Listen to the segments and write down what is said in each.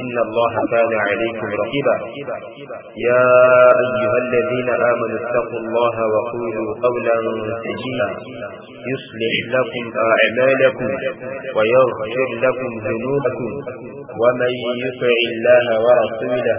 إن الله كان عليكم رقيبا يا أيها الذين آمنوا اتقوا الله وقولوا قولا سجيلا يصلح لكم أعمالكم ويغفر لكم ذنوبكم ومن يطع الله ورسوله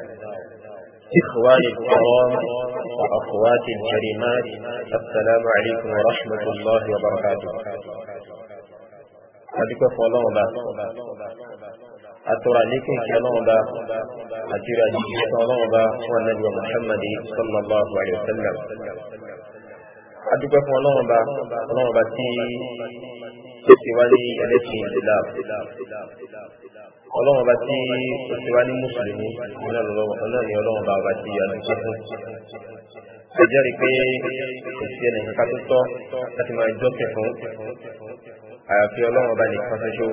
إخواني الكرام وأخواتي الكريمات السلام عليكم ورحمة الله وبركاته أدكو فولان با أترى لكم كلام با أترى لكم كلام با والنبي محمد صلى الله عليه وسلم أدكو فولان با فولان با تي تسواني الاسم الإسلام ọlọ́run ọba tí ó ti wá ní mùsùlùmí náà ni ọlọ́run ọba ọba tí yanu tó fún. ẹ jẹ́rìí pé kò sí ẹnì kankan tó tọ́ láti máa jọ́sìn fún àyàfi ọlọ́run ọba nìkan ṣoṣo.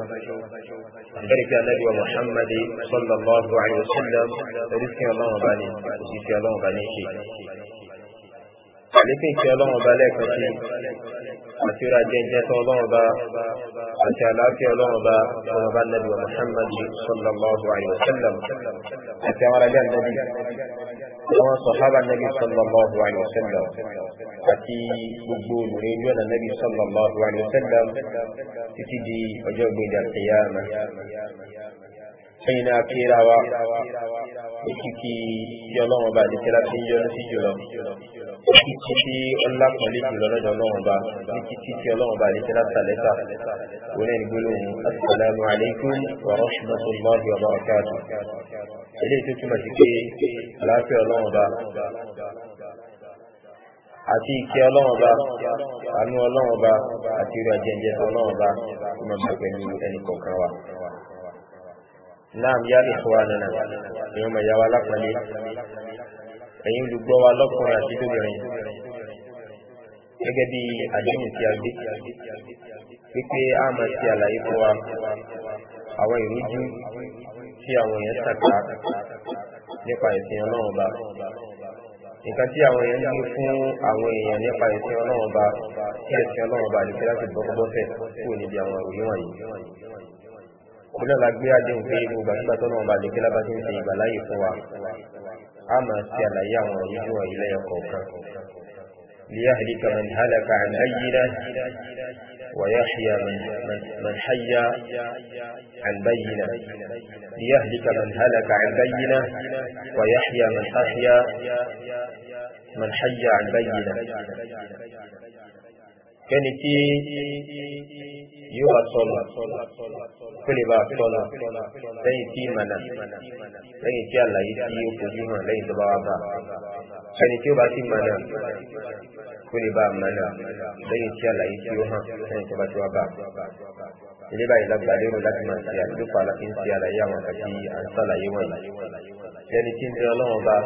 ẹ jẹ́rìí pé anábì wa Muhammad sallallahu alaihi wasallam ẹ̀rí sí ọlọ́run ọba ní òṣìṣẹ́ ọlọ́run ọba ní ṣe. àlékún ìfẹ́ ọlọ́run ọba lẹ́ẹ̀kan sí àti ọ̀rọ̀ àjẹjẹ tó ọlọ́run ọba àti àlàáfíà ọlọ́run ọba ọlọ́run ọba nẹ́bí Muhammad sallallahu alayhi wa sallam àti àwọn aráàlú ànẹ́bí àwọn sọ̀hábà nẹ́bí sallallahu alayhi wa àti gbogbo olùrẹ́ ìlú ọ̀nà nẹ́bí sallallahu alayhi wa sallam títí di ọjọ́ ìgbéjà kìyàmà. ẹ̀yìn náà kíra wa òkìkí yọ lọ́wọ́ bá àdìsẹ́ láti ń yọnu sí jùlọ òkìkí tí ọlápọ̀lẹ́ jùlọ lọ́dọ̀ lọ́wọ́ bá òkìkí tí ọlọ́wọ́ bá àdìsẹ́ láti sàlẹ́sà orí ìgbélóhùn assalamu alaikum wa rahmatullahi wa barakatuh eléyìí tó túmọ̀ sí pé àlàáfíà ọlọ́wọ́ bá àti ìkẹ́ ọlọ́run bá àánú ọlọ́run bá àti ìrìn àjẹjẹ ọlọ́run bá ọmọ bá pẹ̀lú ẹnì kọ̀ọ̀kan wa naam ya ikhwanana èèyàn mọ̀ ìyá wa lápẹ̀lẹ́ ẹ̀yin olùgbọ́ wa lọ́kùnrin àti lóbìnrin gẹ́gẹ́ bí àdéhùn tí a gbé pípé a máa ti àlàyé fún wa àwọn ìrújú tí àwọn èèyàn tàkà nípa ìsìn ọlọ́run ọba nǹkan tí àwọn èèyàn ń fún àwọn èèyàn nípa ìsìn ọlọ́run ọba kí ìsìn ọlọ́run ọba àdìsí láti bọ́kọ́bọ́sẹ̀ kúrò níbi àwọn òyìnwá yìí òun náà la gbé àdéhùn pé gbogbo àgbà tó náà bá lè kí ba ti ń ṣe ìgbàláyè fún wa a máa ṣe àlàyé àwọn ojú wọ̀nyí lẹ́yọ kọ̀ọ̀kan ليهلك من هلك عن بينة ويحيى من, من, من حي عن بينة ليهلك من هلك عن بينة ويحيى من أحيا من حي عن بينة kẹ́ni tí yóò wá sọnù kó lè bá sọnù lẹ́yìn tí ìmọ̀nà lẹ́yìn tí àlàyé tí ó fojú hàn lẹ́yìn tó bá wá bá kẹ́ni tí ó bá ti mọ̀nà kó lè bá mọ̀nà lẹ́yìn tí àlàyé tí ó hàn lẹ́yìn tó bá ti wá bá. ilé báyìí lágbà lérò láti máa ṣe àdúgbò àlàfi ń ṣe àlàyé àwọn àti àǹsàlàyé wọ̀nyí kẹ́ni tí ń tẹ ọlọ́wọ́n bá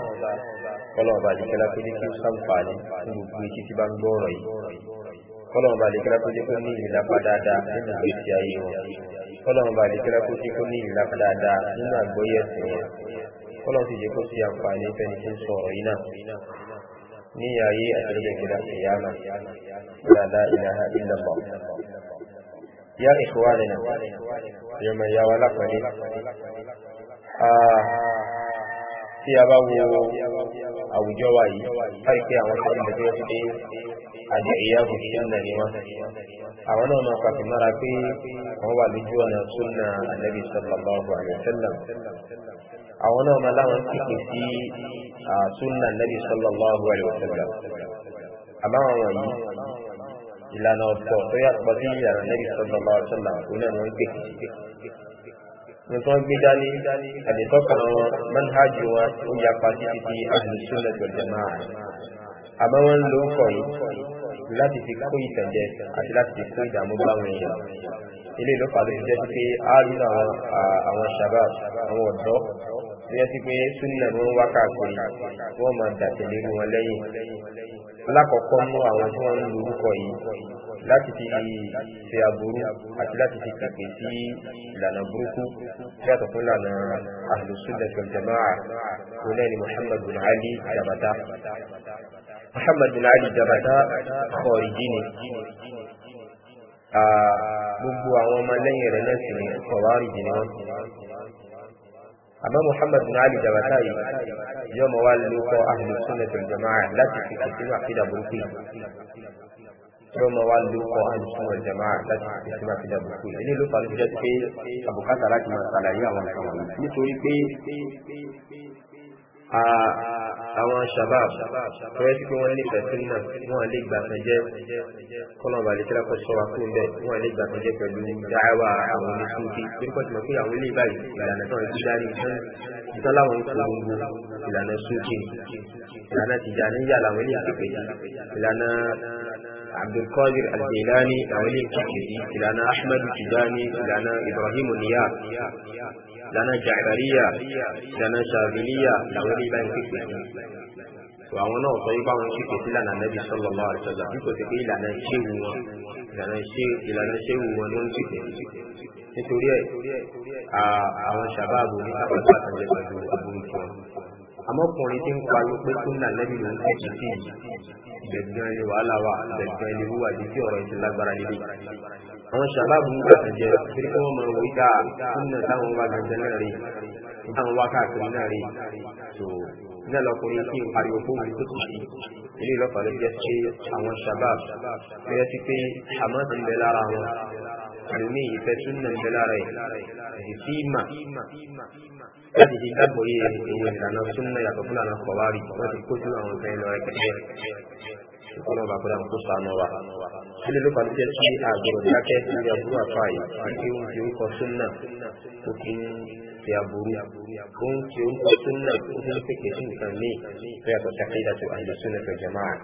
ọlọ́wọ́n bá àdìkẹ́lá pé ní kí ó sàǹfààní fún gbogbo etí tí bá ń gbọ́ ọ̀rọ̀ yìí kọlọ́n ba àdìkẹ́lá kó jẹ́ kó ní ìlàpá dáadáa nínú ìgbésí ayé wọn kọlọ́n ba àdìkẹ́lá kó jẹ́ kó ní ìlàpá dáadáa nínú àgbọ́yé ẹ̀sìn wọn kọlọ́n sì jẹ́ kó sí àǹfààní fẹ́ni tí ń sọ̀rọ̀ yìí náà ní ayé àtẹ̀lẹ́gbẹ̀dá ìyáàmà dáadáa ìlàhà ìlàmọ̀ yá ìkọ̀wá nínú ìyọmọ ìyá wa lápẹ̀lẹ́ ah tí a bá wo àwùjọ wa yìí láì pé àwọn sọ́dún tó ti dé àjẹ ìyá kò sí ọ̀nà ni wọn. àwọn náà máa pàtó mọ́ra pé àwọn wà lójú ọ̀nà súnà ànábì sallallahu alaihi wasallam. àwọn náà máa láwọn kìkì sí súnà ànábì sallallahu alaihi wasallam. àmọ́ àwọn wọ̀nyí ìlànà ọ̀tọ̀ tó yàtọ̀ sí ìlànà ànábì sallallahu alaihi wasallam òun nǹkan gbé dání àdìsọ́kàn wọn manhajú wọn ó yapa títí di àdìsọ́nà jọ̀jọ̀má àmọ́ wọ́n ń lo ọkọ̀ yìí láti fi kó ìtẹ̀jẹ́ àti láti fi kó ìdààmú báwọn èèyàn ilé ìlú pàdé ti jẹ́ sí pé a rí àwọn shabab àwọn ọ̀dọ́ tó yẹ sí pé súnà wọn wá káàkiri wọ́n máa dàtẹ̀lé wọn lẹ́yìn alákọ̀ọ́kọ́ mú àwọn tí wọ́n ń lo orúkọ yìí láti fi ṣe aburú àti láti fi pèpè sí ìlànà burúkú yàtọ̀ fún ìlànà àlùsùnlẹ̀ jọ̀jọ̀máà onílẹ̀ Muhammad bin Ali Jabata Muhammad bin Ali Jabata kọ̀ọ̀rìjì ni ah, gbogbo àwọn ọmọ lẹ́yìn rẹ̀ náà sì ni àmọ́ muhammad bin ali jabata yìí yóò mọ̀ wá lóko ahlu sunnah wal jama'a láti fi kìtìmọ̀ àkídà burúkú yìí yóò mọ̀ wá lóko ahlu sunnah wal jama'a láti fi kìtìmọ̀ àkídà burúkú yìí ilé ló fa lójú jẹ́ pé àbùkátà láti máa ṣàlàyé àwọn nǹkan wọ̀nyí àwọn shabab ọ̀rẹ́ tí wọ́n lè fẹ̀sí náà wọ́n lè gbàtànjẹ́ kọ́nàbà lè tẹ́lá kọ́ sọ́ra fún bẹ́ẹ̀ wọ́n lè gbàtànjẹ́ pẹ̀lú dáhàwà àwọn oníṣúnfí nípa tí wọ́n pé àwọn ilé ìbáyìí ìlànà tó ń ti dárí ìtàn láwọn ìpolongo ìlànà súnkì ìlànà tìjàníyà làwọn ilé ìpèpè ìlànà abdulkadir al àwọn ilé ìpèpè ìlànà ahmed tijani ìlànà ibrahim niyar lànà jàìdàríyà lànà ṣàbílíyà làwọn ilé ìbáyìí pèpè sí àwọn náà sọ yìí báwọn ṣe pèsè lànà nẹbi sọlọ lọ àṣọlá bí kò sí pé ìlànà ṣéwu wọn ìlànà ṣéwu wọn ló ń pèpè nítorí ẹ àwọn ṣàbáàbò ní sábàbà àtàjẹ pẹ̀lú àbúrò àmọ́kùnrin tí ń pariwo pé súnà lẹ́bi ló ń tẹ̀sí sí i gbẹ̀gbẹ̀ ni wàhálà wà gbẹ̀gbẹ̀ ni wíwà di tí ọ̀rọ̀ ìṣẹ̀ lágbára nílé. àwọn sàbáàbù ń gbà jẹ torí pé wọ́n máa wọ ìta súnà táwọn wá gàjẹ náà rí táwọn wá káàkiri náà rí náà lọkùnrin tí ń pariwo fún mi tó tùsí ilé ìlọ́pàá ló jẹ́ pé àwọn shabab ló yẹ sí pé hamas ń bẹ lára wọn àlùmí ìfẹ́ tún náà ń bẹ lára ẹ̀ èyí sí mà láti fi gbàgbọ́ ìwé ìlànà tún náà yàtọ̀ fúlànà kọ̀wárì wọ́n ti kó àwọn ìfẹ́ lọ rẹ̀ ìfọ́nà bàbá náà kó sànù wa ilé ló kàn jẹ́ kí àgbọ̀rọ̀ dákẹ́ lórí àbúrò àfa yìí kí ó ń fi orúkọ súnà tó fi ń ti aburú ó ń fi orúkọ súnà ó fi ń pèpè sí nǹkan míì tó yàtọ̀ sí akéda tó àyè súnà tó jẹ máa.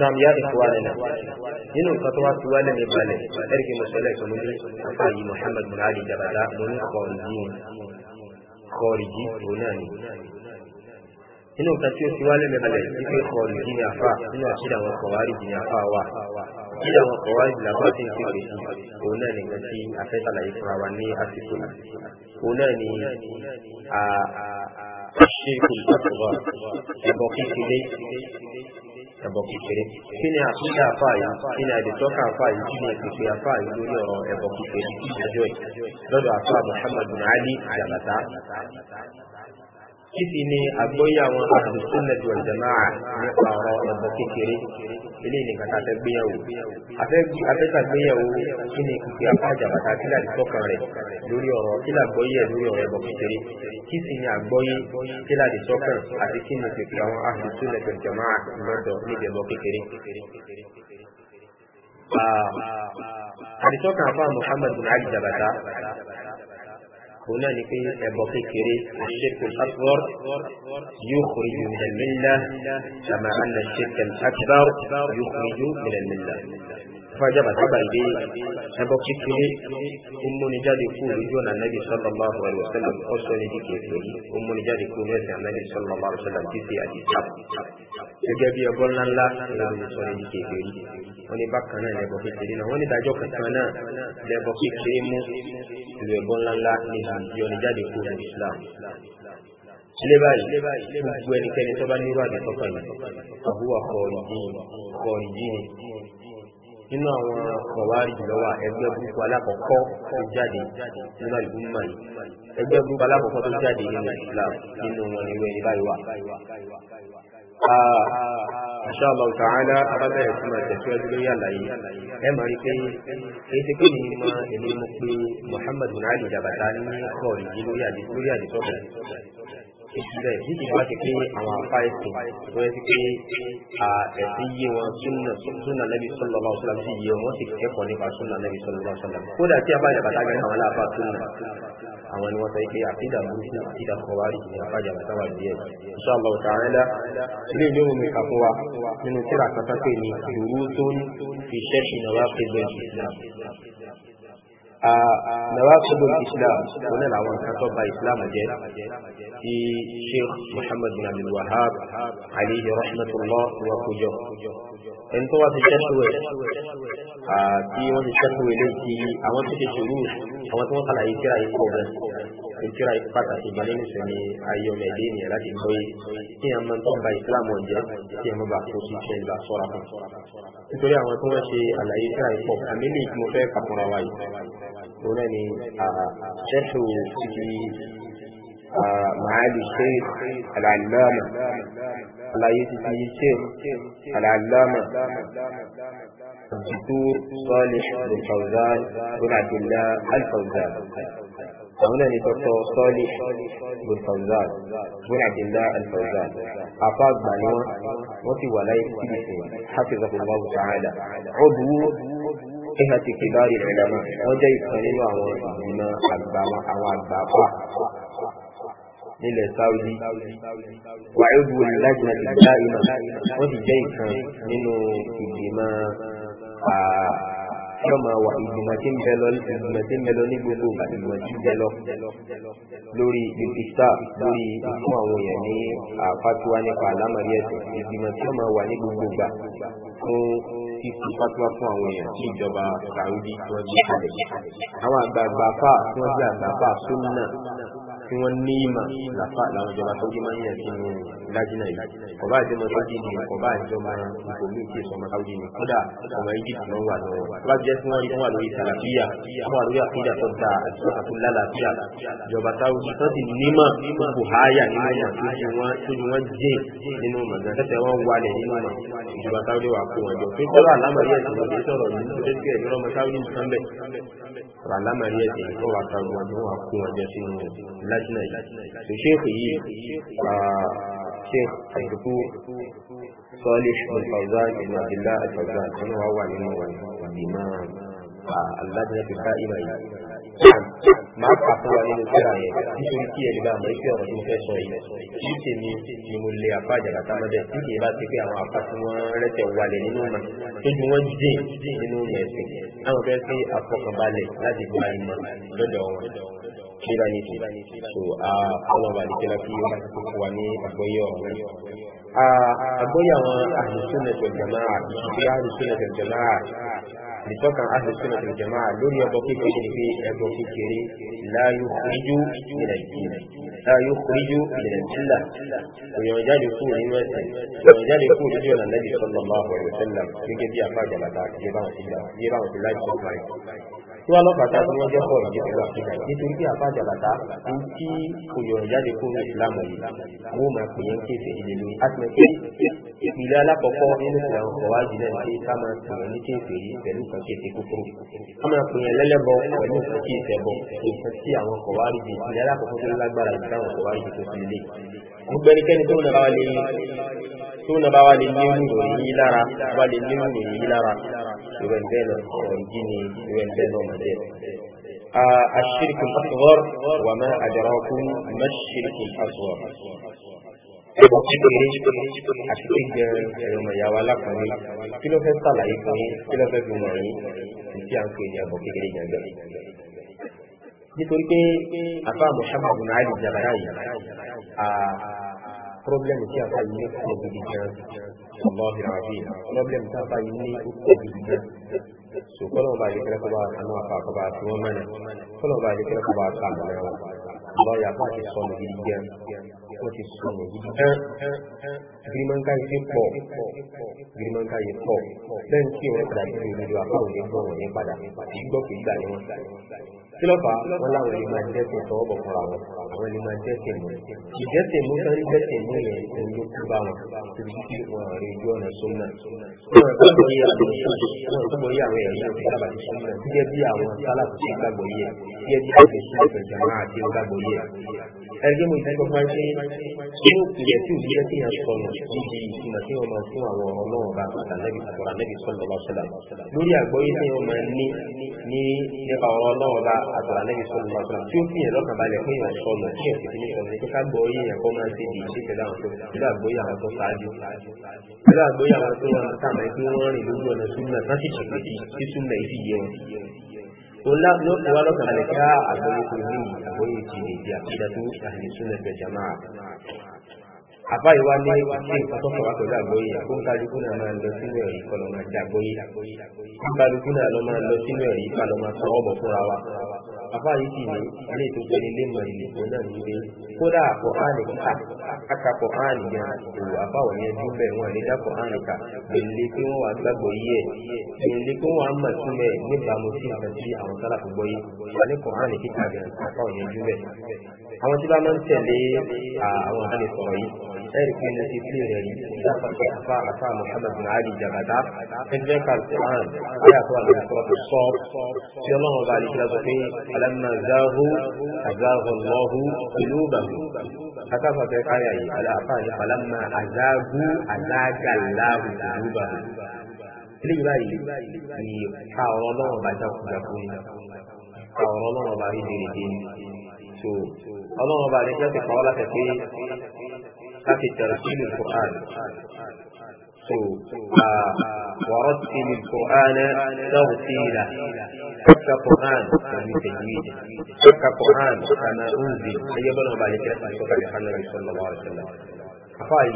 Nam ya ikuwa nina nínú nǹkan tó wá fi wálé ní balẹ̀ ẹ̀rìkì mọ̀sálẹ̀ tó mú ní afa yìí Muhammad Murali Jabala mo ní kọ̀ọ̀rì yìí kọ̀ọ̀rì yìí inú nǹkan tí ó ti wálé lẹ́balẹ̀ wípé kọ̀ọ̀lù yìí ni àfà nínú àkídà àwọn kọ̀wárì yìí ni àfà wà àkídà àwọn kọ̀wárì yìí làfà tí ń pèpè sí òun náà ni nǹkan tí a fẹ́ ṣàlàyé fúnra wa ní àsìkò yìí òun náà ni ṣírkù ìtàkùbà ẹbọ kékeré ẹbọ kékeré kí ni àkídà àfà yìí kí ni àdìtọ́kà àfà yìí kí ni ìpèpè àfà yìí lórí ọ̀rọ̀ ẹbọ kékeré lọ́dọ̀ àfà Muhammad bin Ali Jabata títí ni àgbóyé àwọn àdùsúnlẹ̀dì ọ̀jẹ̀máà nípa ọ̀rọ̀ ẹ̀bọ̀ kékeré ilé ìnìkan tá a fẹ́ gbéyàwó afẹ́sàgbéyàwó kí ni ìpè àpájà bàtà kílà ìtọ́kan rẹ̀ lórí ọ̀rọ̀ kílà gbọ́yé ẹ̀ lórí ọ̀rọ̀ ẹ̀bọ̀ kékeré kí sì ni àgbọ́yé kílà ìtọ́kan àti kí ni ìpè àwọn àdùsúnlẹ̀dì ọ̀jẹ̀máà lọ́dọ̀ níbi ẹ̀bọ̀ kékeré. àdìsọ́kàn àfáà Muhammad bin هنا لكي يبقي الشرك الأكبر يخرج من الملة كما أن الشرك الأكبر يخرج من الملة fún ajábà sábà ìdí ẹbọ kékeré ó múni jáde kú lójú ọ̀nà nàbì sallallahu alaihi wasallam ó sọ ní dìkẹ̀ pẹ̀lú ó múni jáde kú lójú ọ̀nà nàbì sallallahu alaihi wasallam títí àti tap gẹ́gẹ́ bí ẹbọ ńláńlá lórí sọ ní dìkẹ̀ pẹ̀lú wọn ní bákan náà lẹbọ kékeré náà wọn ní ìdájọ́ kankan náà lẹbọ kékeré mú ìlú ẹbọ ńláńlá ní ìyọni kú lójú Islam ilé báyìí gbogbo ẹnikẹ́ni tó bá ní irú àgbẹ̀tọ́kọ̀ yìí àbúwà kọ̀ọ̀rì jíìn kọ̀ọ̀rì jíìn nínú àwọn kọ̀wárì jùlọ́wà ẹgbẹ́ burúkú alákọ̀ọ́kọ́ tó jáde nínú àdúgbò mọ̀ yìí ẹgbẹ́ burúkú alákọ̀ọ́kọ́ tó jáde nínú Islam nínú wọn ìwé ní báyìí wà. Insha Allah ta'ala abábẹ́rẹ̀ tí máa tẹ̀síwájú lórí àlàyé ẹ máa rí pé èyí ti pé ní mọ èmi mo pe Muhammad bin Ali Jabata ní kọ̀ọ̀rì lórí àdìsọ́bẹ̀ ìbílẹ̀ níbi bá ti pé àwọn àfa ẹ̀sìn tó yẹ sí pé ẹ̀sìn yé wọn súnà lẹ́bi sọ́lọ́ bá ọ̀sọ́lá sí yé wọn sì kẹ́kọ̀ọ́ nípa súnà lẹ́bi sọ́lọ́ bá ọ̀sọ́lá. kódà tí a bá yàgbá tágbẹ́ àwọn aláàfáà súnà àwọn ni wọ́n sọ pé àfídà burúkú àfídà kọ̀wárì ni àfájà àtàwà díẹ̀. sọ́ọ̀bà ọ̀tàrẹ́lá ilé ìlú omi kà fún wa nínú tíra kan tó ní ìrú tó ń fi ṣẹ́ṣin ọ̀rá pé bẹ́ẹ̀ نواقض الإسلام هنا العوان خطب إسلام جاء في شيخ محمد بن عبد الوهاب عليه رحمة الله وكجه انتوا تشتوي في وانت تشتوي ليتي اوان تشتوي اوان توقع العيكرة يقوبة ìtura pàtàkì ìgbàlẹ́ nìṣẹ́ ni ayé ọmọ ẹ̀dẹ́ ènìyàn láti gbọ́ yé kí ẹ̀ máa ń tọ́ba islam ọ̀jẹ́ kí ẹ̀ máa bá kó sí iṣẹ́ ìgbà sọ́ra fún. nítorí àwọn tí wọ́n ṣe àlàyé ìtura ìpọ̀ àmì lè tí mo fẹ́ kàkúnra wa yìí. هناني يعني، آه، شرح آه، معالي الشيخ العلامة الله يده الشيخ العلامة الدكتور صالح بن فوزان بن عبد الله الفوزان هنا نتوقع يعني صالح بن فوزان بن عبد الله الفوزان أفاد معلومة وفي ولاية حفظه الله تعالى عضو فقهة كبار العلماء وجاي سنين وعلماء أعوابا nílẹ̀ Saudi wà ẹ̀bù lajnat ad-da'ima wọ́n ti jẹ́ ìkan nínú ìgbìmọ̀ àṣọ́mà wà ìgbìmọ̀ tí ń bẹ lọ ìgbìmọ̀ tí ń bẹ lọ ní gbogbo ìgbìmọ̀ tí ń bẹ lọ lórí ìfisà lórí fún àwọn èèyàn ní àfátíwá nípa àlámàrí ẹ̀sìn ìgbìmọ̀ tí ó máa wà ní gbogbo ìgbà fún ti fi pápá fún àwọn èèyàn tí ìjọba Saudi tí wọ́n gbé kalẹ̀. Àwọn àgbààgbà fà tí wọ́n jẹ́ àgbààgbà súnmọ́ tí wọ́n ní ìmọ̀ làwọn ìjọba Saudi máa ń yàn sínú lájínà yìí ọba àti ọmọ sáúdí ni ọba àti ọmọ ipò míì tí ìsọmọ sáúdí ni kódà ọmọ egypt ló ń wà lọ́wọ́ ọba jẹ́ fún wọn wà lórí sàlàfíà wọn wà lórí àkídà tó da àtúntò tó lálàáfíà ìjọba sáúdí tó ti nímọ̀ kò háyà nínú ọmọ tójú wọn tójú wọn jẹ́ nínú ọmọ gan tẹ́tẹ́ wọn wálẹ̀ nínú ọmọ ìjọba sáúdí wà kó wọn jọ pé sọ́rọ̀ àlámọ̀rí ẹ̀sìn lọ́dẹ sọ̀rọ̀ yìí tó dé sílẹ̀ nínú ọmọ sáúdí nìkan bẹ̀ sọ̀rọ̀ àlámọ̀rí ẹ̀sìn tó wà kó wọn jọ sínú lájínà yìí الشيخ الدكتور صالح بن فوزان بن عبد الله الفوزان أنا هو الإمام الإمام اللجنة القائمة máa kà fún wa nínú síra yẹn nítorí kí ẹni bá mọ ife ọ̀rọ̀ tó fẹ́ sọ yìí kí tèmi ni mo lè àfa àjàkátà mọ́bẹ̀ tí kì í bá ti pé àwọn afa tí wọ́n rẹ́tẹ̀ wálẹ̀ nínú ọmọ tó ju wọ́n dín nínú ẹ̀sìn àwọn fẹ́ fi àfọkànbalẹ̀ láti gba ìmọ̀ lọ́dọ̀ wọn kíranìtì so ọlọ́ba nìkẹ́lá kí ó wà ní àgbọ́yé ọ̀rọ̀ àgbọ́yé àwọn àdìsúnẹ̀tẹ̀ jamaa ìṣúgbé àdìsúnẹ̀tẹ̀ jamaa ìtọ́ka àdìsúnẹ̀tẹ̀ jamaa lórí ọbọ̀ kékeré ni pé ẹbọ kékeré láyò kúrìjú nílẹ̀ ìdílẹ̀ láyò kúrìjú nílẹ̀ ìdílẹ̀ òyìnbó jáde kú nínú ẹ̀sìn òyìnbó jáde kú nínú ọ̀nà lẹ́bi sọ́lọ́mọ́ àwọn ọ̀rẹ́ sẹ́lẹ̀ gẹ́gẹ́ bí àfáàjàlá tí wọ́n lọ́pàá tí wọ́n jẹ́ pọ̀ ìdí pẹ̀lú àfíkà nítorí pé àfáà jàbàtà ń tí kò yọ̀rọ̀ jáde kúrò ìsìlámù yìí wọ́n máa pè é ń kéfè ìdè lórí àtúnṣe pé ìpìlẹ̀ alákọ̀ọ́kọ́ nínú ìsìlámù kọ̀wá jìnnà ní ká máa pè é ní kéfè yìí pẹ̀lú nǹkan kéfè kúkúrú ká máa pè é lẹ́lẹ́bọ pẹ̀lú nǹkan kí ìfẹ́bọ nǹkan tí àwọn kọ̀wá rí di ìpìlẹ̀ alákọ̀ọ́kọ́ tó lágbára ìdáhùn kọ̀wá rí di tó fi lé gbogbo ẹnikẹ́ni tó nàbà wà lè ní ìròyìn yìí lára irú ẹni bẹ́ẹ̀ lọ ọ̀rọ̀ ìjì ni irú ẹni bẹ́ẹ̀ lọ mà jẹ́. Àṣírìkùn asghar wà máa àjàràkùn máṣírìkùn asghar. Ẹ̀bùn kékeré àti kéjẹ ẹ̀rọmọ ìyàwó alákùnrin kí ló fẹ́ sàlàyé fún yín kí ló fẹ́ fi mọ̀ yín tí à Ali Jabara yìí, pírọ́blẹ́mù tí a fà yìí ní kúrò gidi gan-an. والله العظيم problem ta ba yin ni uku biyu so kọlọ ba yi kẹrẹ kọba anu afa kọba ti wọn mẹnẹ kọlọ ba yi kẹrẹ kọba ta mẹnẹ wọn lọ yà bá ti sọ ní gidi gẹ wọ́n ti sùn lọ gidi tán girimanka yìí pọ̀ girimanka yìí pọ̀ lẹ́yìn tí wọ́n padà sí ìlú àpáwọn yìí gbọ́ wọn ní padà ìgbọ́ kò gbà ní wọn. kí ló fà á wọn láwọn ẹni máa dẹ́sẹ̀ tọwọ́ bọ̀ fúnra wọn àwọn ẹni máa dẹ́sẹ̀ mú ìdẹ́sẹ̀ mú sáré dẹ́sẹ̀ mú yẹn ń ló kú bá wọn torí kí wọn rí ojú ọ̀nà sọ́nà. wọn gbàgbọ́ yé àwọn ẹ̀rí ẹgbẹ́ mo ìtẹ́jọ́ pa ṣe yóò yẹ tí òbí yẹ tí yẹn sọnù níbi ìtumọ̀ tí wọ́n máa fún àwọn ọ̀rọ̀ náà bá àgbà lẹ́bi àtọ̀rọ̀ lẹ́bi sọ̀rọ̀ bá sọ̀rọ̀ lórí àgbọ́yé tí wọ́n máa ní ní nípa ọ̀rọ̀ náà bá àtọ̀rọ̀ lẹ́bi sọ̀rọ̀ bá sọ̀rọ̀ tí ó fi yẹn lọ́kàn balẹ̀ fún yẹn sọnù tí yẹn fi ní sọnù pé ká gbọ́ yé yẹn kọ́ máa ṣe di ìṣe pẹ̀lú àwọn tó pẹ̀lú àgbọ́yé àwọn tó ṣáájú pẹ̀lú àgbọ́yé àwọn tó wọn kà máa ń pín wọn rìn lójú ọ̀nà súnmọ̀ láti ṣèpèjì sí súnmọ̀ ìfìyẹ wọn òun ló fi wá lọ́kàn balẹ̀ ká àgbóyé tó ní àgbóyé ti lè di àkídà tó ahli sunnah wal jamaa'ah. àbá ìwá ní ìṣe ìfọ́sọ́kọ̀ wá pẹ̀lú àgbóyé àkóńkálukú náà máa lọ sínú ẹ̀rí kọ́ lọ́ máa jẹ àgbóyé àkóńkálukú náà lọ́ máa lọ sínú ẹ̀rí kọ́ lọ́ máa sọ ọ́bọ̀ fúnra wa àbá yìí sì ní ilé tó gbé ilé mọ ilé kan náà ní pé kódà kọ̀hánì ká aka kọ̀hánì yẹn kò àbá wọn yẹn dún bẹ́ẹ̀ wọn lè dá kọ̀hánì ká gbèlè pé wọ́n wà gbàgbọ́ yí ẹ̀ gbèlè pé wọ́n á mọ̀ tún bẹ́ẹ̀ níbàámu sí nǹkan tí àwọn sálà kò gbọ́ yé wà ní kọ̀hánì kíkà yẹn àbá wọn yẹn dún bẹ́ẹ̀. àwọn tí bá máa ń tẹ̀lé àwọn àdáni sọ̀rọ̀ yìí ẹ̀rìkì ní ti fi rẹ̀ rí lápapọ̀ afá afá muhammad bin ali jabata ẹgbẹ́ kalkuran ayàtọ̀ àti àkọ́kọ́ sọ tí ọlọ́run bá alìkí lásọ pé alamma zahu azahu allahu ìlú bàbá akáfà fẹ́ káyà yìí aláàfà ní alamma azahu azagallahu ìlú bàbá ilé ìbáyìí ni ká ọ̀rọ̀ ọlọ́run bá jákujàku ni ká ọ̀rọ̀ ọlọ́run bá rí dèrèdè ni so ọlọ́run bá alìkí láti pa ọ́ láti pé في ترتيل القرآن so, آه، ورتل القرآن ترتيلا فك قرآن يعني تجويد فك قرآن كما أنزل أي بلغ بعد كلام صلى الله عليه وسلم فاي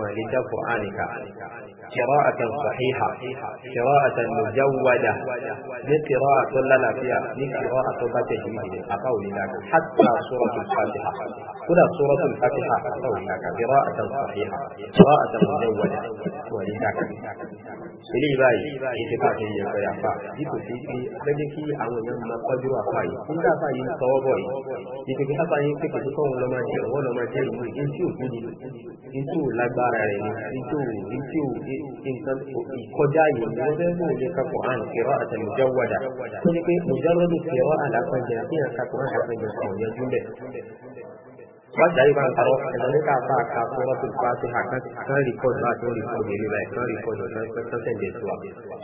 ولد قرآنك قراءة صحيحة قراءة مجودة لقراءة لنا فيها لقراءة بتجويد أقول لك حتى سورة الفاتحة كلا سورة الفاتحة أقول لك قراءة صحيحة قراءة مجودة ولذاك ilé ìbáyìí ètò káàkiri ẹ̀kọ́ yàfa dípò sí pé lẹ́gbẹ́ kí àwọn èèyàn máa tọ́jú àfa yìí nígbà tá yìí ń sọ ọ́ bọ̀ yìí ìpèkè sábà yìí ń pèkè tó tọ́hún lọ́mọdé ọ̀wọ́ lọ́mọdé ìlú èyí tí ò nítorí ò lágbára rẹ̀ ni nítorí nítorí nǹkan ìkọjá yìí ni wọ́n fẹ́ mú òye ka Quran kẹrọ àtẹnujẹ wàdà tó ní pé mùjárọ́dù kẹrọ àlàkànjẹ sí àkàkùn àlàkànjẹ kàn yẹjú bẹ́ẹ̀. ဘာကြိုင်ပါတော့ဒါလည်းကပါကပေါ်တော့ပါတိဟာကကရီကိုဒါတို့ရီကိုဒီလိုပဲကရီကိုတို့ဆက်ဆက်တဲ့ဆိုတာ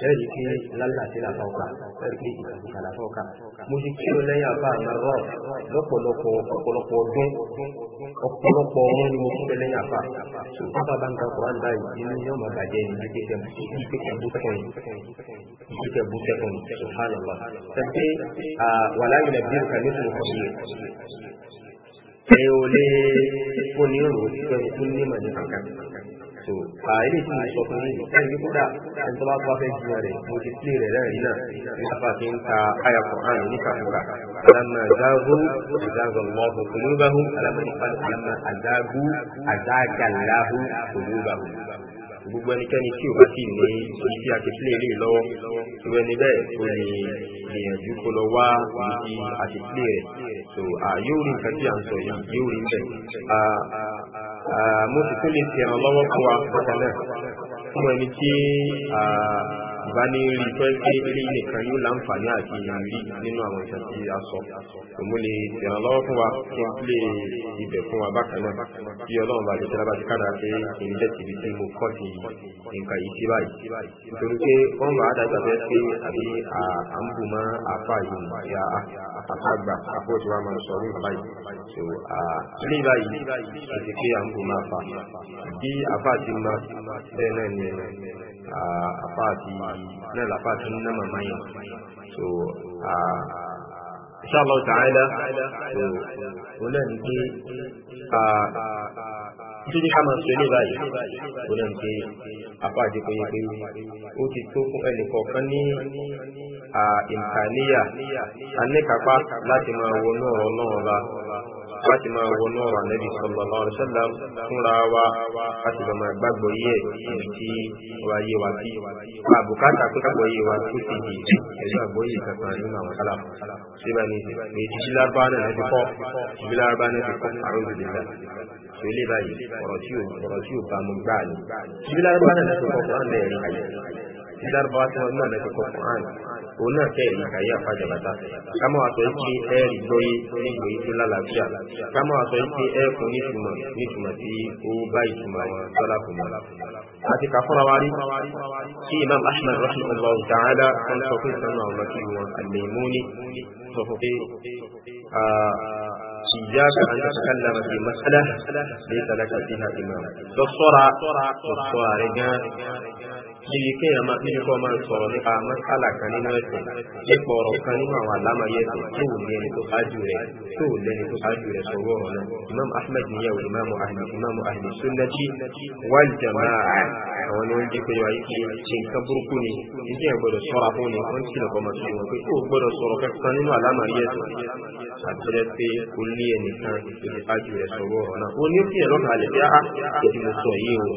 အဲဒီကလလတိလာပေါ့ကအဲဒီကလာပေါ့ကမူရှိချိုလည်းရပါမတော့လောကလောကကိုလောကဒုအပလောကောမူမူရှိလည်းရပါသူဘာဘာန်ကကုရ်အန်တိုင်းဒီမျိုးမှာကြည့်နေတယ်ဒီကဘူတ်ကိုဒီကဘူတ်ကိုဆုဟာနလ္လာဟ်တတိအာဝလာယနဘီကနိစလ်ခဘီ ẹ ò lè fún ní rò pé o tún ní màdé kankan so àìlè tí mo sọ fún yìí ẹni kódà ẹni tó bá tó bá fẹ́ jiyàn rẹ̀ mo ti pè rẹ̀ lẹ́yìn náà nípa tí ń ta àyà Qur'an níkàkúrà alámà àdágó àdágó lọ́hùn kùnúbàhùn alámà àdágó àdágàláhùn kùnúbàhùn gbogbo ẹnikẹ́ni tí o bá sì ní ibi tí a ti sílẹ̀ lè lọ́wọ́ irú ẹni bẹ́ẹ̀ o lè gbìyànjú kó lọ wá ibi tí a ti sílẹ̀ rẹ̀ so yóò rí nǹkan tí à ń sọ yìí yóò rí bẹ́ẹ̀. mo sì tún lè ṣèrànlọ́wọ́ fún wa bákan náà fún ẹni tí ìbá ní rí tó ń pé ilé nìkan yóò láǹfààní àti ìrírí nínú àwọn ìtàn tí a sọ òun lè ìrànlọ́wọ́ fún wa kí n lè ibẹ̀ fún wa bákan náà bí ọlọ́run bá jẹ́jẹ́ lábàtí kára pé ìrìnlẹ̀ ti di tí mo kọ́ sí nǹkan yìí sí báyìí nítorí pé wọ́n máa dájú abẹ́ pé àbí à mọ́ àfa yìí ya àfàgbà àfọ́sí wa máa sọ nípa báyìí so ilé báyìí ti pé à ń bù mọ́ àfa bí àfa ti mọ bẹ́ẹ̀ náà ni àfa ti náà làpá tún ná màmá yẹn inshallah ta'ala so òun náà ní pé títí ká máa sọ ilé báyìí òun náà ní pé apá àdìpọ̀ yẹn pé ó ti tó fún ẹnì kọ̀ọ̀kan ní ìmkàníyà anẹ́kápá láti máa wọnú náà ọba láti máa wọnú ọ̀rọ̀ ànábì sallallahu alaihi wasallam fúnra wa láti lọ máa gbàgbọ́ yẹ ibi tí wà yé wa sí. Wà bùkátà pé gbàgbọ́ yé wa tó ti di ẹ̀rí àgbọ́ yé kankan nínú àwọn kálá. Síbẹ̀ ni èyí ti lárúbá náà ti kọ́, ìbí lárúbá náà ti kọ́ àrùn ìdílé ìpele báyìí ọ̀rọ̀ tí ọ̀rọ̀ tí ò bá mu gbáà ni. Ìbí lárúbá náà ti kọ́ kọ́ òun náà kẹ́ ìmọ̀ àkàyé àfàjà bàtà kámọ́ àtọ́ ìpè ẹ gbọ́yé nígbò ìpè lálàáfíà kámọ́ àtọ́ ìpè ẹ kún nítumọ̀ nítumọ̀ tí ó bá ìtumọ̀ àwọn tọ́lá kù mọ́. àti kàfọ́ra wa rí kí imam ahmed rahman allah ta'ala kan sọ sanu àwọn kí wọn àlèmúni sọ fún pé إياك أن تتكلم في مسألة ليس لك فيها إمام. تصرى تصرى níbi kéèyàn máa níbi kọ́ máa ń sọ̀rọ̀ nípa mọ́sálà kan nínú ẹ̀sìn nípa ọ̀rọ̀ kan nínú àwọn àlámọ̀yé ẹ̀sìn tó ò lẹ́ni tó ṣáájú rẹ̀ tó ò lẹ́ni tó ṣáájú rẹ̀ sọ̀rọ̀ ọ̀rọ̀ náà imam ahmed níyàwó imam ahmed imam ahmed sunnati wal jamaa àwọn ni wọ́n jẹ́ pé wáyé kí ṣe nǹkan burúkú ni níbi ẹ̀ gbọ́dọ̀ sọ́ra fún ni wọ́n sì lọ́kọ́ máa fi wọn pé ó gbọ́dọ̀ sọ̀rọ̀ kankan nínú àlámọ̀yé ẹ̀sìn àtẹ́lẹ́ pé kò lé ẹnìkan ìpele ṣáájú rẹ̀ sọ̀rọ̀ ọ̀rọ̀ náà ó ní ó fi ẹ̀rọ kan bí a ti mo sọ yìí o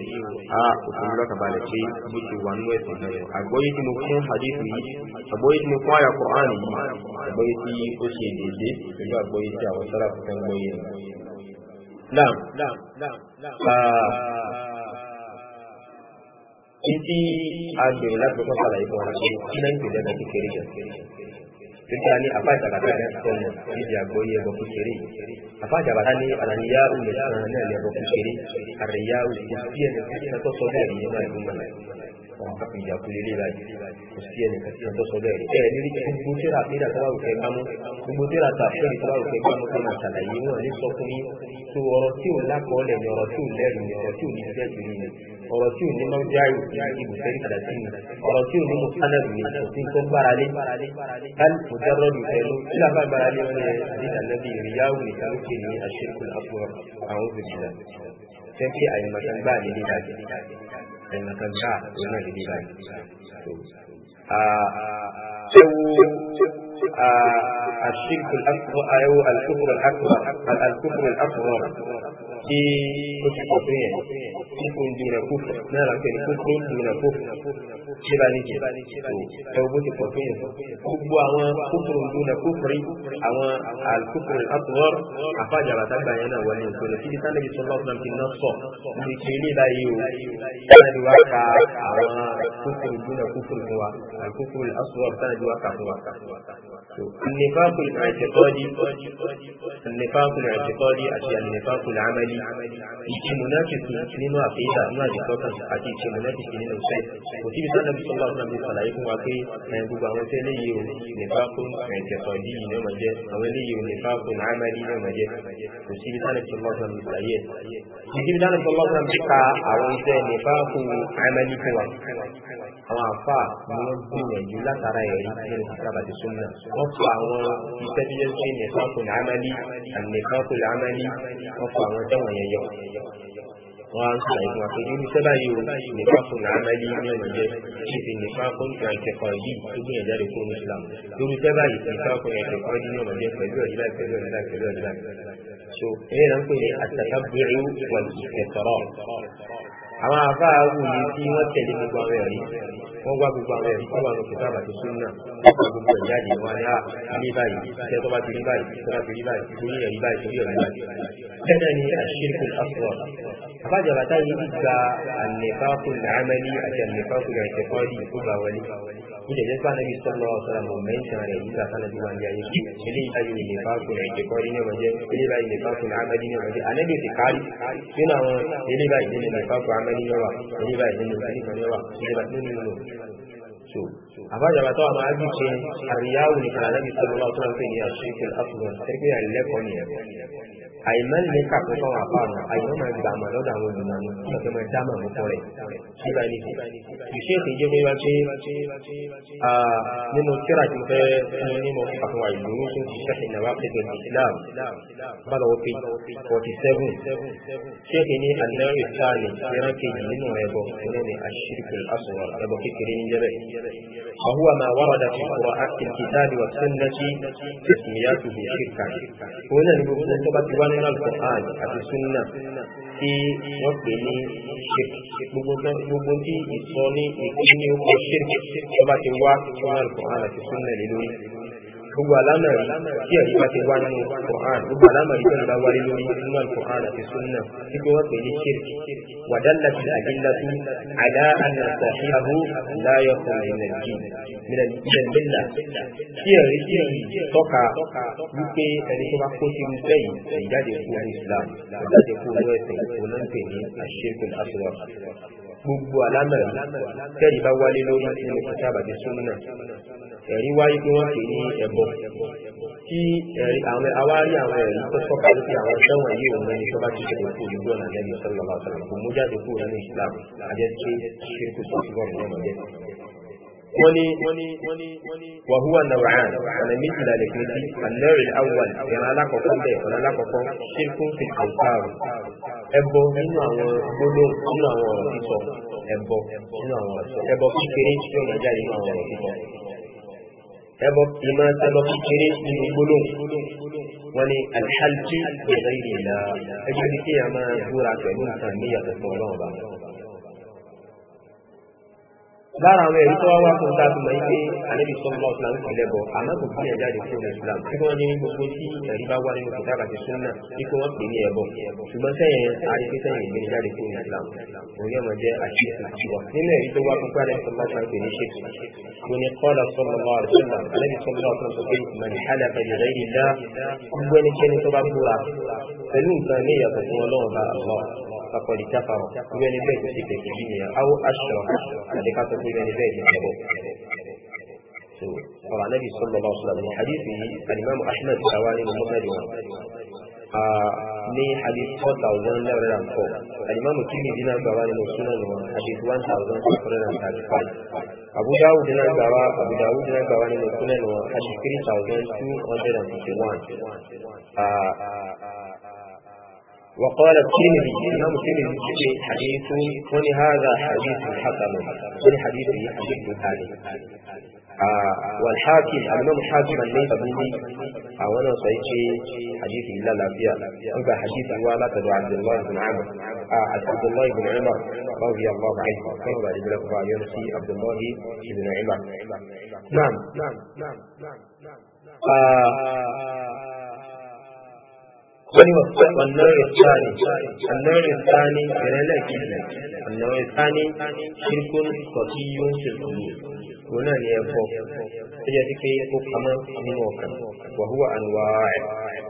a òfin lọ́kàn balẹ̀ pé mo ti wà nínú ẹ̀sìn rẹ̀ àgbọ́yé tí mo fún hadith yìí àgbọ́yé tí mo fún àyà Qur'an yìí àgbọ́yé tí ó ṣe dédé pẹ̀lú àgbọ́yé tí àwọn sára fún gbọ́yé rẹ̀. Naam, títí ah. agbèrè láti kọ́ sàlàyé fún ọ̀rọ̀ kí náà ń pè lẹ́gbẹ̀ẹ́ kékeré jẹ. Títí a ní apá ìtàkàtà rẹ̀ sọ̀nà níbi àgbọ́yé ẹbọ kékeré. Apá ìjàbàtà ní àlàyé òun nìkan náà lẹ́bọ kékeré. Àrẹ̀yá òun kò sí ẹni tó sọ bẹ́ẹ̀ ní ìmọ̀ ìgbìmọ̀ àwọn kan fi ìyà kú lélẹ̀ báyìí kò sí ẹnìkan tí wọ́n tó sọ bẹ́ẹ̀ ẹ̀ ní gbogbo tíra àfihàn tó bá wù fẹ́ gbámú gbogbo tíra tàfihàn tó bá wù fẹ́ gbámú tó máa ṣàlàyé wọn ní sọ fún yín tó ọ̀rọ̀ tí ò lákọọ́lẹ̀ ni ọ̀rọ̀ tí ò lẹ́rù ni ọ̀rọ̀ tí ò ní bẹ́ẹ̀ jù ni ọ̀rọ̀ tí ò ní máa ń jẹ́ àyù ìbò fẹ́ padà sí ni ọ̀rọ̀ tí ò ní mú kánẹ́bù ni kò sí tó gbára lé kálí kò dárọ́ ju ẹnu tí a bá gbára lé wọn ni àdínàlẹ́bí ìrìyáwó nìkan ló ṣe ní àṣekù àfọ àwọn òbí ṣe ń pé àyèmọ̀ṣẹ́ gbáà nílé dájú. ẹnìkan dá òun náà níbí báyìí. ẹwu àṣìkò ẹwu àlùkòkòrò àkùrọ̀ àlùkòkòrò àkùrọ̀. tí ó ti pọ̀ tó yẹn tí kò ń di rẹ̀ kó fún náà la pẹ̀lú kó kó ń rẹ̀ kó fún ṣé bá níjẹ̀ tó ẹ wo ti pọ̀ tó yẹn gbogbo àwọn kókòrò ń dúró kókòrò àwọn alukókòrò àtúwọ́ àfàjàrà tàgbà yẹn náà wọlé ìkọlẹ̀ kí ni sáà níbi sọ́nà ọ̀sán ti ná sọ ní ti ilé báyìí o sáà ni wàá ka àwọn kókòrò ń dúró kókòrò fún wa alukókòrò àtúwọ́ sáà ni wàá ka fún wa. النفاق الاعتقادي النفاق الاعتقادي النفاق العملي ìṣe mùnáfíìsì nínú àfihàn nínú àdìsọ́kàn àti ìṣe mùnáfíìsì nínú iṣẹ́ kò síbi sáà nàbí sọ́lá ọ̀sán àbí sàlàyé fún wa pé gbogbo àwọn tí eléyìí ò nípa fún ẹ̀jẹ̀sọ̀ yìí ní ọmọ jẹ́ àwọn eléyìí ò nípa fún àmàlí ní ọmọ jẹ́ kò síbi sáà nàbí sọ́lá ọ̀sán àbí sàlàyé kò síbi sáà nàbí sọ́lá ọ̀sán àbí ka àwọn iṣẹ́ nípa fún àmàlí fún wa àwọn àfa ni wọ́n gbìyànjú látara ẹ̀rí nínú kìtàbà ti súnmọ́ wọ́n fọ àwọn iṣẹ́ tí yẹn ń ṣe nípa fún àmàlí àmì nípa fún àmàlí wọ́n fọ àwọn tẹ́w káwọn yẹn yọ wọn á ń sọ ìfún wa pé irú yìí o nípa fún làánà yìí ní ọ̀nà jẹ́ kí èsì nípa fún ìtẹ̀kọ̀ yìí tó gbìyànjú àdé fún Islam lórí sẹ́bà yìí nípa fún ìtẹ̀kọ̀ yìí ní ọ̀nà jẹ́ pẹ̀lú ọ̀dílà pẹ̀lú ọ̀dílà pẹ̀lú ọ̀dílà so eré náà ń pè ní àtàkàbẹ̀rẹ̀ wọ̀lù ìtẹ̀kọ̀rọ̀ àwọn àbá awùyí tí wọ́n tẹ̀lé gbogbo àwọn ẹ̀rí wọ́n wá gbogbo àwọn ẹ̀rí fáwọn ọ̀nà kìtàbà tó sún wọ́n gbogbo ẹ̀rí àjẹ́ wọn ní ah, báyìí tẹ́ tó bá ti rí báyìí tó bá ti rí báyìí torí ẹ̀rí báyìí torí ẹ̀rí báyìí. bẹ́ẹ̀ ni àṣírikù afọ́ àbájábátá yìí nílẹ̀ jẹ́ sáà níbi sọ́lọ́ ọ̀sán àmọ́ mẹ́ta rẹ̀ nígbà sáà níbi wọn yàyé ilé ìbáyìí ní ìfàkùn ìjẹkọ́rí ní ọmọdé ilé ìbáyìí ní ìfàkùn àmàdí ní ọmọdé ànẹ́bí ti kárí nínú àwọn ilé ìbáyìí ní ìfàkùn àmàdí ní ọwà ilé ìbáyìí ní ìfàkùn ní ọwà ilé ìbáyìí ní ìfàkùn àbájára tó àwọn ágbì ṣe àríyáwó nìkan ànábì sọ́lọ́ ọ̀sán àmọ́ àìmọ́lì ní kàpẹ́ fáwọn àfáàmù àìmọ́ máa gbà àmà lọ́dọ̀ àwọn olùmọ̀nù ọ̀fẹ́ máa dá màmú fún rẹ̀ nígbà ní ìṣe ètò ìjẹ́ wíwá pé nínú kíra tí mo fẹ́ fún ní mo fi àfihàn ìgbòho tó ti ṣẹ́kì náà wá pẹ̀lú Islam bálọ̀wọ́ pé forty seven ṣẹ́kì ní àlẹ́rì sáàlì ìran kejì nínú ẹbọ nínú ní àṣírìkì asọ̀rọ̀ ẹbọ kékeré ní jẹ́bẹ̀ وهو ما ورد في القرآن الكتاب والسنة تسمياته شركا هنا نقول nínú alukur'an àti sunna tí wọ́n pè ní gbogbo tí ìsọ ní ìpínlẹ̀ ọkọ̀ ṣe tó bá ti wá nínú alukur'an àti sunna lè lórí gbogbo alámẹ̀rí tí ẹ̀rí bá ti wá nínú Qur'an gbogbo alámẹ̀rí tó ń bá wáyé lórí nínú Qur'an àti sunna gbogbo wọn pè ní ṣírkì wàdálà ti àdínlátú aláàánà sàfihàhù láyọ̀kọ̀ ìnàjì ìnàjìlá tí ẹ̀rí sì tọ́ka wípé ẹni tó bá kó sí irú sẹ́yìn ìjáde fún Islam ìjáde fún owó ẹsẹ̀ onípe ní àṣírkù àṣírọ gbogbo alámẹ̀rí tẹ́rí bá wáyé lórí nínú kìtàbà àti sunna ẹ̀rí wáyé pé wọ́n pè ní ẹ̀bọ tí ẹ̀rí àwọn awárí àwọn ẹ̀rí tó tọ́ka lókè àwọn sẹ́wọ̀n yìí òun ẹni tó bá ti ṣe kókó ojú ọ̀nà lẹ́yìn sọ́lọ́ bá sọ̀rọ̀ kò mú jáde kúrò nínú ìsìlámù àjẹ́ tí ṣírkù tó ti wọ́n mọ̀ jẹ́. wọ́n ní wàhúwà nàwàán ọ̀nà méjìlá lè pín sí anẹ́rìn awal ìran alákọ̀ọ́kọ́ bẹ́ẹ̀ ọ̀nà alákọ̀ọ́kọ́ ṣírkù fi àwùkáàrù ẹbọ nínú àwọn gbólóhùn nínú àwọn ọ̀rọ̀ sísọ ẹbọ nínú àwọn ọ̀rọ̀ sísọ ẹbọ kékeré tí ó mọ̀ jáde nínú àwọn ọ̀rọ̀ sísọ ẹbọ ìmọ̀ ẹbọ kékeré nínú gbólóhùn wọ́n ní alhalki ìrẹ́lẹ̀ ẹgbẹ́ ní kí a máa búra pẹ̀lú nǹkan yàtọ̀ fún ọlọ́run lára àwọn ẹ̀rí tó wá wá fún ta tó máa ń pé ànábì sọ mọ́ ọ̀tún àti ìlẹ́bọ̀ àmọ́ kò fún ẹ̀jáde fún Islam tí wọ́n ní gbogbo tí ẹ̀rí bá wá nínú kìtà àti súnà ní kí wọ́n pè ní ẹbọ ṣùgbọ́n sẹ́yìn àríkí sẹ́yìn ìgbé jáde fún Islam òní ọmọ jẹ́ àṣìṣe tiwa nínú ẹ̀rí tó wá fún pẹ́rẹ́ sọ mọ́ ọ̀tún فقد كفر يعني بيت سكت أو أشرك هذا كاتب يعني بيت قال النبي صلى الله عليه وسلم حديث الإمام أحمد سواني ومسند ní hadith four thousand nine hundred and four alimami kiri dina gaba nínú sunan wọn hadith one thousand six hundred and thirty five abu dina gaba abu dina gaba nínú sunan wọn hadith three thousand two hundred and fifty one. وقال الترمذي الإمام الترمذي في حديث كن هذا حديث حسن كن حديث حديث هذا آه، والحاكم الإمام الحاكم الليل بني أولا آه، سيكي حديث إلا الأنبياء أنت حديث ولا تدع عبد الله بن عمر آه، عبد الله بن عمر رضي الله عنه قال ابن عبد الله بن عمر نعم نعم نعم نعم نعم, نعم. والنوع الثاني النوع الثاني جلالك النوع الثاني شرك خفي في القلوب هنا ليفوق تجدك أقام من وكم وهو أنواع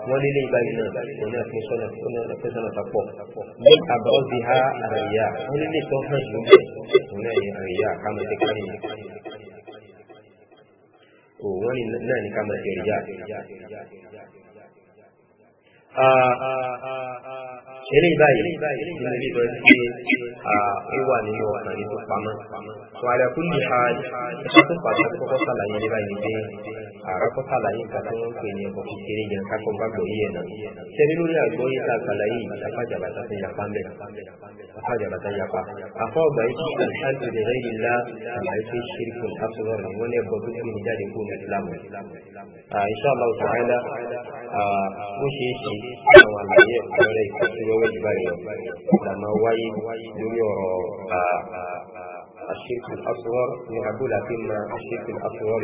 وللي بينا هنا في سنة هنا في سنة تقوم من أبرزها الرياء وللي تهج هنا الرياء كما تكلم وولي ناني كما ترياء uh, ilé báyìí nínú ilé ìtọ́ sí ó wà nínú ọ̀sán yìí tó pamọ́ wàhálà kú ní ha ìṣe tó pàṣẹ kọ́kọ́ sàlàyé ní báyìí pé àkọ́kọ́ sàlàyé nǹkan tó ń pè ní ọkọ̀ kékeré yẹn kákọ́ gbàgbọ́ yìí ẹ̀nà tẹ́lẹ̀ lórí àgbọ̀ yìí ta sàlàyé àfàjàbàtà ti yapa mbẹ́ àfàjàbàtà yapa àfọ ọgbà yìí ti ṣáàjú rẹ̀ rẹ̀ yìí lá àyè tó ṣe kò sáfùrọ̀ rẹ̀ wọ́n lẹ́bọ̀ tó pẹ́ jù báyìí lọ ìlànà wáyé lórí ọ̀rọ̀ الشرك الأصغر نعبد فيما الشرك الأصغر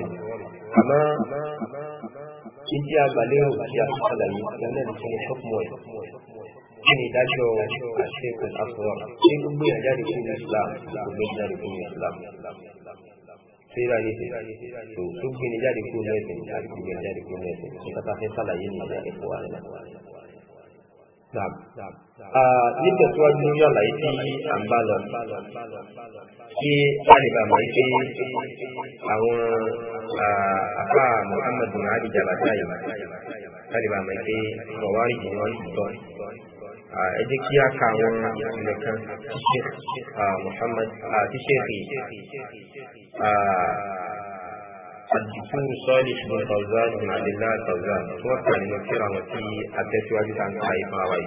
أما كنت أبليه في أصغر لأن الحكم kíni ìdájọ́ àṣekù asọ́rọ̀ tí gbogbo ìjáde fún islam gbogbo ìjáde fún islam tí ra ní tó tó gbé ní jáde fún lẹ́sìn àti gbogbo ìjáde fún lẹ́sìn nípa tá a fẹ́ sàlàyé ní ìjà ẹ̀kọ́ àrẹ náà. Ah, nítẹ̀síwájú lórí àlàyé tí a ń bá lọ kí láìka mọ̀ pé àwọn ah, àpá Muhammad bin Ali jabata yìí láìka mọ̀ pé ọ̀wárí jù wọn tọ́ ah, ẹ jẹ́ kí a ka àwọn ìpìlẹ̀ kan tíṣẹ́ Muhammad tíṣẹ́ fi الدكتور صالح بن فوزان بن عبد الله فوزان توفى من الكرامة في أبدت وجد عن طائفة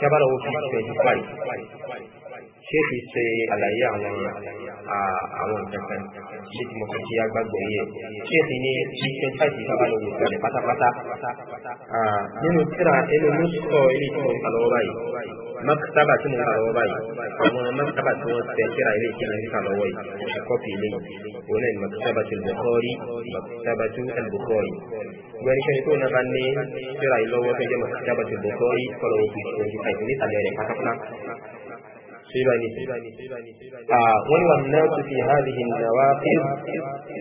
كبره في سيد ṣéèkì ṣe àlàyé àwọn àwọn ìjọba ṣé tí mo fẹ́ kí agbágbé yẹ ṣéèkì ní chicken five ìfàbálẹ̀ olùkọ́ni pátápátá nínú tíra ẹnu mọ́sùkọ́ ilé tí mo ń kàlọ́ báyìí mọ́kítàbà tí mo ń kàlọ́ báyìí àwọn mọ́kítàbà tí wọ́n tẹ̀ tíra ilé tí mo ń kàlọ́ wọ̀ yìí kọ́pì ilé òun náà mọ́kítàbà tí Bukhari mọ́kítàbà tí Bukhari wọ́n ní sẹ́ni tó náà bá ní tíra ìlọ́wọ́ tó jẹ́ mọ́kítàbà tí Bukhari kọ́lọ́wọ́ fi ṣe wọ́n wà náà tó fi hàn lè nà wá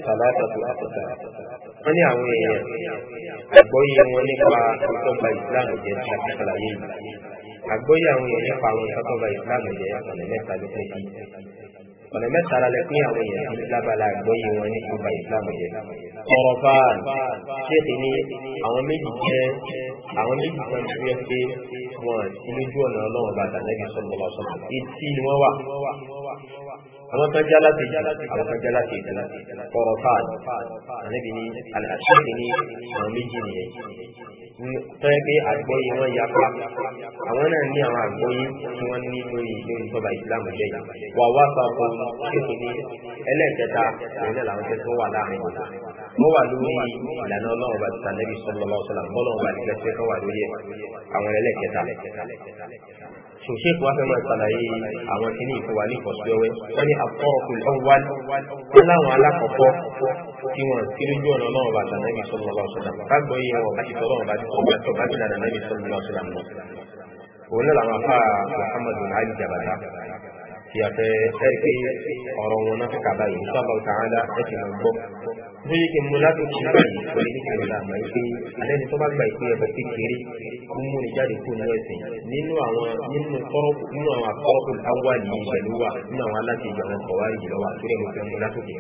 tàlátà tó àkọta wọ́n ní àwọn èèyàn àgbọ́yé wọn nípa ìtọ́gba ìsìláàmù jẹ́ ṣàkàlàyé àgbọ́yé àwọn èèyàn nípa àwọn ìtọ́gba ìsìláàmù jẹ́ àkàlẹ̀ mẹ́ta ló pẹ́ sí ọ̀nà mẹ́ta la lè pín àwọn èèyàn sí lábala àgbọ́yé wọn ní ìgbà ìsìlámù yẹn. ọ̀rọ̀ báàlù ṣéèkì ní àwọn méjì jẹ́ àwọn méjì kan tí wọ́n pé wọn sí lójú ọ̀nà ọlọ́run bàtà lẹ́bi sọ̀rọ̀ etí ni wọ́n wà àwọn kan jẹ́ aláṣẹ àwọn kan jẹ́ aláṣẹ tọrọ fáàlì àníbi ní aláṣẹ ní àwọn méjì nìyẹn tọ́yẹ pé àgbọ́yé wọn yapa àwọn náà ní àwọn àgbọ́yé tí wọ́n ní lórí lórí tọ́ba ìsìlámù jẹ́ yìí wà wá papọ̀ ṣètò ní ẹlẹ́ẹ̀kẹta òun náà làwọn tẹ́tọ́ wà láàrin wọn wọ́n wà lórí ìlànà ọlọ́run bá ti tàlẹ́bí sọ́lọ́lọ́ ọ̀sọ́lá bọ́lọ́run bá ti tẹ́tọ́ wà lórí àwọn ẹlẹ́ẹ̀kẹta ṣòṣe kò wá fẹ́ máa ṣàlàyé àwọn kìíní ìfọwà ní ìfọ̀síọ́wẹ́ wọ́n ní àkọ́ọ̀kù ọ̀wá wọn láwọn alákọ̀ọ́kọ́ tí wọ́n ti lójú ọ̀nà ọlọ́run bàtà nàbì sọ́nà lọ́wọ́ sọ́nà kágbọ́ yìí wọn bá ti sọ ọlọ́run bá ti sọ ọjọ́ bá ti lànà nàbì sọ́nà lọ́wọ́ sọ́nà mọ́. òun náà làwọn afá Muhammad Ali Jabata ti àfẹ́ ẹ̀rí pé ọ̀rọ̀ wọn náà fi kàbáyé ló yẹ kí n múlá tó kìí náà yìí wọlé ní kìlọ̀ làmà yìí pé alẹ́ni tó bá gbà yìí pé ẹ̀bọ̀ kékeré ń mú ni jáde kó nínú ẹ̀sìn nínú àwọn nínú kọ́rọ́kù nínú àwọn akọ́rọ́kù awa yìí pẹ̀lú wa nínú àwọn aláṣẹjọ àwọn kọ̀wárì yìí lọ́wọ́ àtúrẹ́ mo fẹ́ múlá tó kìí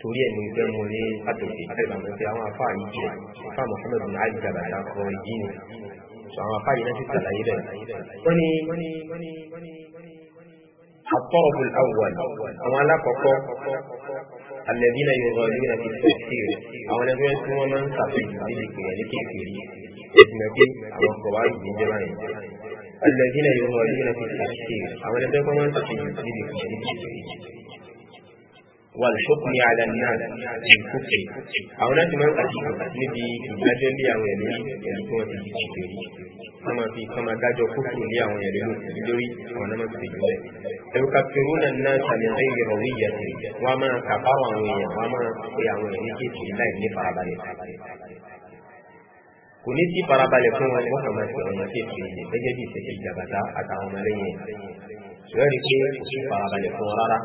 torí ẹ̀ ní fẹ́ mú lé àtòkè àtẹ̀lámọ̀ pé àwọn afá yìí jẹ́ afá Muhammad bin ali jabata kọ́ ìdí ni àwọn afá yìí náà ti sàlàyé rẹ̀ wọ́n ní àtọ́rọ̀bù àwọn alákọ̀ọ́kọ́ الذين يغالون في التكفير أولا يكون من صفي ذلك يعني كفير ابنكي أو قواعد الذين يغالون في التكفير أولا يكون من صفي ذلك يعني كفير والحكم على الناس بالكفر أو لا تمام أتيك نبي تجاجة لي أو يلوي يلقون تجيشي كيري كما في كما داجة كفر لي أو يلوي يلوي ونما تجيشي يكفرون الناس من غير روية وما كفر وما يعوي يجيشي لا ينفع بالي kò ní sí farabalẹ̀ fún wọn wọ́n kàn máa ṣe ọ̀nà kéèké gẹ́gẹ́ bí ìṣẹ̀ṣẹ̀ ìjàbàtà àtàwọn ọmọlẹ́yìn lórí pé kò sí farabalẹ̀ fún ọ rárá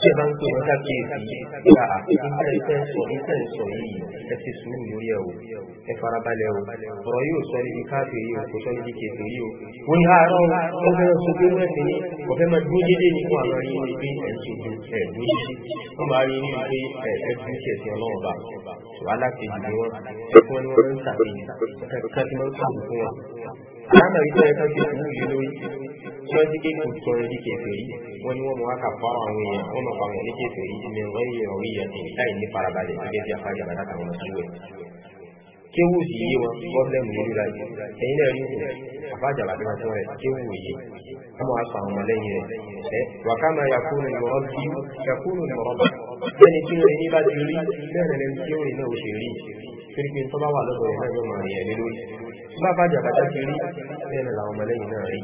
tí ẹ bá ń pè wọn kákìyèsí yíyá àfihàn iṣẹ́ sọ iṣẹ́ sọ yìí ẹ ti sùúrù lórí ẹ o ẹ farabalẹ̀ o ọ̀rọ̀ yóò sọ níbi káàtó yìí o kò sọ níbi kètò yìí o wọn ní àárọ̀ ó fẹ́ sojú mọ́ ẹ̀sìn ni kò fẹ́ máa dúró dédé ní àwọn yìí ni pé ẹ̀ sojú ẹ̀ dúró dédé wọ́n máa rí nínú pé ẹ̀ ẹ̀ fi ṣe ẹ̀sìn ọlọ́run láàmà yìí tó yẹ ká gbé sùúrù yìí lórí tí wọ́n ti ké kò sọ ẹni kèfèrí wọ́n ní wọ́n mọ̀ wá kà fọ́ àwọn èèyàn wọ́n mọ̀ pàwọn ní kèfèrí ní wọ́n yẹ ọ̀rí yẹn tó láì ní farabalẹ̀ gẹ́gẹ́ bí afájà bàtà kan lọ síwẹ̀. kéwù sì yé wọn pọ́blẹ́mù lórí ra yìí ẹ̀yin náà rí kùn afájà bàtà kan rẹ̀ kéwù yé káwọn aṣọ àwọn ọmọlẹ́yìn rẹ̀ wàkàmà yakúnù ìmọ̀ràn bí yakúnù ìmọ̀ràn bá torí pé tó bá wà lọ́dọ̀ rẹ̀ náà yóò máa rìn ẹ̀mí lórí bá bá jà bàtà ti rí bẹ́ẹ̀ náà làwọn ọmọlẹ́yìn náà rí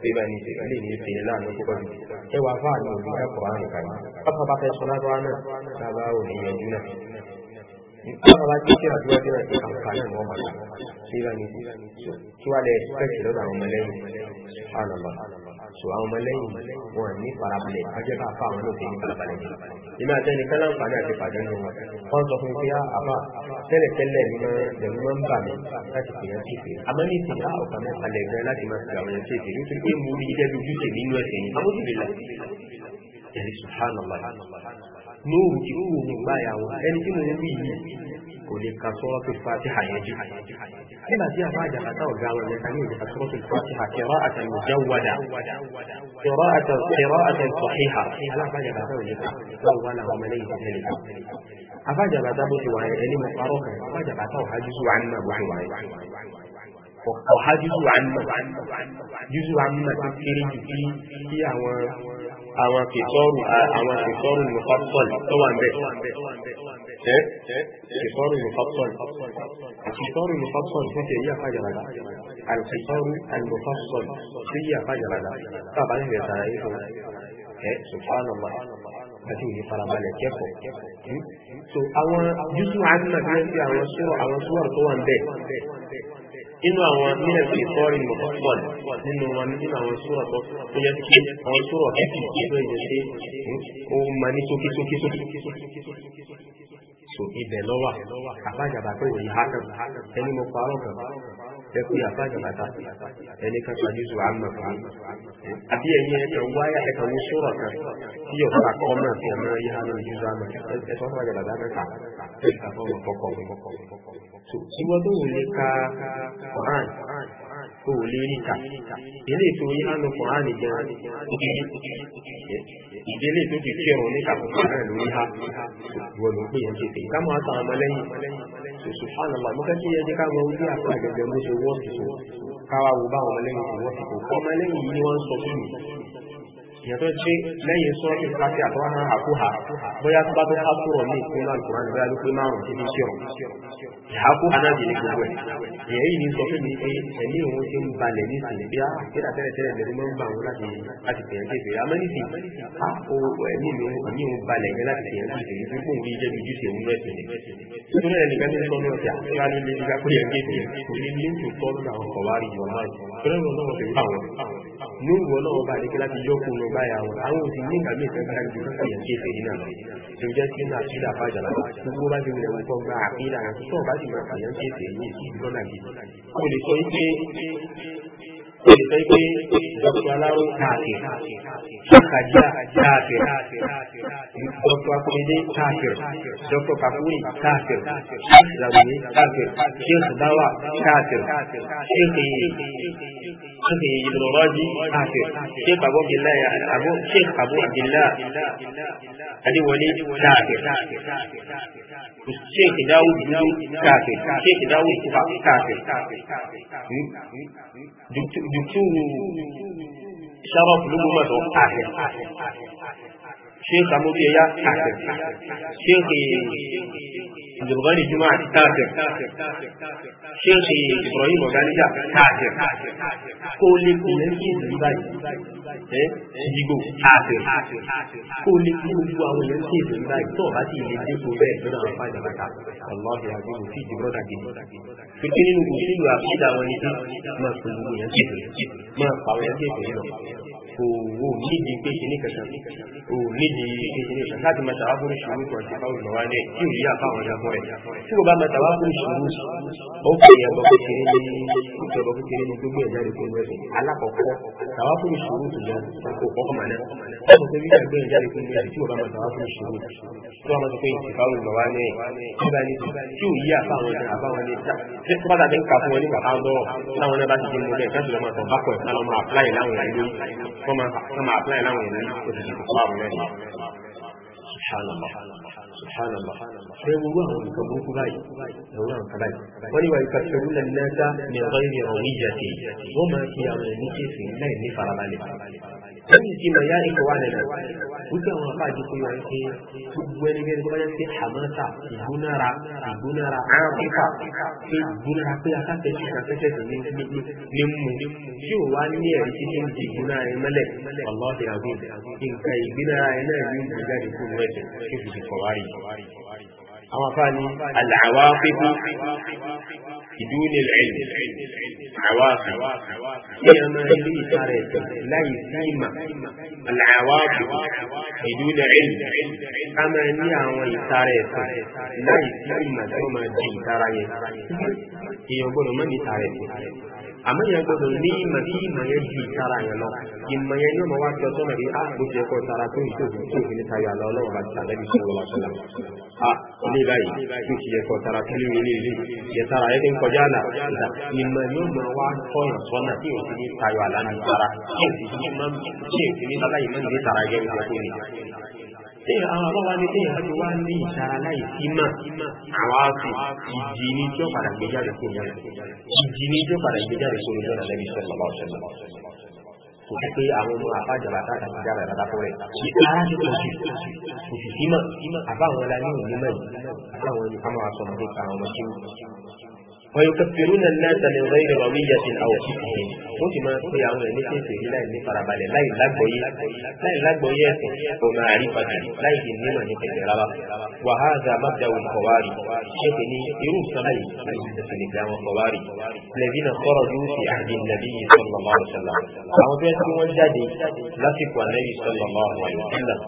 pé bá ní ìṣẹ̀lẹ̀ lè ní ìṣẹ̀lẹ̀ láàánú púpọ̀ jù ẹ wà fáà ní òbí ẹ̀kọ́ àrùn kan pápá bá fẹ́ sọ lágbára náà lábá ò ní yanjú náà pápá bá títí àdúrà dé àti àǹfààní àwọn ọmọ náà pé bá ní tí wàá lẹ ẹ̀sìpẹ̀kì lọ́dọ̀ àwọn ọmọlẹ́yìn sọ àwọn ọmọlẹ́yìn wọn ní farabalẹ̀ ajẹ́ ká fáwọn náà fi ní farabalẹ̀ ní. ìmí àtẹnikẹ́ láǹfààní àti pàdé nù wọn wọn sọ fún mi pé ah, àbá tẹ́lẹ̀ tẹ́lẹ̀ ní ẹ̀rù máa ń bà mí láti pè yàn kéfì àmọ́ ní ìsìn ká ọ̀kan mi palẹ̀ gan láti máa fi àwọn yàn kéfì nítorí pé mo rí jẹ́ dojú nínú ẹ̀sìn ní amóhùnmílà ẹ̀rí sùhánàlá ẹni tí mo ń kò lè ka sọ́ọ́tù fatiha yẹn jù. nígbà tí a bá jàkà tá ọ̀gá wọn lẹ́ka ní ìjàkà sọ́ọ́tù fatiha kẹrọ àtàn mujawwada kẹrọ àtàn kẹrọ àtàn sahiha alábàjàkà tá òye ká báwo wà láwọn ọmọ lẹ́yìn tẹ̀lé ká. abájàkà tá bó ti wà yẹn ẹni mo parọ́ kan abájàkà tá ọ̀há jùsù wà nínú àbúrò wà yẹn. ọ̀há jùsù wà nínú jùsù wà nínú tó kéré jù kí kí àwọn àwọn kìtọ́rù àwọn kìtọ́rù mọ̀kọ́tọ̀lì tó wà ń ايه الفطار المفصل الفطار المفصل هنا اي حاجه لا الفطار المفصل هي حاجه لا طبعا هي تعريف إيه؟, ايه سبحان الله هذه طلب على كيف تو إيه؟ اوا جزء عندنا في الصور على صور طوان ده إنه هو من الإطار المفصل إنه هو من سورة ويسكي أو سورة كيف يجسي ومن سوكي سوكي سوكي so ibẹ̀ lọ́wà àbájáde àpẹẹrẹ ìhánà ẹni mo parọ́ kan ẹkú yàtọ̀ àjàbàtà ẹni kan ṣáájú sọ àmà fún mi àbí ẹ̀yin ẹ̀ka wáyà ẹ̀ka wo sọ̀rọ̀ kan tí yọ̀ fún akọ́ náà fi ẹ̀mọ́ yìí hàn ní jùlọ àmà ẹ̀sọ́ fún àjàbàtà mẹ́ta ẹ̀ka fọwọ́ kọ́kọ́ so ìwọ tó wò lè ka Quran tó wò lè rí ka ilé ètò yìí hàn ní Quran gan ìdílé tó ti kírun ní kàkùnkùn náà lórí ha ìwọ ló ń yẹn kékeré ká máa tàn án mọ́lẹ́yìn so subhanallah mo fẹ́ kí ẹ jẹ́ wọ́n ti kò káwà wò báwọn ọmọlẹ́yìn ti wọ́n ti kò ọmọlẹ́yìn yìí wọ́n sọ fún mi ìyẹn tó ṣe lẹ́yìn sọ́ọ̀tì pàtí àtọ́wọ́n náà àkúhà bóyá tó bá tó ká sọ̀rọ̀ ní ìpín náà kùrán bóyá ló pé márùn ún ti ṣe ọ̀rọ̀ ìhàkúhà náà dì ní gbogbo ẹ̀ ìyẹn yìí ní sọ pé mi pé ẹ̀mí òun ti ń balẹ̀ ní ìsìn bí àkíra tẹ́lẹ̀tẹ́lẹ̀ lẹ́nu máa ń bà wọn láti láti tẹ̀yàn kéfì amẹ́nìtì àpò ẹ̀mí òun balẹ̀ yẹn láti tẹ̀yàn kéfì ní pípọ̀ òun jẹ́ ojú ṣe òun rẹ̀sìn nítorí ẹ̀ nìkan ní sọ ní ọ̀sẹ̀ àkíra ló lé nígbà pé ẹ̀ kéfì kò ní ní tòótọ́ nínú àwọn kọ̀wárì ìwọ̀n márùn-ún ní ìwọ náà ọba àdékẹ́ láti yọkùn lọ báyà wọn àwọn òsì ní ìgbà mí ìfẹ́ báyà ju kíkọ́ yẹn kéfè yìí náà tó jẹ́ sí náà sí ìdàpá ìjàlá gbogbo bá ti wulẹ̀ wọn kọ́ gba àkílà àti tó ọba sì máa fàyàn kéfè yìí lọ́nà yìí kò lè sọ pé kò lè sọ pé dọ́kítà aláró káàkiri sọ́kàjá káàkiri dọ́kítà akọ́mídé káàkiri dọ́kítà kakúrì káàkiri ṣàkìlàwé káàkiri ṣéèkì dáwà káàkiri ṣéèkì حسن بن راجي حافظ شيخ أبو عبد الله أبو شيخ أبو عبد الله أبي وليد كافر شيخ داود كافر شيخ داود كافر دكتور شرف لغمته كافر شيخ amuriya kasir sheikh abdulgani juma kasir sheikh ibrahim organija kasir kó lè kúlẹ̀ sí ìdílé báyìí ẹ ìdìgbò kasir kó lè kú gbogbo àwọn èèyàn sí ìdílé báyìí tó bá ti lè dé kó bẹ́ẹ̀ lọ́dọ̀ àwọn fáìlì àbáta aláàbí àgbẹ̀wò sí ìdìbò dà gidi pípé nínú òṣèlú àfíìdá wọn ni pé máa pẹ̀lú èèyàn sí ìdílé máa pàwọn èèyàn sí ìdílé náà kò wò nídìí pé kìíní kankan kò nídìí pé kìíní kankan láti máa tàwa fún ìṣòro kan ti fáwọn ìlọ́wà lẹ̀ tí ò yí àbáwọn ìyàbọ̀ rẹ̀ tí kò bá máa tàwa fún ìṣòro ó fi ìyàbọ̀ kékeré ní ìjọba kékeré ní gbogbo ẹ̀dá rẹ̀ pẹ̀lú ẹ̀sìn alákọ̀ọ́kọ́ tàwa fún ìṣòro tó yẹ kò kọ́kọ́ mà náà ọmọ tó bí gbogbo ẹ̀dá rẹ̀ pẹ̀lú ẹ̀sìn tí kò bá máa tàwa fún ìṣòro tí wọ́n máa sọ pé ìtìfáwọn ìlọ́wà lẹ̀ tí bá ní tí ò yí àbáwọn ìyàbáwọn وما أحكم أعطانا وإننا سبحان الله ṣe wúrú àwọn nǹkan burúkú báyìí ẹ̀rọ àwọn kan báyìí wọ́n ní wàyí kàṣẹ wúlẹ̀ nẹ́ta ní ọ̀rọ̀ ìrìn ọ̀rọ̀ ìjẹ̀tì wọ́n máa fi àwọn ẹ̀mí kéèsì láì ní farabalẹ̀. lẹ́yìn tí màá yá ikọ̀ wà lẹ́nu wípé àwọn afáàjì kò yọ ẹni gbogbo ẹni gẹ́gẹ́ bá yẹ pé hamasa ìgbónára ìgbónára áfíríkà pé ìgbónára pé akáfẹ́sì akáfẹ́sì ní mú tí ò wá ní ẹ̀rí tí ní ti ìgbónára yẹn mẹ́lẹ̀ ọlọ́ọ̀dẹ̀ àgbẹ̀ nǹkan ìgbónára yẹn náà ní ìgbójáde kúrò ẹ̀sẹ̀ tó fi ti fọwárì àwọn afáàní àlàáwá pípú ìdúnilẹ̀ العواقب هي ما يلي إشارة ليس إما العواقب بدون علم كما نيا وإشارة ليس إما ثم جي تراي يقول من إشارة àmọ́ ìyẹn gbọ́dọ̀ ní ìmọ̀ tí ìmọ̀ yẹn ju ìtara yẹn lọ ìmọ̀ yẹn yóò máa wá jọ sọ́nà bí bó ti yẹ kó tara tó ìṣòfò tó òfin níta yà lọ ọlọ́run bá ti tàbí bí sọ́nà wàásù náà. a ní báyìí bó ti yẹ kó tara tó lé wọlé ilé yẹ tara yẹ kí n kọjá àlà ìmọ̀ yóò máa máa wá tọ̀yàn sọ́nà tí ò sí ní tayọ àlàní tara tí ò sì ní máa tí ò sí ní láláyé máa ń gbé tara ẹgbẹ́ ìjọ tó ní. Ṣé àwọn àbáwá ní pé ìyá ti wá ní ìtara láì sí mà àwọn àti ìjì ní tí ó padà gbé jáde kó yẹn ìjì ní tí ó padà gbé jáde kó yẹn lọ́nà lẹ́bi sọ́nà bá ọ̀sẹ̀ lọ́wọ́ kò sí pé àwọn ọmọ àbájára káàkiri ti dára ìrọ̀lá fún rẹ̀ ara ti pọ̀ jù kò sì sí mọ̀ àbáwọn ọlá ní ìlú mẹ́rin àbáwọn ẹni ká máa sọ̀rọ̀ nípa àwọn ọmọ tí ó ويكفرون الناس من غير روية أو شبه وفي ما في عمر نسي في لا نفر بل لا يلقوي لا يلقوي ومعرفة لا يدنما نتجرب وهذا مبدأ الخوارج شيخني يروس لي في نجام الخوارج الذين خرجوا في عهد النبي صلى الله عليه وسلم أو بيتكم والجدي لفق النبي صلى الله عليه وسلم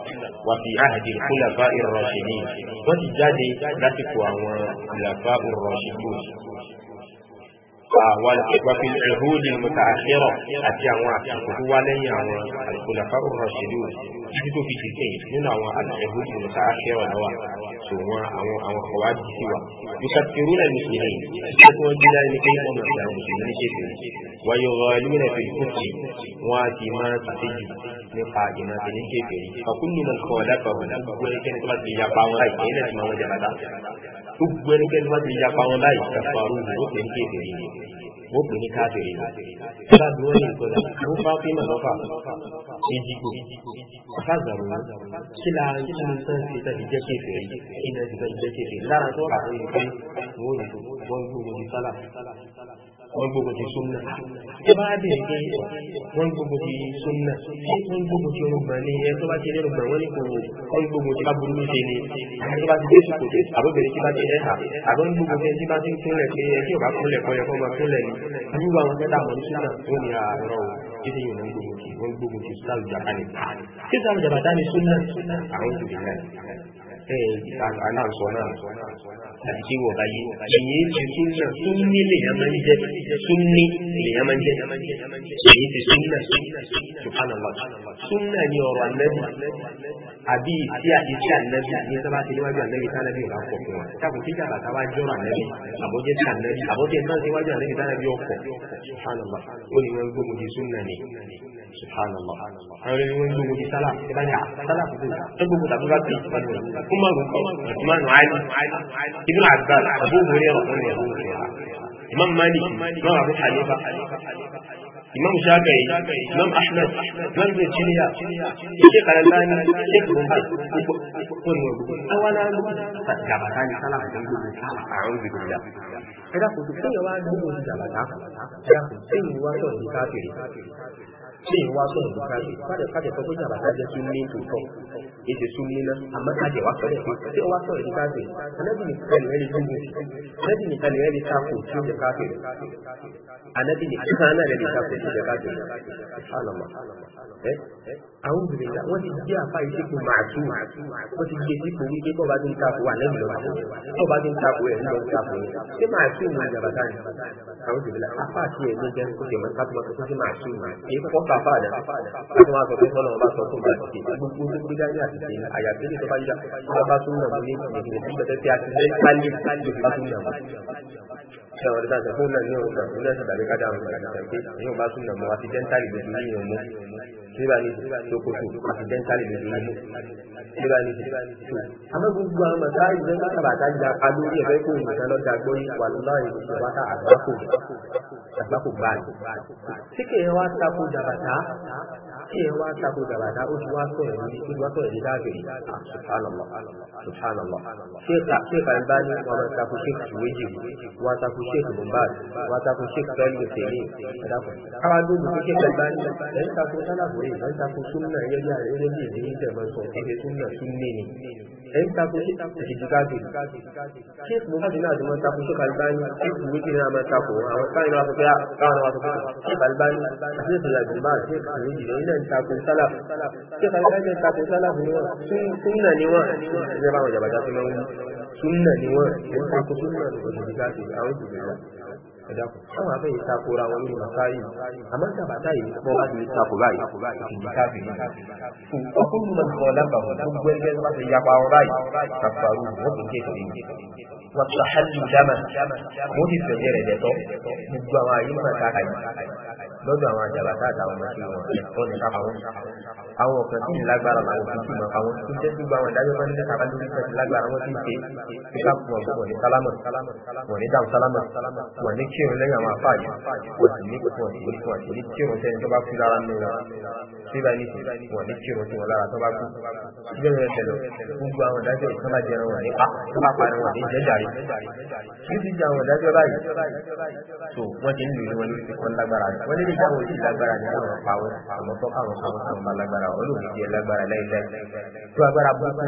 وفي عهد الخلفاء الراشدين وفي الجدي لفق الخلفاء الراشدون وفي العهود المتأخرة الجامعة ولي الخلفاء الراشدون يجدوا في تلكين من العهود المتأخرة هو سواء أو أو خواد سوى يكفرون المسلمين يكون بلا لكي يكون المسلمين كيف ويغالون في الكفر واتما تسجد نقا جنا تنين كفري فكل من خالفه وكل كان كما تيجا باون لاي كان ما وجه بدا وكل كان ما تيجا باون لاي كفارو وكل كفري وكل كافري فلا دون يقول فاطمه نفا يجيكو فازروا كلا كلا تنسيت بجك كفري إن بجك كفري لا رسول الله يقول ويقول ويقول wọ́n gbogbo ti súnmọ́. Tí bá dì ní pé wọ́n gbogbo ti súnmọ́, tí wọ́n gbogbo ti rògbà ní ẹ tó bá ti rògbà wọ́n ní kò wọ́n gbogbo ti bá burú ṣe ni. Àwọn tó bá ti gbèsè kò dé àbóbìnrin tí bá ti ẹ̀hà. Àbọ̀ ní gbogbo ti bá ti ń kúnlẹ̀ pé ẹ tí ò bá ni. àwọn gbogbo ti wọ́n gbogbo aláǹsọ náà àti kí wọ̀ báyé èyí ti súnà súnní lèyàn máa ń jẹ súnní lèyàn máa ń jẹ èyí ti súnà subhanallah súnà ni ọ̀rọ̀ anẹ́bù àbí ìsí àdìsí anẹ́bù ní sábà ti níwájú anẹ́bù tí anẹ́bù bá pọ̀ fún wa káàkiri tí jàmbá tá a wá jọrọ anẹ́bù àbọ̀jẹ́ tí anẹ́bù àbọ̀jẹ́ náà ti wájú anẹ́bù tí anẹ́bù ọkọ̀ subhanallah ó ní wọn gbógun ti súnà ni subhanallah àwọn ẹni wọn gbógun ti sálà ẹ bá ní à sálà kúkú ẹ gbógun tàbí bá bì í Usman kọ́ Usman Ali Ibn Abbas Abu Hurairah ọ̀hún Abu Hurairah Imam Malik Imam Abu Hanifa Imam Shafi'i Imam Ahmad Imam Ibn Taymiyyah Sheikh Al-Albani Sheikh Ibn Baz kunu awala jabata ni sala ka jangu ni sala a'udhu billah ẹ dákun tó kéèyàn wá gbogbo jabata ẹ dákun tó ìwà tó ní ṣé ìwà sọ bùkárì kájẹ kájẹ sọ pé jàbàtà jẹ tún ní tòótọ́ èdè tún ní náà àmọ́ kájẹ wà sọ pé ṣé ìwà sọ èdè kájẹ anabi nìkan ni ẹni dúró anabi nìkan ni ẹni sáfò tí ó jẹ kájẹ anabi nìkan náà ẹni sáfò tí ó jẹ kájẹ alama ẹ àwọn obìnrin náà wọn ti gbé àfa yìí sípò màtú wọn ti gbé sípò wípé bọba tó ń takò wà lẹ́yìn lọ bọba tó ń takò ẹ ń lọ ń takò ẹ ṣé màtú mọ jàbàtà ni àwọn obìnrin náà afa àti ẹ ló jẹ kó jẹ mọ kápẹ́ mọ kó jẹ màtú mọ èyí kọ́ àfa àdá láti wọn sọ pé sọlọ wọn bá sọ fún bàtì tè gbogbo tó gbé dání àti tè àyàfi lè tó bá yíra wọn bá tún nà mú ní ìdílé tó tẹ tí a ti lé kálí kálí bá tún nà mú. ṣé àwọn ọ̀dọ́ta sọ fún náà ní òun náà òun náà sì dàbí ká dáhùn ìgbà nípa pé ìyóò bá tún nà mú àti dẹ́ntàlì gbogbo yìí yóò mú nígbà ní ṣòkòtò àtìdẹ́ntàlì lójú nígbà ní ṣòkòtò. àmọ́ gbogbo àwọn màtá ìgbẹ́ bàtà gba alórí ẹ̀fẹ́ kó ìmọ̀ta lọ́dà gbọ́ wà láàyè ìṣòwátà àgbákò àgbákò báyìí. síkè wá takò jàbàtà èèyàn wá tako gàbàdà ó ti wá sọ̀rọ̀ ní ó ti wá sọ̀rọ̀ ní dáàbìrì subhanallah subhanallah ṣéèkà ṣéèkà ń bá ní wọn máa tako ṣéèkì méjì wọn tako ṣéèkì Mohbad wọn tako ṣéèkì pẹ̀lú òṣèlú ẹ̀dàpọ̀ káwá lóògùn tó ṣéèkà ń bá ní ẹ̀yìn tako sálàbùrẹ̀ ẹ̀yìn tako súnmọ̀ ẹ̀yẹ́ bí i ẹ̀yẹ́ bí i ìdíyìn tẹ̀ mọ́ sọ̀rọ̀ ẹ̀yìn tako ìdíkàtì ṣé mo bá ti náà dùnmọ́ tako ṣé kalibani ṣé mo méjì náà máa tako àwọn káyìn náà fọ́fẹ́ káwọn náà fọ́fẹ́ ṣé kalibani ṣé ìṣẹ̀lẹ̀ ìjọba ṣé ìṣẹ̀lẹ̀ ìjọba ìṣẹ̀lẹ̀ tako sálà ṣé kalibani tako sálà ni wọ́n súnà ni wọ́n ṣe báwọn jàbàjá tó lọ́wọ́ súnà ni wọ́n ṣe tako súnà lọ́wọ́ ìdíkàtì àwọn ìdíkàtì ẹ̀dàkùn táwọn afẹ́ yìí takora wọn nínú masáyì àmọ́ sàbàtà yìí bọ́ bá ti takò báyìí ìdí káfí ní káfí. ọkọ mi máa ń kọ́ lábàá wọn tó gbé ẹgbẹ́ wọn ti yapa ọ báyìí kàfàrú wọn àwọn àyè máa àwọn ọmọ tí wọn ẹ̀kọ́ ní kápá àwọn ọ̀kan tí ìlágbára máa wọ̀ tuntun máa wọn tó jẹ́ gbogbo àwọn ìdájọ́ máa ń lẹ́ka lórí fẹ́ẹ́ lágbára wọn tí ń ṣe ìka fún ọ̀gbọ́n ní sálámà wọn ní dáhùn sálámà wọn ní k kírun lẹ́yìn àwọn àfáàyè wọ́n sì ní wọ́n sì ní wọ́n sẹ́ni tó bá kú lára nínú wọn síbà ní ti wọ̀ ní kírun tí wọ́n lára tó bá kú síbẹ̀ rẹ̀ tẹ̀lé gbogbo àwọn ìdájọ́ ìtàn bá jẹun wà nípa tó bá parí wà ní jẹ́jàre kí ti jẹ ìdájọ́ báyìí tó wọ́n ti ń lò wọn lórí kíkan lágbára wọ́n lè jẹ́ àwọn òjì ní àwọn pàwọ́ àwọn tó káwọn pàwọ́ tó máa lágbára olóògì jẹ lágbára láìláì tó agbára burúkú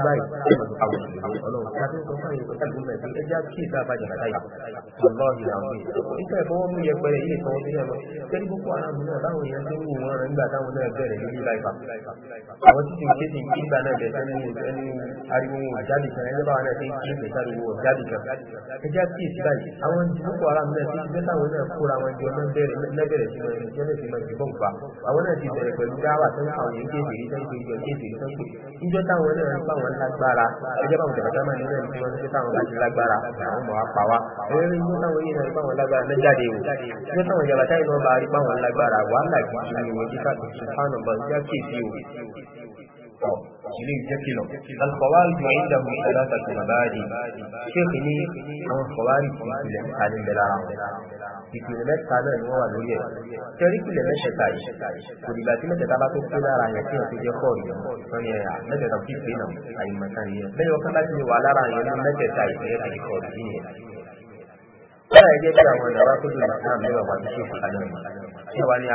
àwọn tí kìí kéde ìgbà náà bẹ̀rẹ̀ sẹ́nu ẹnu ariwo àjáde kan ẹgbẹ́ báwa náà ti ń kí ìgbà sáré wo àjáde kan ẹjẹ́ kí èsì báyìí àwọn boko haram náà ti bẹ́ẹ̀ táwọn náà kóra wọn jọ lẹ́bẹ̀rẹ̀ sí wọn ẹni tí wọ́n ti máa gbọ́n gbà àwọn náà ti bẹ̀rẹ̀ pẹ̀lú dáwà tó ń fa àwọn èyí kéde ìtàn tó ń jọ kéde ìtàn pé níjọ́ táwọn náà ń fa wọn lágbára ẹjẹ́ báwọn tẹ̀lé táwọn náà ń fi wọn níjọ́ táwọn bá ti lágbára àwọn mọ̀ wá pa wá ẹ̀rẹ́ níjọ́ táwọn yìí náà ń fa wọn lágbára náà jáde wò níjọ́ táwọn yàrá táyì náà bá rí pa wọn lágbára wàhálà kìí ṣe ìwọ̀n kíkà tó ṣe fáànù bọ́ọ̀lù já kéèké o ilé ìjẹ́kì lọ. Alkọ̀wárì máa ń dàbò ìṣẹ́láta tó bàbá àdì. Ṣéèkì ní àwọn kọ̀wárì ti ìpìlẹ̀ àti ìbẹ̀lá àwọn. Ìpìlẹ̀ mẹ́ta náà ni wọ́n wà lórí ẹ̀. Tẹ́rípìlẹ̀ mẹ́tẹ̀ẹ̀ta yìí, kò dìgbà tí mẹ́tẹ̀ẹ̀ta bá tó pé lára yẹn tí wọ́n ti jẹ́ kọ́ yìí. Wọ́n ní ẹ̀yà mẹ́tẹ̀ẹ̀ta kì í pé náà àyìnmọ̀kan yẹn. Bẹ́ẹ̀ni wọ́n kábàtì wà lára yẹn ní mẹ́tẹ̀ẹ̀ta ìpìlẹ̀ àti kọ̀ọ̀dù yìí. Bẹ́ẹ̀ jẹ́ bí àwọn ìdàbà tó dùn ní kí wá ní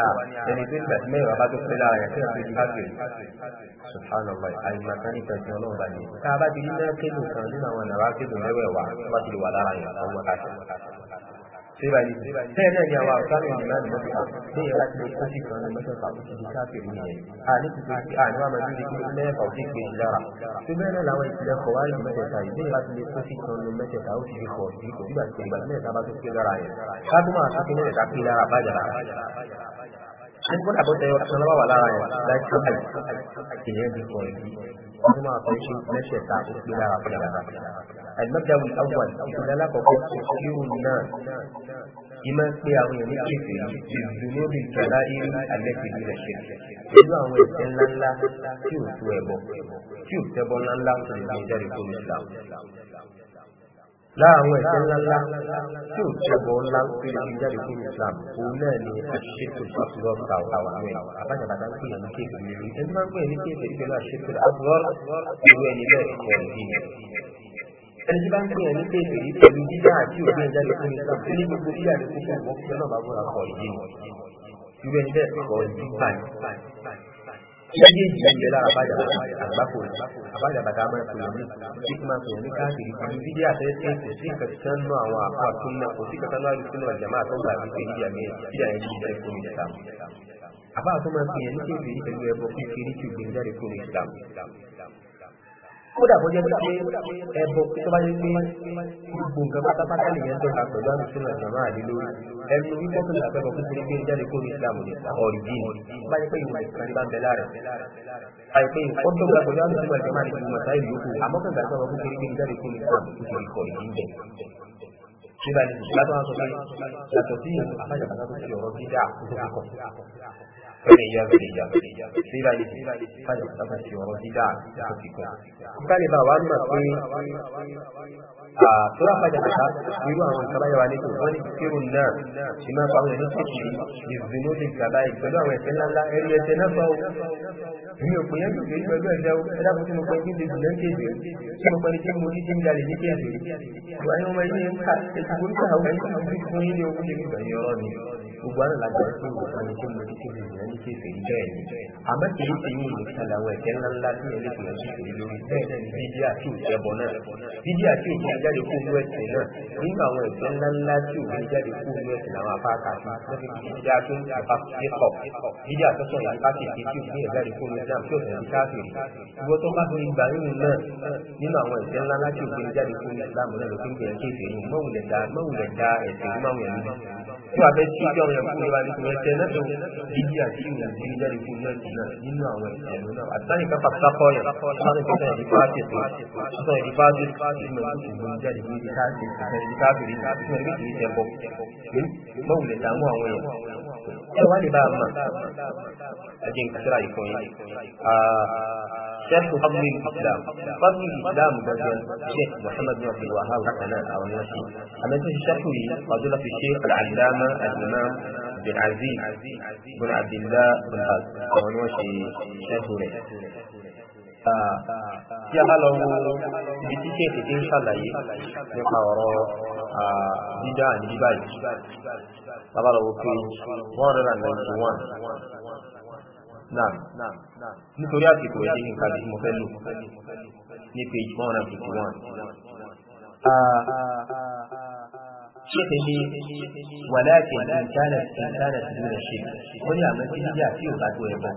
ẹni tó gbà mẹ́rin bá tó pẹ́ lára rẹ̀ kí wọ́n fi di bá pè subhanallah àyìnbàtà ní ìtọ́jú ọlọ́run bá yẹn tá a bá ti rí mẹ́rin kéde kan nínú àwọn nàrà kéde mẹ́wẹ̀ẹ̀wá tó bá ti wà lára yẹn àwọn ọmọ síbà ní bẹ́ẹ̀ náà ni àwọn àwòrán ìlú náà lọ́dún ní ìyá láti lè kó sí kan ní mẹ́fẹ̀ẹ́fà kò sí káàkiri nìyẹn a ní tuntun sí a ní wàá máa ní kí mẹ́fẹ̀ẹ́fà òsì pé yìí lára tó bẹ́ẹ̀ náà làwọn ìpìlẹ̀ kọ̀ wáyé mẹ́tẹ̀ẹ̀ta yìí bẹ́ẹ̀ láti lè kó sí kan ní mẹ́tẹ̀ẹ̀ta ó ti fi kọ̀ sí kò sígbà tí ìgbà mẹ́tẹ̀ẹ̀ta bá tó pé lára yẹn káàdó máa sọ pé mẹ́tẹ̀ẹ̀ta pé lára bá yàrá ṣé kó dàbọ̀ tẹ ọ̀sán lọ́wọ́ wà lára yẹn láti ṣe àìsàn àti ìyẹn bí kọ̀ yìí wọ́n máa fẹ́ ṣe mẹ́tẹ̀ẹ̀ta ó pé lára bá yàrá المبدأ الأول إذا لا تفكير الناس إما في أغنية كثير بالذنوب الكبائر التي من الشرك إذا هو إن الله شو تويبو شو تبو الله في ذلك الإسلام láàrin ẹ̀ṣẹ̀ ńláńlá tí ò tẹ́bọ̀ ńlá ń pè ní jáde fún Islam òun náà ni àṣetò àtúrọ̀ ta àwọn ẹ̀ àbájáde ń pè ní kéèké ẹni máa ń pè ní kéèké pẹ̀lú àṣetò àtúrọ̀ ìwé ẹni bẹ́ẹ̀ kọ̀ ní ẹni tí bá ń pè é ní kéèké yìí pẹ̀lú dídá àti òbí ẹ̀dá lè fún mi sọ ní gbogbo bí àdúgbò kò wọ́n fi ọlọ́ba búra kọ ìdí mi irú ẹni bẹ́ẹ̀ kọ ìdí bá ní. méjèèjì ń bẹ lára bàjá àgbákò àbájá bàtà máa pè ní kíkúmá pè ní káàkiri ìlú dídí àtẹ́sí ẹ̀sìn sí nǹkan tí wọ́n ná àwọn àpá àtúnná kò sí kankan náà lùsùn náà jàmáà tó gbà wípé ìyá mi ìyá yẹn ti bẹ̀rẹ̀ fún mi níta. àbá àtúnmá pè ní kéèké pẹ̀lú ẹbọ kódà bó jẹ́ pé ẹ̀bọ tó bá yẹ pé gbogbo nǹkan pátápátá lè yẹn tọ́ka pẹ̀lú àlùsùn àjàmá àdéló ẹnu wípé tó lè fẹ́bọ̀ fún kékeré jáde kó ní Islam ní ọ̀rìjìn bá yẹ pé ìwà ìkan ní bá bẹ láàrẹ̀ àyè pé ó tó gba pẹ̀lú àlùsùn àjàmá àdéló mọ̀tá ìlú yòókù àmọ́ kàn gbà fẹ́bọ̀ fún kékeré jáde kó ní Islam ní ọ̀rìjìn bẹ̀ nígbà tí látọ̀ wọn sọ pé yàtọ̀ sí àfájàpátá tó síra yìí kájọ Sila, ṣe sila. dídá tó fi kọ́. kálí bá wa mọ̀ pé a tura padà ká irú àwọn ìkàbá yẹwà ní tòun wọn ní kéwù náà ṣì máa fa àwọn ẹni kékeré ìzùnú lè gàbá yìí pẹ̀lú àwọn ẹ̀ṣẹ̀ ńláńlá ẹrú ẹ̀ṣẹ̀ náà fa o èmi ò pèyàn dùn kéjì pẹ̀lú ẹ̀ṣẹ̀ o ẹ̀dá kò tí mo pẹ níbi ìdùnnà ń kéjì tí mo pẹ ní tí mo ní tí ń jalè ní kéjì ìwà ni wọn máa yé ká ètò orí ká àwọn ẹni tó fi fún yín ní ogún débi bẹ̀rẹ̀ ọ̀rọ̀ ni gbogbo àwọn làgbà tí mo pẹ ní tí mo ní tí mo ní ní kéjì bẹ́ẹ̀ ni àmọ́ kìí ṣe yín ní kàlà àwọn ẹ̀ṣẹ̀ ńláńlá tí mo ní kìí ṣe lórí bẹ́ẹ̀ ni bíbí àti òṣèbọ náà bíbí àti òṣèbọ jáde kó inú ẹ̀sìn náà nínú àwọn ẹ̀sìn ńláńlá tí ò ní jáde kó inú ẹ̀sìn àwọn apá àkàtì wọ́n fi kìí dídá tó ń tàbá sí tí ò ní jáde kó inú ẹ̀sìn àti ọ̀sẹ̀ ní káàkiri ìwọ tó bá fi gbà nínú náà nínú àwọn ẹ̀sìn ńláńlá tí ò ní jáde kó inú ẹ̀sìn láàmú náà ló fi ń gbìyànjú kéfèé dá ẹ̀sẹ̀ ló náà òun jáde ní ibi káàkiri ìṣẹ̀lẹ̀ ibi káàkiri ìṣẹ̀lẹ̀ tí wọ́n rí kìí ṣẹ̀bọ̀ báwo lè dààmú àwọn èèyàn. ẹ wá lè bá a mọ̀ ẹjẹ́ nkàtúrà ìfọ̀ yìí. شيخ فضل الإسلام فضل الإسلام بدل الشيخ محمد بن عبد الوهاب حسنا أو النشي أما أنت الشيخ فضيلة الشيخ العلامة الإمام بن عزيز بن عبد الله بن باز أو النشي شيخ tí a bá lọ wo ibi tí ṣe ètè ń ṣàlàyé nípa ọ̀rọ̀ dídá àti bíbá yìí bàbá lọ wo page one hundred and ninety one náà nítorí àsìkò ẹ̀dí nǹkan tí mo fẹ́ lò ní page one hundred and fifty one ṣẹ́tẹ̀lé wàláàkì ìdáná ìdáná ìdúró ṣe wọ́n ní àmọ́ títí jà sí òbá tó ẹ̀bọ̀.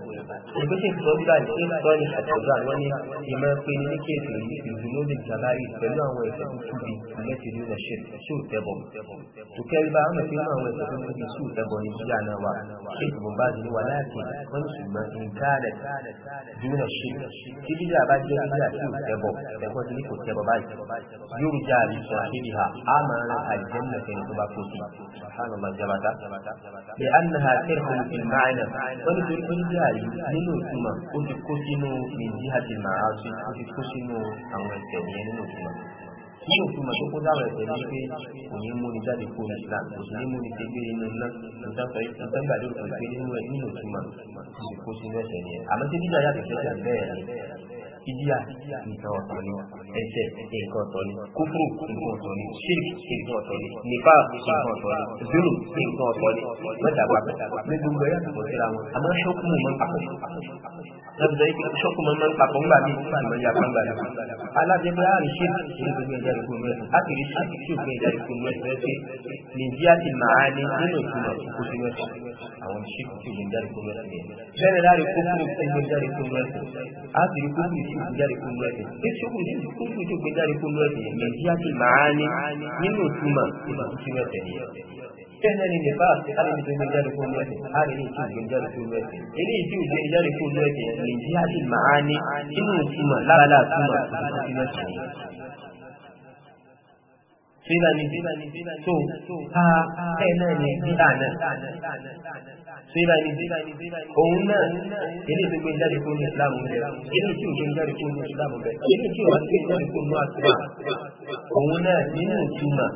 ìgbésẹ̀ tó ń gbà ní sọ ní àtọ̀dọ̀ àwọn ní ìmọ̀ pé ní ní kéèsì yìí ìdùnnú lè jàmbá yìí pẹ̀lú àwọn ẹ̀sẹ̀ tó tóbi ìmẹ́tì ìdúró ṣe sí òtẹ́bọ̀. tòkẹ́rí bá àmọ̀ pé àwọn ẹ̀sẹ̀ tó tóbi sí òtẹ́bọ̀ ní jíjà náà wà ṣé ìbò bá di wàláàkì ẹ̀fẹ́ tó bá kó sí subhanallah jabata lè anaha tẹ̀kùn ìmáàlẹ̀ wọ́n ní torí pẹ́lú bí àyè nínú ìtumọ̀ ó ti kó sínú nìjí àti màásí ó ti kó sínú àwọn ẹ̀fẹ́ yẹn nínú ìtumọ̀ nínú ìtumọ̀ tó kó dáwọn ẹ̀fẹ́ ní pé kò ní mú ni jáde kó islam kò sì ní mú ni tẹgbẹ́ inú iná nǹkan gbàdúrà pé nínú ìtumọ̀ ó ti kó sínú ẹ̀fẹ́ yẹn àmọ́ ìjìyà nǹkan ọ̀tọ̀ ni ẹ̀ṣẹ̀ nǹkan ọ̀tọ̀ ni kúfù nǹkan ọ̀tọ̀ ni ṣírk nǹkan ọ̀tọ̀ ni nípa nǹkan ọ̀tọ̀ ni zulu nǹkan ọ̀tọ̀ ni mẹ́ta gbàgbẹ́ gbogbo ẹ̀yà tó tẹ̀lé àwọn àmọ́ ṣọ́kùn mọ̀ papọ̀ lọ́bìdọ̀ yìí ṣọ́kùn mọ̀ papọ̀ ńgbà mí ìmọ̀ ìyá kan gbà mí. alájẹgbẹ́ àrí ṣírk ní gbogbo ẹ̀jẹ̀ rẹ̀ kún mẹ́rin láti rí ṣírk tí òfin ẹ̀jẹ̀ rẹ̀ kún mẹ́rin rẹ̀ pé nìjíríà ti máa ní nínú ìtumọ̀ kó sí mẹ́rin àwọn ṣírk tí òfin ẹ̀jẹ̀ rẹ̀ kún mẹ́rin rẹ̀ bẹ́ẹ̀ ni láti kó kúrò ẹ̀jẹ̀ rẹ̀ kún mẹ́rin á sì rí kó kúrò tó gbé jáde kó lóyè ní sókùn tí kókùn tó gbé jáde kó lóyè yẹn mẹ̀jíyá ti máa ní nínú ìtumọ̀ ìtumọ̀ tẹ̀lé yẹn. tẹ́lẹ̀ ní nípa àríyìn tó gbé jáde kó lóyè àríyìn tó gbé jáde kó lóyè eléyìí tó gbé jáde kó lóyè mẹ̀jíyá ti máa ní nínú ìtumọ̀ lábàlá ìtumọ̀ ìtumọ̀ tẹ̀lé síbà ní tó ká ẹ̀nà ní síbà náà síbà ní òun náà ilé tó gbé jáde kó ní ìsìlámù rẹ̀ ilé tí ò gbé jáde kó ní ìsìlámù rẹ̀ ilé tí ò wá gbé jáde kó ní àtúmà òun náà nínú ìtumà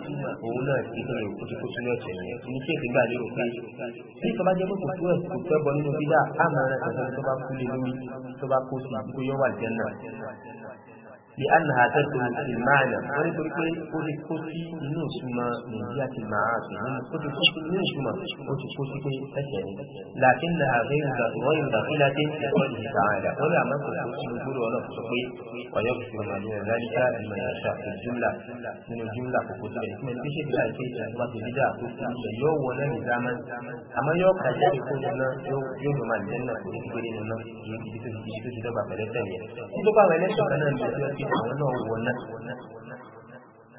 òun náà ti ní òkú tó kó sínú ẹ̀sẹ̀ rẹ̀ ní kí èsì gbà lérò pé bí kọba jẹ́ pé kò tó ẹ̀sì kò fẹ́ bọ nínú bídà á máa rẹ̀ tẹ̀sán tó bá kú lé lórí tó bá kó sí ibi tó yọ wà jẹ́ náà bí a nà àtẹ́ tó ti máa yà wọ́n ní torí pé ó ti kó sí inú ìsúnmọ́ nàìjíríà ti máa sùn ó ti kó sí inú ìsúnmọ́ ó ti kó sí pé ẹsẹ̀ ni làákín náà àgbẹ̀ ìgbà wọ́n ìgbà kí láti ń tẹ̀kọ́ ìdí sàá yà wọ́n yà máa kó sí ojú rẹ̀ ọlọ́pàá sọ pé ọ̀yọ́ kò fún ọmọdé rẹ̀ láyíká ìmọ̀ ìyàṣà fún júmlà nínú júmlà kòkó tó yẹ kí ṣe bí àìsí ìjọba ti dídá àkókò ìṣẹ̀ yóò wọ lẹ́nu dáná àmọ́ yóò kà jáde kó nínú yóò lọ máa lẹ́nu náà kó ní gbére pé àwọn náà wọ̀ náà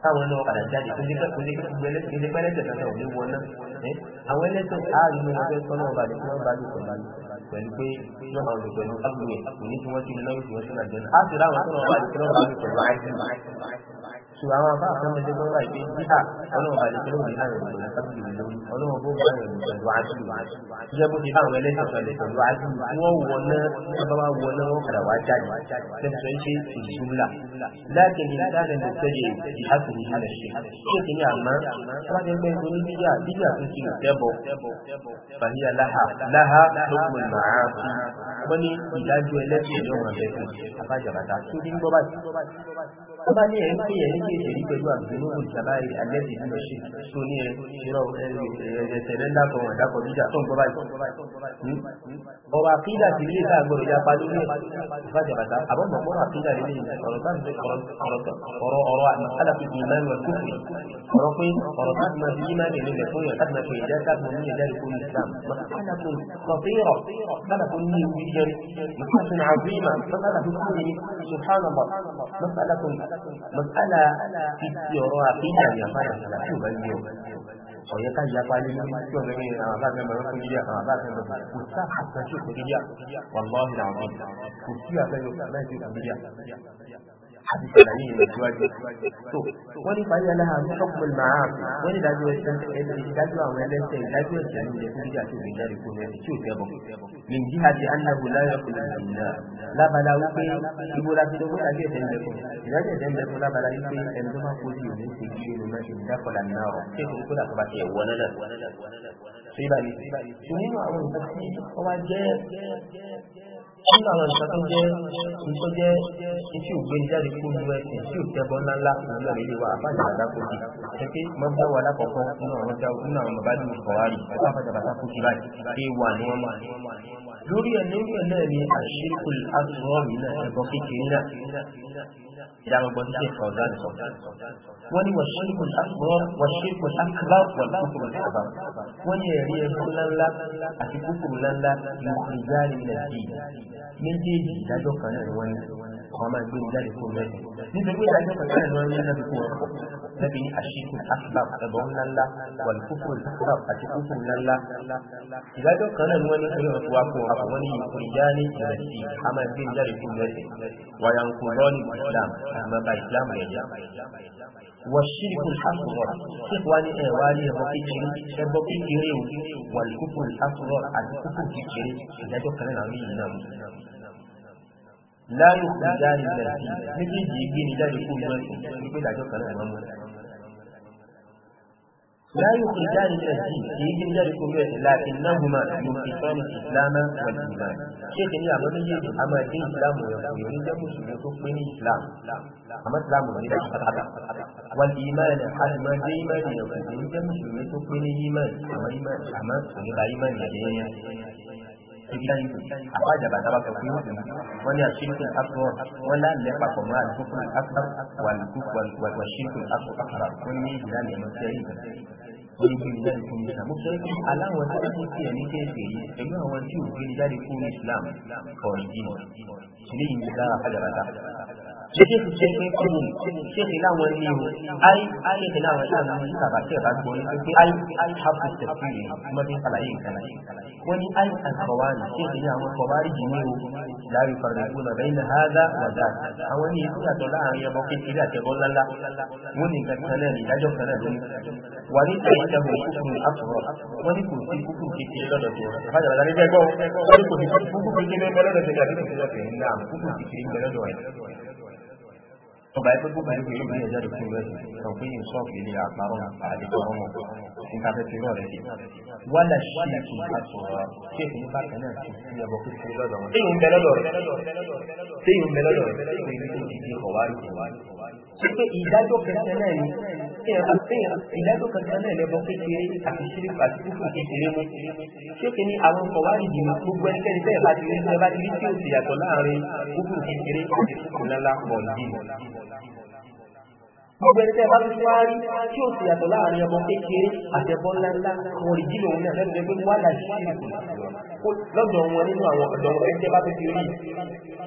táwọn náà padà jáde kò ní pẹ́ lẹ́sẹ̀ kan náà ò ní wọ̀ náà àwọn ẹlẹ́sẹ̀ ààrùn ni wọ́n fẹ́ sọ náà balẹ̀ tí wọ́n bá lù pẹ̀lú pẹ̀lú pé náà àwọn pẹ̀lú ágbóyè kò ní tí wọ́n ti náà tí wọ́n ti náà jẹun á sì ráwọn tó náà balẹ̀ tí wọ́n bá pẹ̀lú àìsàn ဆိုအောင်ပါဆံမတေကိုလိုက်ပြီးဒီဟာဘလုံးပါလေကျလို့ဒီဟာလည်းလာတပ်ကြည့်လို့ဘလုံးဘုရားလည်းဒီဝါရှိပါဒီဘုရားဝယ်လေးဆောက်တယ်ဒီဝါရှိဘောဝနဲ့သဘာဝနဲ့ခရဝါချိုက်တယ်ဆိုရင်ဒီဘူလာ لكن الإنسان المتجه بحسب هذا الشيء شيء نعمة وأن يكون بيا بيا تمكن تبو فهي لها لها حكم المعاصي ومن يدعو إليه يوم القيامة أخرج بعد سوري بابا bá ní ẹ̀rí pé ẹ̀rí kéde rí pẹ̀lú àgbẹ̀nú ìjàmbá àgẹ́sì nínú ṣe tó ní ẹ̀rọ ẹ̀rẹ́ ńdàkọ̀ ọ̀dàkọ̀ jíjà tó ń gbọ́ báyìí. ọ̀rọ̀ àkídà ti lé sáà gbọ́dọ̀ ya pa lórí ìfàjẹ̀ bàtà àbọ̀mọ̀ ọ̀rọ̀ àkídà lé ní ọ̀rọ̀ táàbí ọ̀rọ̀ ọ̀rọ̀ àdàfi ti ìmọ̀ ẹ̀rọ kúfì ọ̀rọ̀ pé ọ̀rọ̀ táàbí máa ti yíma ẹ̀rọ ilẹ̀ fún yàn táàbí máa fi ìjà táàbí ní ìjà ìkó Islam mọ̀tàkùn kọ̀fíìrọ̀ mọ̀tàkùn ní ìwúyẹrí mọ̀tàkùn àbímà mọ̀tàkùn kúrò ní subhanallah mọ̀tàkùn mas'ala fífi ọ̀rọ̀ àfihàn ìyàmára tí ò bá yẹ ọ̀yẹ́ ká yapa ní tí ọ̀rẹ́ mi àwọn bá fẹ́ mọ̀rọ́ fúnjẹ́ àti sàlàyé ilẹ̀ síwájú. tó wọ́n ní fàyè aláha mọ́kànlá màáfi wọ́n ní ìdájọ́ ẹ̀sán ẹ̀sán ìdájọ́ àwọn ẹlẹ́sẹ̀ ìdájọ́ ẹ̀sán ilẹ̀ tó dídá tó gbìyànjú rẹ̀ kúrò ẹ̀sìn tí ò tẹ́ bọ̀. min jí àti anáwó láyọ̀ kò lè rìn náà lábala wípé ibo la ti dọ́gbọ́n àti ẹ̀sẹ̀ ńlẹ̀kùn ìdájọ́ ẹ̀sẹ̀ ńlẹ̀kùn lábala wípé ẹni tó máa kó sí òní ti di inú náà ìdákọ̀lá náà ṣé kò kó dàkọ̀ bá ti ẹ̀wọ́ náà. ṣé ibà yìí ṣé nínú àwọn ìgbà tí wọ́n wá jẹ́ nígbà àwọn nǹkan tó jẹ́ tó jẹ́ tí ò gbé jáde kó ju ẹsẹ̀ tí ò tẹ́bọ̀ ńlá ńlá nínú ilé wa àbájá àdákòjì ṣe pé mọ́gbà wà lákọ̀ọ́kọ́ nínú àwọn ọjà nínú àwọn bàbá ní ìkọ̀wárì ẹ̀fọ́ àbájá àdákòjì báyìí pé wà ní wọ́n máa lórí ẹ̀ lórí ẹ̀ náà ni àṣírí àtúrọ̀ mi náà ẹ̀bọ kékeré náà إلى ربما الشيخ فوزان ولي والشرك الأكبر والشرك الأكبر والكفر الأكبر ولي يقول لا أتكفر لا يخرجان من الدين من دين لا يقنع ولي kan máa gbé jáde fún un lẹ́nu nítorí pé ìdájọ́ kan náà lọ́wọ́ ní ẹ̀dá fún wọn lẹ́bi ní àṣìkò asbab ẹ̀bọ ńláńlá wà ní kókó asbab àti kókó ńláńlá ìdájọ́ kan náà lọ́wọ́ ní ẹ̀yọ̀ fún wa fún wa wọ́n ní ìkó ìyá ní ìrẹsì a máa gbé jáde fún un lẹ́nu wàyà ń kó lọ́ọ̀nì islam àmọ́ bá islam rẹ̀ yá والشرك الأصغر إخواني إخواني ربكين ربكين والكفر الأصغر الكفر كبير إذا جو كان عمي láàyò kò dárí lẹ́sí méjèèjì gbé ní jáde kó gbọ́ ẹ̀sìn wípé ìdájọ́ kan náà mọ́ láàyò kò dárí lẹ́sí kìí gbé ní jáde kó gbọ́ ẹ̀sìn láti náhùnmá yóò fi tọ́ ní ìsìlámà wọn ìgbà ṣéèkì ní àwọn méjèèjì a máa dé ìsìlámù rẹ̀ kò ní síbíláyé àbá ìjàmbá tá a bá fẹ́ fún yóò dùn wọ́n ní àṣírìkì àkọ́ wọ́n lálẹ́ papọ̀ mọ́ àdúgbò àkọ́ wàlúkú wàṣírìkì àkọ́ àkàrà wọ́n ní ìdílálẹ̀ mọ́ sí ẹ̀yìn wọ́n ní bíi jáde fún islam ó sọ pé aláwọ̀ tó kún sí ẹ̀mí kéèké yìí pẹ̀lú àwọn tí ò gbé jáde fún islam kọ̀ọ̀dì ṣílẹ̀ yìí ní kára àjàbàtà شيخ الشيخ يقول الشيخ لا ولي اي اي لا ولي انا مش تبع الشيخ اقول اي اي حفظ التفسير ما في طلعين كان وني اي الخوارج الشيخ لا هو خوارج لا يفرقون بين هذا وذاك اواني يا دولا يا بوكي كده تقول لا وني كان لا جو كان دوني وني تايته كفر اصغر وني كنت كفر كتير لا دور هذا لا نجي جو وني كنت كفر كتير لا دور نعم كفر كتير لا دور ọba ẹgbẹ́ gbogbo ẹgbẹ́ yóò gbé ẹjọ́ ìpín lọ́sìn kan fún yìí sọ́ọ̀kì ilé àparọ́ àti ọmọ ní káfẹ́tì rọ̀ rẹ̀ wálà sí ìtù àtọ̀rọ̀ kéèkì ní bákan náà sí sí ẹbọ kéèkì lọ́dọ̀ wọn. téyìn bẹ lọ́dọ̀ rẹ̀ téyìn bẹ lọ́dọ̀ rẹ̀ téyìn bẹ lọ́dọ̀ rẹ̀ téyìn bẹ lọ́dọ̀ rẹ̀ téyìn bẹ lọ́dọ̀ rẹ̀ ìdájọ́ kankan náà lẹ́bọ̀ kékeré àti ṣíríkù àti kúkú kékeré mú. ṣé kí ni àwọn ọkọ̀ wá nìyí gbogbo ẹnikẹ́ni bẹ́ẹ̀ bá ti rí tí ó ti yàtọ̀ láàrin kúkú kékeré àti kúkú ńlá pọ̀ nìyí ọ̀gbẹ́ ní tẹ́lá tí wá rí tí ó sì yàtọ̀ láàrin ọmọ kékeré àtẹ̀bọ́ ńláńlá àwọn òrìjìnà òun náà lẹ́nu pé wọ́n láti ṣe kù lọ́dọ̀ wọn nínú àwọn ọ̀dọ̀ wọn ẹgbẹ́ bá ti rí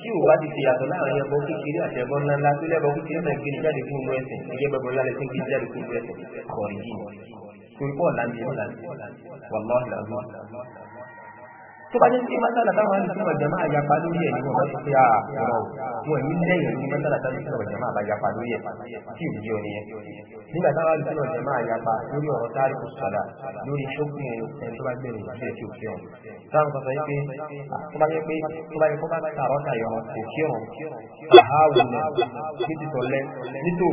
tí ò bá ti ṣe yàtọ̀ láàrin ọmọ kékeré àtẹ̀bọ́ ńláńlá tó lẹ́bọ̀ kékeré náà kiri jáde fún ọmọ ẹsẹ̀ ẹgbẹ́ bẹ̀rẹ̀ ńlá lẹ́sìn kiri jáde fún ọmọ ẹsẹ̀ àkọ̀rìjìnà torí bọ́ọ̀lá ni ọ̀lá tó bá jẹ́ pé mọ́tàlá táwọn ẹni sọ̀rọ̀ jẹ̀mọ́ àyàpá lórí ẹ̀ ni wọ́n bá ti pé àà wọn ní lẹ́yìn ní mọ́tàlá táwọn ẹni sọ̀rọ̀ jẹ̀mọ́ àyàpá lórí ẹ̀ tí ò yí ọ̀nìyẹn nígbà táwọn ẹni sọ̀rọ̀ jẹ̀mọ́ àyàpá lórí ọ̀rọ̀ táàrí kò sọ̀dà lórí ṣókùn ẹni tó bá gbé ní ìṣẹ́ tí ò fi hàn táwọn sọ pé tó bá yẹ pé tó bá yẹ kó bá tààrọ́ tààyọ̀ kò kí ọ̀rọ̀ àháwù náà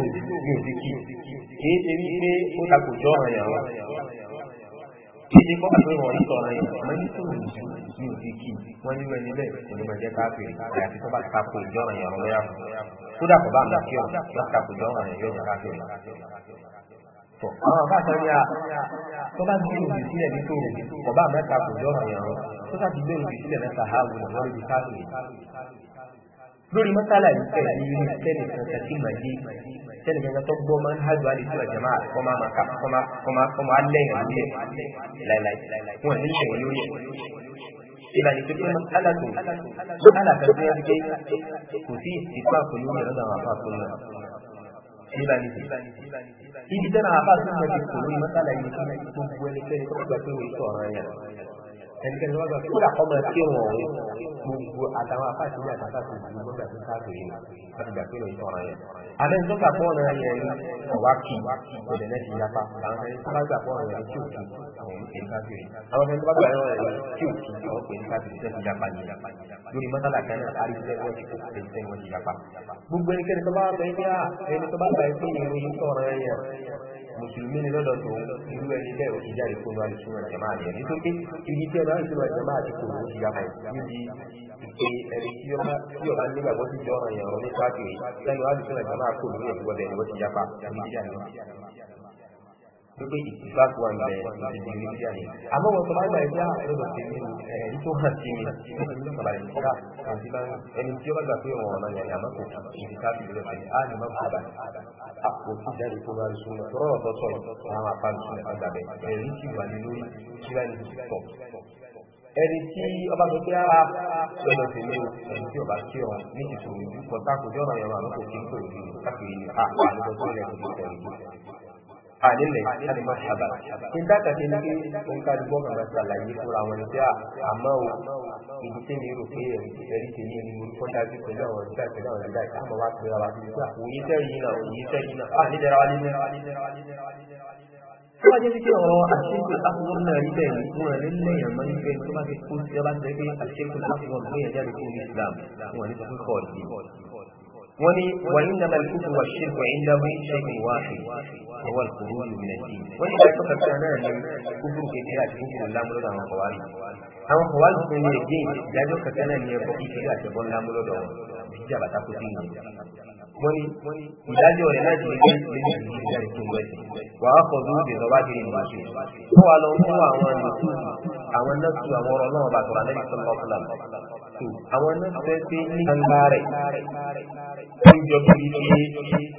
nítorí mi ò ဒီကောအမောရီတော်လေးမင်းတို့ဒီဒီကီဝန်ဝနေလေဘယ်မှာကြတာပြီဒါဒီတော့ဘာသာကိုကြောင်းရအောင်လဲကုဒါကဘာမှပြောဘာသာကိုကြောင်းရရောတာပြောတော့အာဘာသာရတော့ဘာမျိုးဒီစီရဒီတို့ဘာမှမသာကိုကြောင်းရအောင်ဆိုတာဒီလိုဒီစီရတဲ့ဆာဟာဘူးဘာလို့ဒီစားလို့ lórí mọ́sálà yìí pẹ̀lú irú sẹ́nì kankan tí màá dé sẹ́nì kankan tó gbọ́ máa ń hájú àdìsí ọ̀jà máa kọ́ máa máa kà kọ́ máa lẹ́yìn lórí ẹ̀ láìláì wọ́n ní ìṣẹ̀wọ̀n lórí ẹ̀. ìlànà ìpínlẹ̀ mọ́sálà tó mọ́sálà kan tó yẹ pé kò sí ìfipá pẹ̀lú ìrọ̀lẹ́ àwọn afá fún wọn. ìlànà ìdí tẹ́lẹ̀ àwọn afá tó ẹnikẹ́ni wọ́n gbà kí wọ́n kọ́ máa kírun ọ̀hún gbogbo àtàwọn afáàtì ní àtàkà tó ju lọ́gbà tó káàkiri yìí láti gbà pé lóyún tọ̀rọ̀ yẹn. àmì ń tọ́ka fún ọ̀nà yẹn ọ̀wá kì ọ̀dẹ̀ náà yapa àwọn ẹni tó bá gbà fún ọ̀nà yẹn tí ò kì àwọn ẹni káàkiri àwọn ẹni tó bá gbà fún ọ̀nà yẹn tí ò kì àwọn ẹni káàkiri yapa ni yapa. gbogbo ni lọ́dọ̀ tó irú ẹni bẹ́ẹ̀ ó ti jáde fún wa lóṣù rẹ̀ jẹ́ máa nítorí ibi tí ọ ကြောင့်ဆိုတော့ညီမတို့ကိုကြည့်ရမယ်ဒီဒီဒီအဲဒီရောဒီရောလည်းဘာလို့ကြောင်းရအောင်လဲသွားကြည့်တယ်လို့အဲ့ဒီဆိုတော့ညီမကိုလည်းဒီဘက်တွေဝတ်ကြပါဒီကြရတယ်ဒီကိစ္စကွာလေဒီဒီဒီဒီအမေတို့မိုင်းလိုက်ကြအဲ့လိုတင်နေတယ်ဒီတော့ဟာတင်နေတယ်ဘာလဲကြာဒီမှာအင်းကျောက်ကပြောမှာလည်းအမကိုဒီကပ်ပြီးတော့အားနမပါပါအခုကြည့်တယ်ကိုယ်ကဆုံးတော့တော့တော့ဆိုတော့ဘာမှပန်းဆုံးပါတယ်အဲဒီကြီးကလည်းလူကြီးကလည်းတော့ ẹni tí ọba tó kí ara lọ́dọ̀ sí ní ẹni tí ọba kí ọ̀hún ní ti sòrò ojú kan tá kò jọ ọ̀rọ̀ yẹn àwọn kò kí ń pè ní káàkiri ní àpá àlùkò tó lẹ̀ kò tẹ̀lé ní. Àdílẹ̀ láti má ṣàbà. Ní dáta ṣe ní pé ó ń ká dúgbọ́ kan láti ṣàlàyé fúnra wọn ní pé ah, àmọ́ o ibi tí mi rò pé ẹ̀rí ti ní ìlú kọ́ pẹ̀lú àwọn ìgbà pẹ̀lú àwọn ìgbà ìkáàmọ̀ wá pé ara ti gbà. Òyìnbẹ́ yìí náà òyìnbẹ́ yìí náà. Àdílẹ̀ ra wa nínú tó bá jẹ́ pé ọ̀rọ̀ àṣekù àfọwọ́ náà rí bẹ́ẹ̀ ni wọn rẹ̀ lẹ́yìn àmọ́ ní bẹ́ẹ̀ tó bá ti kú sí ọba ti jẹ́ pé àṣekù àfọwọ́ ló yẹ jáde kúrò Islam wọn ní sọ́kún kọ́ ọ̀dì. wọ́n ní wàá ní nàmà ìkúkú wà ṣekù ìdáwó ṣẹ́gun wáṣẹ̀ ọwọ́ ìkúrú lùmìnà jì. wọ́n ní ìdájọ́ kankan náà ní kúkú kékeré àti kúkú lámúlọ́dọ̀ àwọn kọ̀wárì. àwọn kọ̀wárì fún mi ẹ̀jẹ̀ ìdájọ́ kankan náà ní ẹ̀kọ́ kékeré àti ẹ̀bọ́n lámúlọ́dọ̀ wọn. ìjà bàtà sí ìyẹn ìdájọ́ rẹ̀ láti lè gbé ìgbésẹ̀ ìgbésẹ̀ ìtumọ̀ ẹ̀sìn wàá kọ̀ọ̀dún ìgbésọ̀ wá kiri ìwà sí i wọ́n wá lọ fún àwọn nùtù àwọn nọ́ọ̀tù àwọn ọ̀rọ̀ náà bàtọ̀ àlẹ́ ìsọ̀rọ̀ ọ̀fọ̀lá àwọn nọ́ọ̀tù fẹ́ sí ní gbangba rẹ̀ ó jọ bí ilé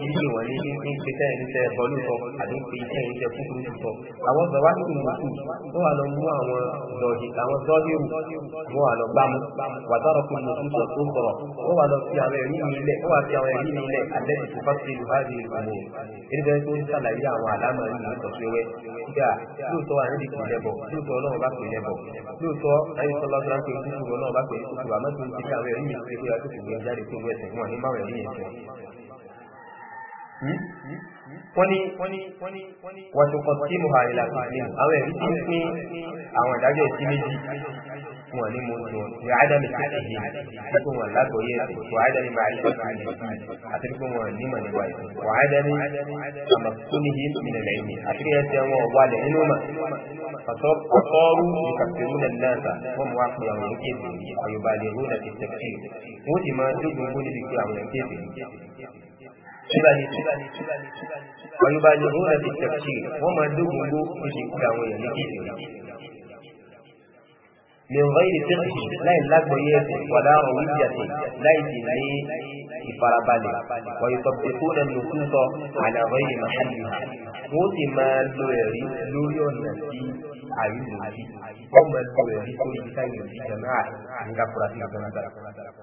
ilé wọn ní ṣe tẹ́ ẹ̀ níṣẹ́ bọ́ọ̀lù sọ àbí ṣe iṣẹ́ iṣẹ́ kúkúrú sọ àwọn bàbá tó ń mọ̀tù wọ́n wà lọ mú àwọn dọ̀dì àwọn dọ́dìrù wọ́n wà lọ gbámú wàtàrọ̀ kò mọ̀tù sọ tó sọ̀rọ̀ wọ́n wà lọ fi àwọn ẹ̀rí mi lẹ̀ wọ́n wà fi àwọn ẹ̀rí mi lẹ̀ alẹ́bí tó bá fi wá ní ìgbàlè ẹnìkan tó ń ṣàlàyé àwọn àlámà yìí lọ́sọ̀tẹ́wẹ́ gbà lóòótọ́ àníbi kò lẹ́bọ̀ lóòótọ́ ọlọ́run bá pè lẹ́bọ̀ lóòótọ́ ayélujára lọ́sọ̀rọ̀ pé kúkú ọlọ́run bá pè ní kúkú àmọ́ tó ń ti káwé ẹ̀rí yìí pé kó tó kò gbé jáde kó lọ wọ́n ní wọ́n tó kọ́ sí muhari láti ní àwọn ẹ̀rí tí ń pín àwọn ìdájọ́ sí méjì wọn ní mo tó ní ádámì tó ti yé pípé wọn látọ̀yé ẹ̀sìn máa rí pẹ̀lú ilẹ̀ àti pípé wọn ní mọ̀ nípa ẹ̀sìn wọ ádámì àmọ̀ tó ní yé mi nílẹ̀ yìí àti pípé ẹsẹ̀ wọn wà lẹ̀ nínú mà ọ̀tọ́rú ìkàfẹ́rú nà náà wọ́n mú pé àwọn òkèèdè àyùbálẹ̀ rú nà ti tẹ̀kí wọ́n sì máa tó gbogbo níbi pé àwọn òkèèdè ọ̀yọ́bá ni ó rẹ̀ ti tẹ̀sí wọ́n máa dógún gbó ó sì pé àwọn èèyàn méjì sí. lè rọ́ ìrì tẹ́sí láì lágbọ̀ọ́yé ẹ̀sìn wàlá ọ̀rọ̀ ìjàsìn láì dì láyé ìfarabalẹ̀ ọ̀yọ́tọ̀ pẹ̀kú ẹnu kúkọ àlàrọ̀ ìrì màhálì wọ́n sì máa lo ẹ̀rí lórí ọ̀nà tí àyè lòdì wọ́n máa lo ẹ̀rí tó yí sáyẹn ìjọba àti ìgbàkúrà sí ìgbàkúrà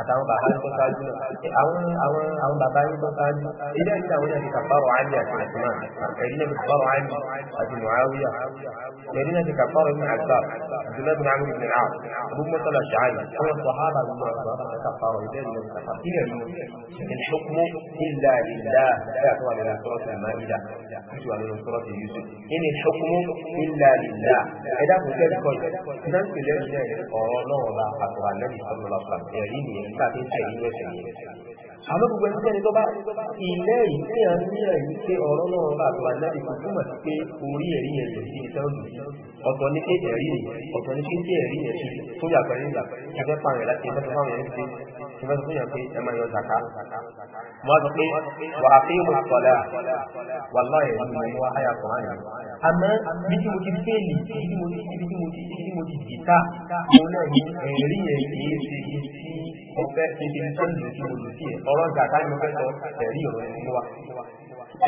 àtàwọn bàbá yìí tó ṣáájú àwọn àwọn àwọn bàbá yìí tó ṣáájú ilé ìta àwọn ìyàtí kàfàrọ̀ àlì àti àtìmọ́ ẹ̀rí náà ti kàfàrọ̀ àlì àti muawiya ẹ̀rí náà ti kàfàrọ̀ ní àgbà abdullahi bin amr bin aw abu musa la ṣaali àwọn sahaba gbogbo àwọn bàbá ti kàfàrọ̀ ilé ìlú kàfàrọ̀ ilé ìlú ìṣokùnmó ilà ilà bẹ́ẹ̀ tó wà nínú sọ́ọ̀tì àmàlìlà tó ti wà nínú sọ́ọ̀tì yusuf ìní ìṣokùnmó ilà ilà ẹ̀dá kò tẹ́lẹ̀ kọ́ ìdáǹkì lẹ́yìn ọ̀rọ̀ náà ọ̀la àtọ̀ àlẹ́ ìṣọ́nù lọ́sàn ẹ̀rí nìyẹn nígbà tí ń tẹ̀ nínú ẹ̀sẹ̀ yẹn. àmọ́ gbogbo ẹni tẹ́ni tó bá ilé yìí tí a ní ẹ̀yìn pé ọ̀rọ̀ náà bá àtọ́ aláàbí kò túmọ̀ sí pé orí ẹ̀rí yẹn lè fi ìtẹ́ òdù ọ̀tọ̀ ní pé ẹ̀rí ni ọ̀tọ̀ ní pé tí ẹ̀rí yẹn ti fún yàtọ̀ ní ìgbà ẹgbẹ́ pa rẹ̀ láti ẹgbẹ́ fáwọn yẹn ti ti fẹ́ fún yàn pé ẹ máa yọ zàká. wọ́n sọ pé wà á fi mú sọ̀lá wà lọ́ọ̀yẹ̀ ní wọ́n áyà kọ̀ ti fẹ́ẹ̀lì bí tí ti bí tí ti bí tí ti dìtà mo náà ní ẹ̀rí yẹn kì í ṣe kì mo fẹ́ ṣe bí sọ́ọ̀lù lòdì mo lòdì ẹ̀ ọ̀rọ̀ gàdá ni mo fẹ́ sọ ẹ̀rí ọ̀rọ̀ ni mo wà.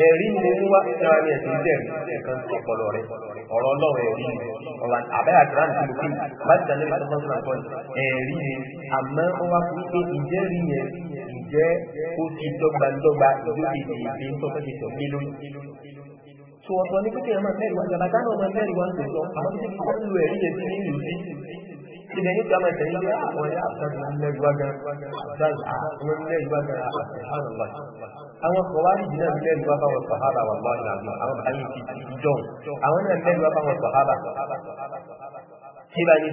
ẹ̀rí ni mo wá ẹ̀rọ ni ẹ̀sìn jẹ́ ẹ̀rí kan ọpọlọ rẹ ọ̀rọ̀ ọlọ́run ẹ̀rí ni ọ̀rọ̀ àbẹ́ àtúrà ní kílókè láti tẹ̀lé ìfẹ́ sọ́ọ̀tún àkọ́ ẹ̀rí ni àmọ́ ó wá fún pé ìjẹ́ rí yẹn ìjẹ́ ó ti dọ́gbandọ́gba ìdókèdè ìgbé tó fẹ́ ṣe sọ pé lórí tí wọ́n sọ ní pípẹ́ ẹ̀ máa mẹ́rin wá jàbátá náà máa mẹ́rin wá ń sèso àwọn tó ti kọ́ lu ẹ̀rí yẹn sí ní ìlú sí ilẹ̀ yóò gbà máa tẹ̀lé àwọn ilé àtàdé ilẹ̀ ìwádà àtàdé àwọn ilé ìwádà àti àwọn ọ̀la. Àwọn kọ̀wárì jìnnà ilé ìwá bá wọn sàhábà wà lọ́wọ́ ìlànà àwọn ayé ti jọ̀. Àwọn náà ilé ìwá bá wọn sàhábà. Síbà ní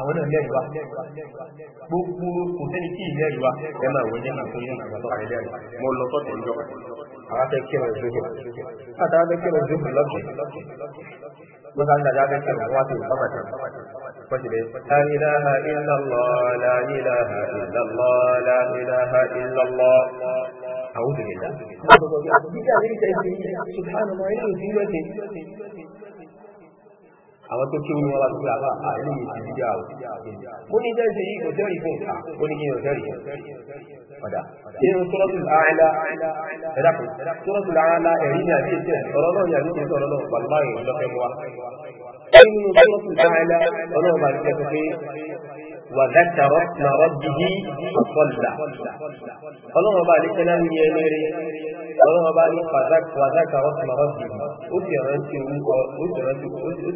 àwọn náà ilé ìwá. Gbogbo kò sẹ́ni tí ilé ìwá ẹ máa wọlé náà fún yín àgbàtọ̀ àìlẹ́ rẹ̀. Mo lọ sọ́tẹ̀ ìjọ. Àwọn afẹ́ kírun ìjókòó. لا إله إلا الله لا إله إلا الله لا إله إلا الله أعوذ بالله سبحان الله àwọn tó kéwú ni wọ́n wá sí àbá àìlè yìí ti dídá o. mo ní jẹ́rìí yìí kò jẹ́rìí fún ìta mo ní kí n jẹ́rìí. ọ̀dà nínú sọ́lọ́tù àìlá ẹ̀dá kan sọ́lọ́tù àìlá ẹ̀rí ni àti ìṣẹ̀ ọ̀rọ̀ náà ni àti ìṣẹ̀ ọ̀rọ̀ náà pàlùmá yìí lọ́fẹ́ mu wa. nínú sọ́lọ́tù àìlá ọlọ́run bá ti jẹ́ pé wà dákàrọ̀ nàrọ̀ bíbí àkọlà. ọlọ́run bá ní kẹ́nà ní ẹni ọlọ́run bá ní wà dákàrọ̀ nàrọ̀ bíbí ó sì rántí orúkọ ó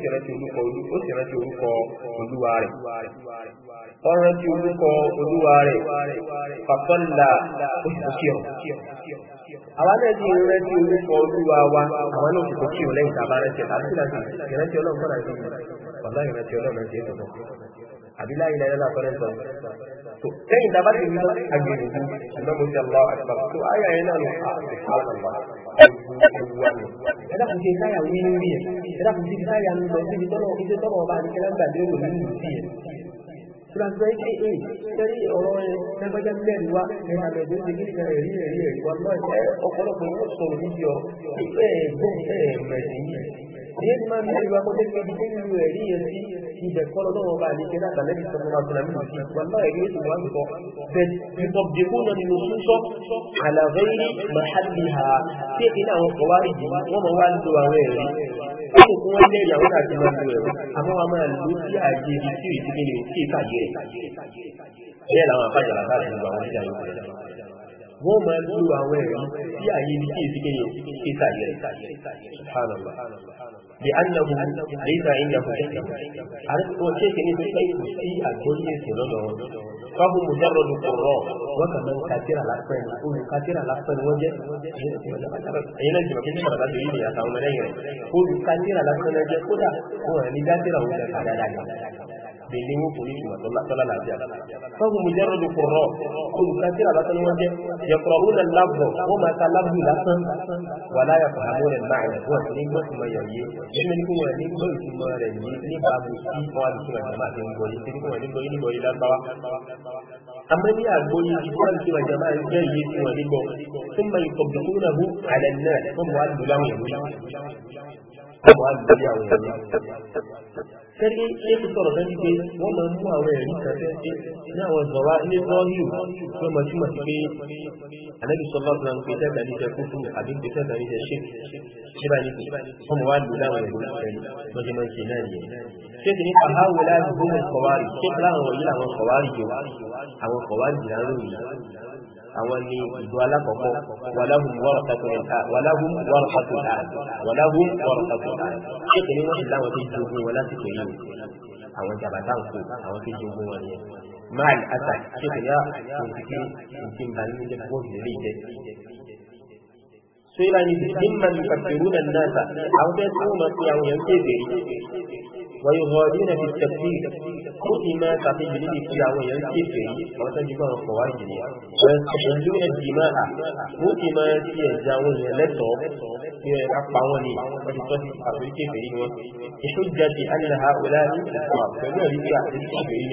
sì rántí orúkọ olú ó sì rántí orúkọ olúwa rẹ̀ wọ́n rántí orúkọ olúwa rẹ̀ fàkọ́lá ó sì kókí ọ̀ àwa náà ti rántí orúkọ olúwa wa àwọn náà sì kókí ọ̀ lẹ́yìn tàbá rántí ọ̀ àti ìrántí ọlọ́run kọ́ra sí ọ̀la ìrántí ọlọ́run ti àbí láyé ilẹ̀ ẹ̀rọ àtọ́lẹ̀ sọ. tó lẹ́yìn dábàá ti wíwá agbèrè fún ṣùgbọ́n mo ti àlọ́ àgbà tó ayé ayé náà lọ àwọn àgbà ẹ̀wù àná. ẹ dákun ṣe káyà wí lórí ẹ̀ ẹ dákun ṣe káyà ń lọ síbi tọ́lọ̀ ibi tọ́lọ̀ ọba àdìkẹ́lá gbà lérò nínú ìsì ẹ̀. Ìgbàgbọ́ ẹ̀ ẹ̀ sẹ́rí ọ̀rọ̀ ẹ̀ lágbájá mẹ́rin wá ẹ̀rọ àgbẹ̀dẹ́ ṣe kí nìkan ẹ̀rí ẹ̀rí ẹ̀rí wọn náà ọ̀pọ̀lọpọ̀ yóò sọ̀rọ̀ níbi ọ̀ ẹ̀ẹ́dẹ́gbẹ̀ẹ́ mẹ́rin yìí ìyẹn máa ń bẹ̀rẹ̀ ìwà kọ́tẹ́ nípa ibi tẹ́lẹ̀ ìlú ẹ̀rí yẹn sí ibẹ̀ kọ́ lọ́dọ̀ wọn bá a lè ṣe láti àlẹ́ ìṣẹ́ fún abúlé mi sí wọn náà ẹ̀rí ètò wọn sọ bẹ́ẹ̀ ìtọ́ dèbò náà nínú súnsọ́ àlàvẹ́yìn màhálì ha tí èké náà wọn wá rí yìí wọ́n máa wá lo àwọn ẹ̀rí wọ́n kún wọn lẹ́rìí àwọn àti máa lo ẹ̀rọ àmọ́ wọn máa lo sí àjẹ ibi tí ìdílé ni òkè rẹ̀ bẹ́ẹ̀ làwọn àbájá làbájá gbogbo àwọn ìjà yóò kọjá wọ́n máa lo àwọn ẹ̀rí sí àyè ibi tí ìdílé ni òkè káyé rẹ̀ subhanallah لأنه ليس عنده حكمة عرفت وكيف كنت كيف في الدنيا سنونه فهو مجرد قراء وكمن كثير الأقفال يقول كثير الأقفال وجه أين أنت مكين شرطة تريد يا سامنا يقول كثير الأقفال وجه كذا هو أن كثير وجه كذا lèlé wọn kò ní ìwà tọ́lá làbíà fọ́ọ̀mù mùjẹ́rọ̀ ló kọ̀ rọ̀ olùkàtìrà lásán ni wọ́n jẹ́ yẹ̀kọ̀rọ̀ ó lẹ̀ lábọ̀ wọ́n máa ta lábù lásán wà láyà fún àbọ̀ rẹ̀ máa rẹ̀ wọ́n ti ní gbọ́ ìtumọ̀ yẹ̀ yé ẹ̀mí ní kò wọ́n ní gbọ́ ìtumọ̀ rẹ̀ yé níbàámu sí wọn àdùsùn rẹ̀ máa ti ń gbọ́ yìí tí wọ́n ní gbọ́ yìí nígbọ́ yìí lágbáwá. أمني أقول إخوانك وجماعة جيد ولبو ثم يطبقونه على الناس ثم أدوا له يهوي ثم أدوا له يهوي tẹ́lẹ̀ ṣé kí sọ̀rọ̀ bẹ́ẹ̀ pé wọ́n máa ń mú àwọn ẹ̀rí kan ní àwọn ìgbọ̀nwá ilé bọ́ọ̀lù tí wọ́n máa túmọ̀ sí pé àlẹ́bí sọ́lá ọ̀gbọ̀n pé tẹ́tà ní ṣe kúkú àbí pé tẹ́tà ní ṣe ṣe ṣe bá ní kù wọ́n máa wá lò láwọn ìlú ìfẹ́lú lọ́jọ́ máa ń àwọn ni ìlú alákọ̀ọ́kọ́ wàláhùn wọ́rọ̀kọ̀tò náà wàláhùn wọ́rọ̀kọ̀tò náà ṣéèkì ni wọ́n ti láwọn tó jogun wọn lásìkò yìí àwọn jàbátà ń kó àwọn tó jogun wọn yẹn máa ní ata ṣéèkì yá òǹtìkì nǹkan ìbànújẹ́ jẹ́ fún òṣèlú ìjẹ́ sóyè ويغالين في التكفير كما تعتقد في عوية الكفر وتجب أن قواعدنا ويستحلون الدماء كما تيزاون لتو أقواني وتطفي في الكفرين بحجة أن هؤلاء الكفار كما يبيع الكفرين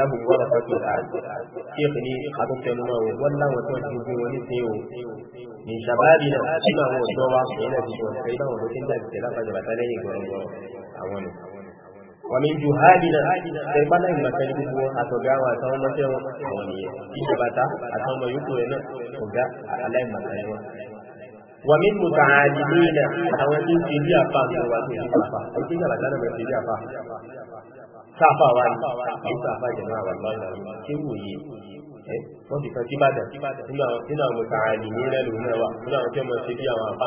لهم ورثة الآن شيخني قدمت نمو ولا وتوجه ونسيو من شبابنا كما هو الدواء إلى في الوحيدة وبكين ذلك لا قد بتليه wọ́n ní ju hálìlá ṣẹ̀gbọ́n náà ìmọ̀ta ní gbogbo àtọ̀gá àwọn àtàwọn ọmọṣẹ́ wọn àwọn nìyẹn ìjọbata àtàwọn ọmọ yòókù rẹ̀ náà ọ̀gá aláìmọ̀ta ni wọn. wọ́n ní mo ta àdìmí ilẹ̀ àwọn tí ń fi ilé àfa àwọn wa tó ìlú àfa ó ti yàrá dáná bẹ̀rẹ̀ ilé àfa. sáfà wa ni kí sáfà jẹ̀mọ́ àwọn àgbà wọn kí wò yé wọ́n ti kan kíbàdàn nínú àwọn mo ta àdìmí ilẹ̀ lòun náà wà nínú àwọn tí wọ́n ti bí àwọn àfa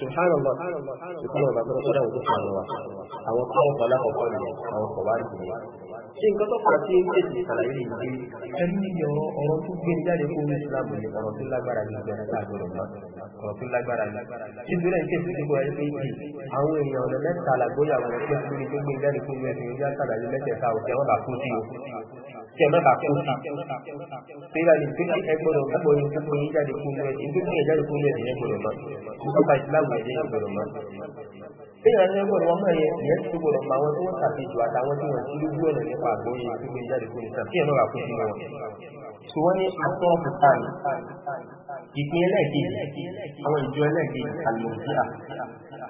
subhanallah ìkọlọ̀ bàbá tó dáwọ̀ tó fún kọ́ ọ̀pọ̀ àwọn kọ̀wárì nìyẹn ဒီကတော့ပတ်တင်ဖြစ်ပြီးဆက်လိုက်ပြီးအဲဒီရောအော်သူကြည့်ကြတဲ့ကိုယ်စလာဘူးတော့သူလာကြတာကြီးပြန်တာကြတော့တော့သူလာကြတာကြီးဒီလိုဖြစ်ပြီးကိုယ်ရေးပြီးအဝေးရောလည်းဆက်လာကိုရအောင်ဖြစ်ပြီးဒီကြည့်ကြတဲ့ကိုယ်ရဲ့ဉာဏ်ဆက်လာရလက်ချက်တော့ကျောင်းလာဖို့ရှိကျေနပ်တာကိုသိတယ်ဒီကိစ္စကိုတော့ဘယ်လိုကိုယ်ကြည့်ကြတဲ့ကိုယ်ရဲ့ဒီကိစ္စကိုလည်းဒီလိုတော့ဒီကိစ္စလောက်နေတယ်ဆိုတော့ téèyàn ní wọn náà yẹ ìyẹn ti gbọdọ̀ mọ àwọn tí wọ́n ṣàfihàn àtàwọn tí wọ́n ti lójú ọ̀nà nípa àgbóyè tó gbé jáde kó nìkan kí ẹ̀ náà àkójú wọn. tí wọ́n ní asọ́ bùtán ìpín ẹlẹ́ẹ̀kejì àwọn ìjọ ẹlẹ́ẹ̀kejì àlùmọ̀jíà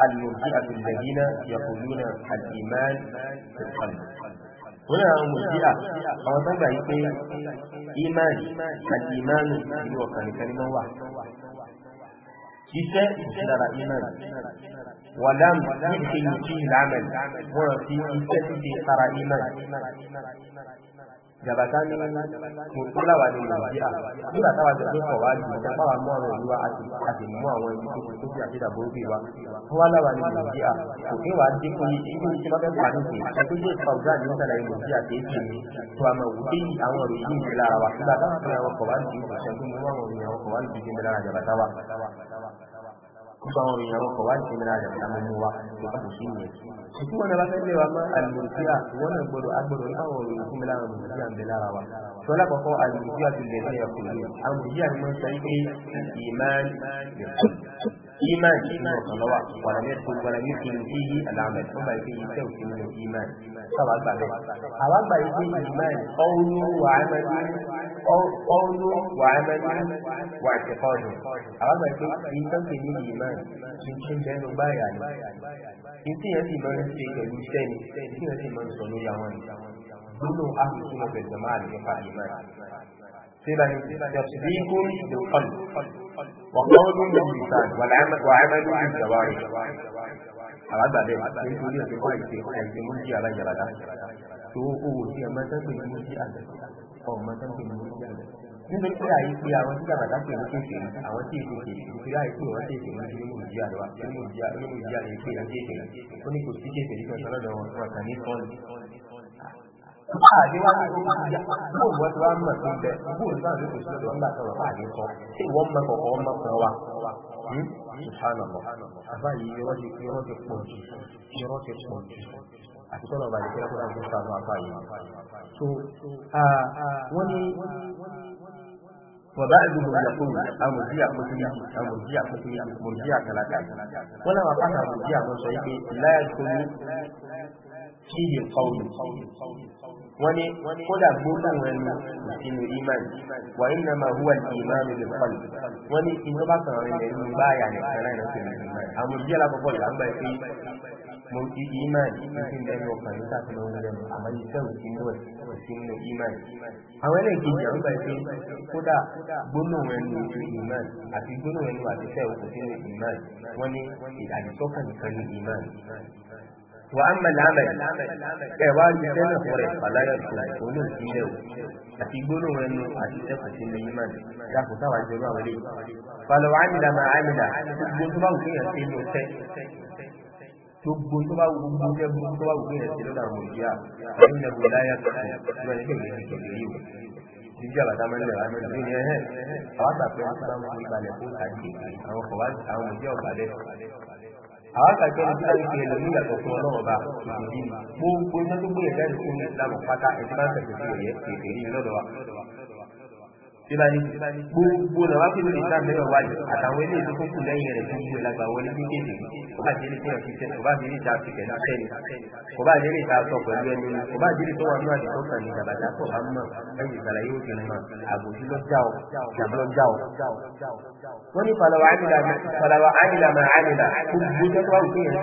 àlùmọ̀jíà tó náà yàkùnlú náà àdìmán ìfọ̀n. wọ́n náà àwọn mọ̀jíà àwọn tó gbà yí pé ìmán àdìmán iṣẹ́ ìṣẹ̀lára iná wàlám ní ìṣe ìṣe ìlànà wọ́n fi iṣẹ́ ti ṣe ara iná jàbàtà ní mùsùlùmí wà ní nàìjíríà nígbà táwa ti pé kọ̀ wá ju ọ̀tá táwa mú àwọn ìlú wa àti mú àwọn ibi tó tó fi àti ìdàbò òbí wa fún wa láwa ní nàìjíríà kò kí wàá dé fún yìí nígbà tí wọ́n fẹ́ fà ní ìsìn ẹgbẹ́ yóò fa ọ̀gá àti nígbàlá yìí nàìjíríà kì í ṣe ní tó a máa wù dé yìí àwọn ọ̀rọ̀ yìí ní lára wa nígbà táwa fún àwọn kọ̀ wá ní ìsìn بعض من الخوارج من هذا الأمر هو يقصد شيء شكو أنا بسأل لي وما المرجئة وأنا أقول أكبر أو يكون لا مرجئة بلا روا فلا بقى المرجئة الذين يقولون المرجئة من شيء إيمان إيمان إيمان الله ولم يدخل ولم يدخل فيه العمل ثم فيه شوك من الإيمان طبعا بعد أولا بعد إيمان قول وعمل قول وعمل واعتقاد هذا كي إنسان كني إيمان يمكن بين بايا إنسان يأتي من شيء يمكن إنسان يأتي من صلوا يوم دون أهل سنة الجماعة يقع إيمان سيبان تصديق بالقلب وقول باللسان والعمل وعمل بالجوارح هذا ده يقول لك كويس كويس مجي على جلاله تو هو هي ما تقول مجي على جلاله ọmọ tó ń pè ní oníṣẹ́ àgbẹ̀. nítorí pé àyè pé àwọn tí jàbàtà pè ní kékeré àwọn tí èdè kékeré nítorí àyè pé wọ́n tètè ní olóògùn ìjì àlọ́ olóògùn ìjì àlọ́ ìpè yẹn kékeré ó ní kò sí kékeré kankan lọ́dọ̀ wọn wọn kàn ní sọ́ọ̀lì. Báàdé wá ní gbogbo ìjà, bóun wọ́n ti wá mọ̀ tó ń bẹ, bóun náà ló kò sí lọ́dọ̀ ńgbà sọ̀rọ̀ báàdé sọ, tí wọ́n mọ kọ̀kọ́ ọmọ kan wa. àbáyé irọ́ ti pọ̀ jù, irọ́ ti pọ̀ jù àti tọ́lọ̀ bàjẹ́ kí lápẹ́lá fún sàánú apá yìí so wọ́n ní wàbá àdúgbò yàtọ̀ àmùjí àkọsíyà àmùjí àkọsíyà àmùjí àkàlàkà wọ́n náà wàá pàtàkì àmùjí àkọsọ yìí pé kódà gbólóhùn ẹnu ìsinmi iman wà ní nàmà huwa iman lè kọlù wọ́n ní ìjọba kan rẹ̀ lẹ́nu báyà nìkan náà ní ìsinmi iman àmùjí alákọ̀ọ́kọ́ yìí mo ti iman ti bẹ̀rẹ̀ ọkàn ní sáfihàn orí lẹ́nu àmọ́ iṣẹ́ ò sí níwẹ̀ kò sí nínú iman. àwọn ẹlẹ́ẹ̀kejì àwọn pé kódà gbólóhùn ẹnu ojú iman àti gbólóhùn ẹnu àti iṣẹ́ òkú sínú wọ́n ní ìdájọ́ nìkan ní iman. wà á mọ̀ lámẹ̀ ẹ̀ wá rí iṣẹ́ fún rẹ̀ fàlàyé ọ̀sùn òun ní ìpínlẹ̀ o àti gbólóhùn ẹnu àti iṣẹ́ kò sí nínú iman dákun táwa jẹ́ lọ́wọ́ lé. nílà máa á nílà gbogbo tó bá wù gbogbo tó bá wù ú jẹ́ gbogbo tó bá wù ú yẹn sí lọ́dà mọ̀jíà ẹ̀yìn ẹ̀bù láyà tó láyà tó láyà tó lè tó lè yíwò. Jíjí àbàtà máa ń lọ àwọn ẹ̀mí ni ẹ̀hẹ́. Àwọn àgbàpẹ́ wọn máa ń fi balẹ̀ fún àti àwọn kọ̀wá àwọn mọ̀jíà ọ̀bà lẹ̀. Àwọn àgbàpẹ́ wọn máa ń fi ìdí ni ìbáni gbogbo lọ́wọ́ kí ló lè sá mẹ́rin wájú àtàwọn ilé ìlú kókù lẹ́yìn rẹ̀ tó gbé lágbà wọlé kékeré kò bá jẹ́rìí tí wọ́n ti tẹ̀ kò bá jẹ́rìí tá a fi tẹ̀lé sẹ́yìn kò bá jẹ́rìí tá a sọ pẹ̀lú ẹni kò bá jẹ́rìí tó wà ní àdìsọ́ kan ní ìjàmbá tó bá mọ̀ ẹ̀yìn ìgbàlá yóò ti mọ̀ àbòjú lọ já ọ jàmbá lọ já ọ. wọ́n ní falawa ánìlà máa ánìlà gbogbo jẹ́ tó wà wù kéèyàn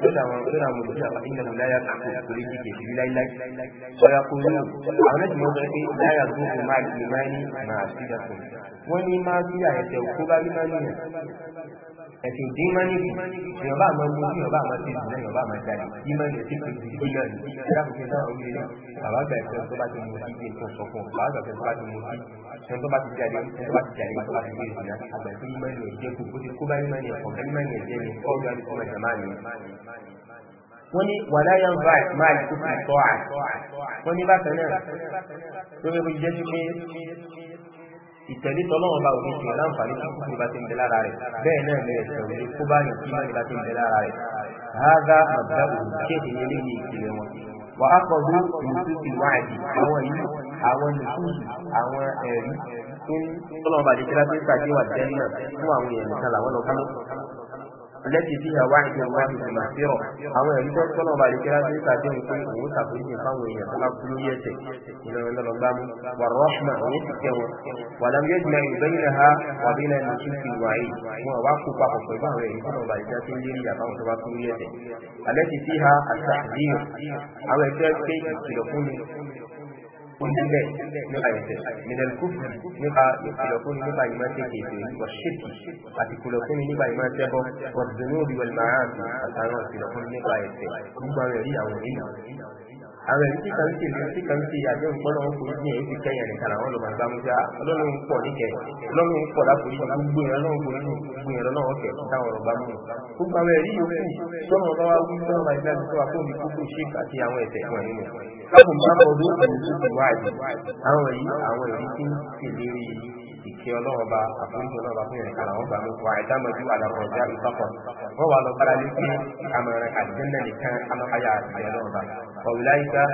ṣe lọ́dọ̀ àwọn lọ́dọ̀ àwọn olùdíje àwọn ìlànà láyà kò lè di kèké láíláí. ọ̀yà kò ní àwọn ẹ̀sìn mọ́ pé láyà tó kò máa kì í máa ní máa àfidàkùn wọ́n ní máa bí àyẹ̀tẹ̀ òkú bá rí máa nìyàn ẹ̀sìn dín máa nìyí èèyàn bá máa mú ní ọba àmọ́ sí ìdílé èèyàn bá máa jáde bí máa nìyẹn sí kejì ìdílé náà ní ìdáàbòbò náà ń lè bàbá àgbà ìfẹ́ tó bá ti mú sí ilé nǹkan sọ̀kan bàbá àgbà ìfẹ́ tó bá ti mú sí ẹni tó bá ti jáde ẹni tó bá ti jáde tó bá ti gbé ìsìn àti àgbà ìfẹ́ yìí máa nìyẹn jẹ́ kó bó ti kó bá yìí máa nìyẹn kọ̀ọ̀kan yìí máa nìyẹn jẹ́ ní ọ̀gbìn àti ọmọ ìjàmbá ni wọ́n ní wàlá yà ń bá máa ìkókò ìtọ́ àì wọ́n ní bákan náà tó yẹ kó jẹ́ sí pé ìtẹ̀lé tọ́lọ́wọ́n bá òfin ṣe láǹfààní tí kò ní bá ti ń bẹ lára rẹ̀ bẹ́ẹ̀ náà ni ẹ̀sẹ̀ òní kó bá yìí kí má ní bá ti ń bẹ lára rẹ̀ hágá àbúdá òní ṣéèkì ní ilé ní ìpìlẹ̀ wọn. wà lẹ́tì sí àwọn àìsàn wọn àti ìmọ̀síọ̀ àwọn ẹ̀rí tó tọ́nà bá lè kíra sí ìtàdéhùn pé òun ṣàforíjì fáwọn èèyàn tó bá kú ní ẹsẹ̀ ìlànà lọ́nà bá mú wà rọ́ṣmà bí náà nìṣí àwọn ẹ̀rí tọ́nà ìkìlọ̀ fún mi ojúlẹ̀ nípa ẹ̀sẹ̀ mìnàlùkùfù nípa ìkùlọ̀kùnrin nípa ìmáṣẹ́kẹ̀ ètò ìwọ̀ṣẹ́kì àti ìkùlọ̀kùnrin nípa ìmáṣẹ́bọ ọ̀dùnú ìwọ̀lmáàtì àtàwọn ìkùlọ̀kùnrin nípa ẹ̀sẹ̀ gbogbo àwọn ẹ̀rí àwọn èèyàn àwọn ẹ̀rí kíkà ń ṣe ìlú kíkà ń ṣe àjọ ìpọ́nlọ́wọ́ kò ní èyí ti kẹ́yìn ẹ̀nìkan àwọn ọlọ́mọ ìgbà mú sí ọlọ́run pọ̀ níkẹ́ ọlọ́run pọ̀ lápò ní gbogbo ìran náà kò ní gbogbo ìran náà ọ̀kẹ́ táwọn ọ̀rọ̀ bá mú un. gbogbo àwọn ẹ̀rí yòókù tọ́nà bá wá wí tọ́nà ìgbà mi sọ́wọ́ fún mi gbogbo ṣéèk àti àwọn ẹ̀sẹ̀ kan nínú. káàkùn bá mọ ọdún ìwádìí àwọn ẹ̀rí àwọn ẹ̀rí tí ń ṣèlérí ìkẹ́ ọlọ́ọ̀ba àforíjì ọlọ́ọ̀ba fún ìrìn kàlà wọn gbàgbọ́ wà ìdámọ̀jú àdàkọ̀já ìsọ́kọ̀ wọ́n wà lọ bára lé pé àmọ̀ràn àdínlẹ̀ nìkan amákayà àtìlẹ̀ ọlọ́ọ̀ba ọ̀wìlá ìgbà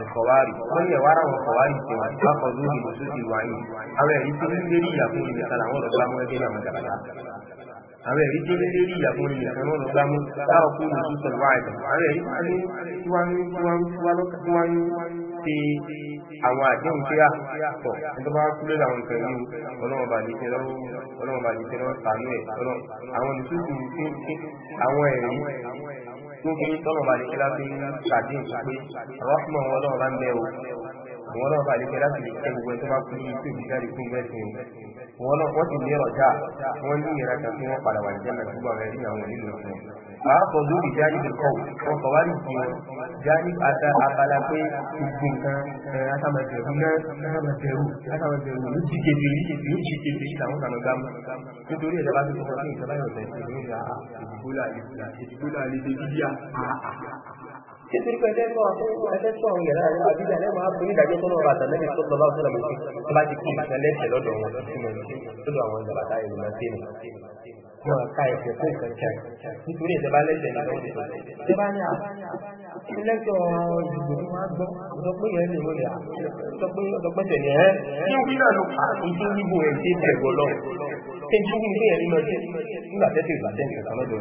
alkọ̀wárì wọ́n yẹ wàrà wọn kọ̀wárì tí wọ́n bá kọ̀ lórí ìlú sósì wáyé àwọn ẹ̀rí tó ní lérí ìyàfún ìrìn kàlà wọn lọ bá mọ́ ẹgbẹ́ àwọn gàbàdà àwọn ẹ̀rí tó lérí ìyàfún ìrìn kàlà wọn lọ bá mọ́ láàkú ìlú sọ̀rọ̀ wáyé àwọn ẹ̀rí tí wọ́n ń ṣe àwọn àdéhùn pé àpọ̀ nítorí wọn kúlẹ̀ làwọn nǹkan yìí ọlọ́run bá lè tẹ lọ́wọ́ ọlọ́run bá lè tẹ lọ́wọ́ sànú ẹ̀ àwọn ìṣúkú àwọn ẹ̀rí tó fi tọ́lọ̀ bá lè tẹ láti ṣàdéhùn pé rọ́pùmọ̀ wọn ọlọ́run bá ń bẹ o wọn ọlọ́run bá lè tẹ láti lè tẹ gbogbo ẹ̀ tó bá kú ní ìṣú ìjáde fún mẹ́sìn wọn wọ́n sì ní ọjà wọ́n ní ìrẹ́ta tí wọ́n padà wà ní jẹ́ àápọ̀ lórí jáde kọ̀ wọn kọ̀ wá nìkí wọn jáde àta abala pé ìgbìn kan látàmàbẹ̀rù náà látàmàbẹ̀rù látàmàbẹ̀rù ló ti kébé rí ló ti kébé rí làwọn kan gbà mọ́ nítorí ẹ̀dá bá ti sọ fún ìjọba yọ̀ọ̀tẹ̀ ìgbìgbólà àlejò nítorí pé ẹgbẹ́ ẹgbẹ́ tó àwọn yàrá àwọn àbíjà náà máa fún ìdájọ́ tó lọ́wọ́ àtàlẹ́ ní tó lọ́wọ́ tó lọ́wọ́ tó bá ti kí nǹkan lẹ́sẹ̀ lọ́dọ̀ wọn lọ́dọ̀ àwọn ìjàmbá ìlú máa dé nù. wọn ká ẹsẹ̀ fún nǹkan kan nítorí ẹsẹ̀ bá lẹ́sẹ̀ ní lọ́wọ́ tó ṣe bá ní àtìlẹ́tọ̀ ìdìbò tó máa gbọ́ sọ pé yẹn lè wọlé sọ pé ọ̀dọ́gbọ́n tẹ̀lé ẹ́ kí wí náà ló fà á tó wíwo ẹ̀ dé tẹ̀gbọ́ lọ kí n tún wí ẹ̀rí lọ sí nígbà tẹ́tẹ̀ ìgbà tẹ́tẹ̀ ìgbà mẹ́jọ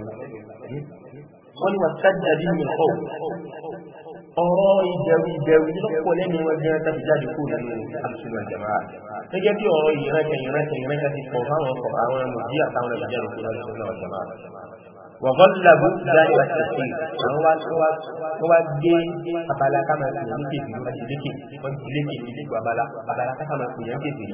wọ́n ní wàá sájà bí mi kọ́ ọ̀rọ̀ ìbẹ̀rù ìbẹ̀rù lọ́pọ̀ lẹ́nu wọn gan tàbí jáde kó nínú àlùsùnà jama gẹ́gẹ́ bí ọ̀rọ̀ ìrẹ́kẹ̀ ìrẹ́kẹ̀ ìrẹ́kẹ̀ ti pọ̀ fáwọn ọkọ̀ àwọn mọ̀bí àtàwọn ìjáde kó àlùsùnà jama wọ̀gọ́dùlàbù dáìwà ṣẹ̀ṣẹ̀ àwọn wá gbé abala kámà sí ní kébì àti lékè wọ́n ti lékè ní gbogbo abala abala kámà sí ní kébì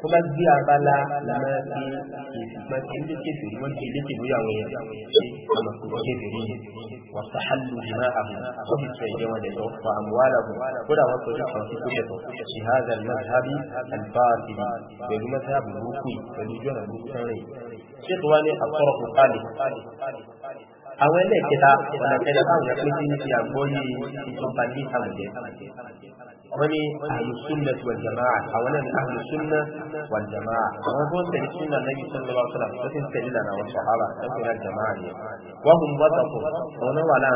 tó bá gbé abala làwọn ti ìsìnkú ilé kékeré wọn ti ilé kékeré àwọn èèyàn ṣe àmàkùrọ kékeré yẹn wọn sàhálù ìmọ àmì wọn fi sọ ìjẹun rẹ lọ fọ àmúwálàbù kódà wọn sọ ìtàn tó kẹtọ ìhàzà mẹsàbí àlùfáàtì pẹ̀lú mẹsàbí burúkú pẹ̀lú jọnà burúkú sẹrẹ ṣé tó wá ní àkọrọ kò kálí àwọn ẹlẹ́ẹ̀kẹta ọ̀nà kẹlẹ́ báwọn ẹgbẹ́ tí ń fi àgbọ́yé ìtọ́ba ní àwùjẹ وني أهل السنة والجماعة أولا أهل السنة والجماعة وهو تلي السنة النبي صلى الله عليه وسلم لكن سيدنا والصحابة لكن الجماعة وهم وسط ونوى لا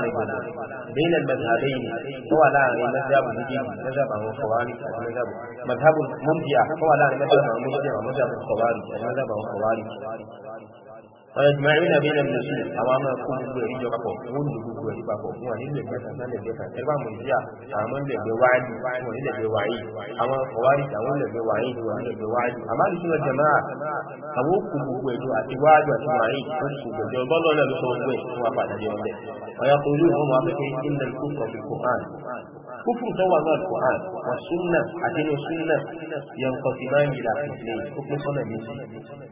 بين المذهبين هو لا مذهب الدين مذهب الخوارج مذهب مذهب المبدع هو لا مذهب المبدع ومذهب الخوارج مذهب ويجمعون بين المسلمين أمام كل بريج وقفوا كل بريج وقفوا هو نيل بيتا نيل بيتا إربع مرجع أمام نيل بوعد هو نيل بوعي أمام خوارج أمام نيل بوعي هو نيل بوعد أمام سنة جماعة أبو كل بريج أتواعد وأتواعي كل بريج والله لا يصور به هو بعد اليوم ده ويقولون هم إن الكفر في القرآن كفر توا من القرآن والسنة أدين السنة ينقسمان إلى قسمين كفر صنع ميجي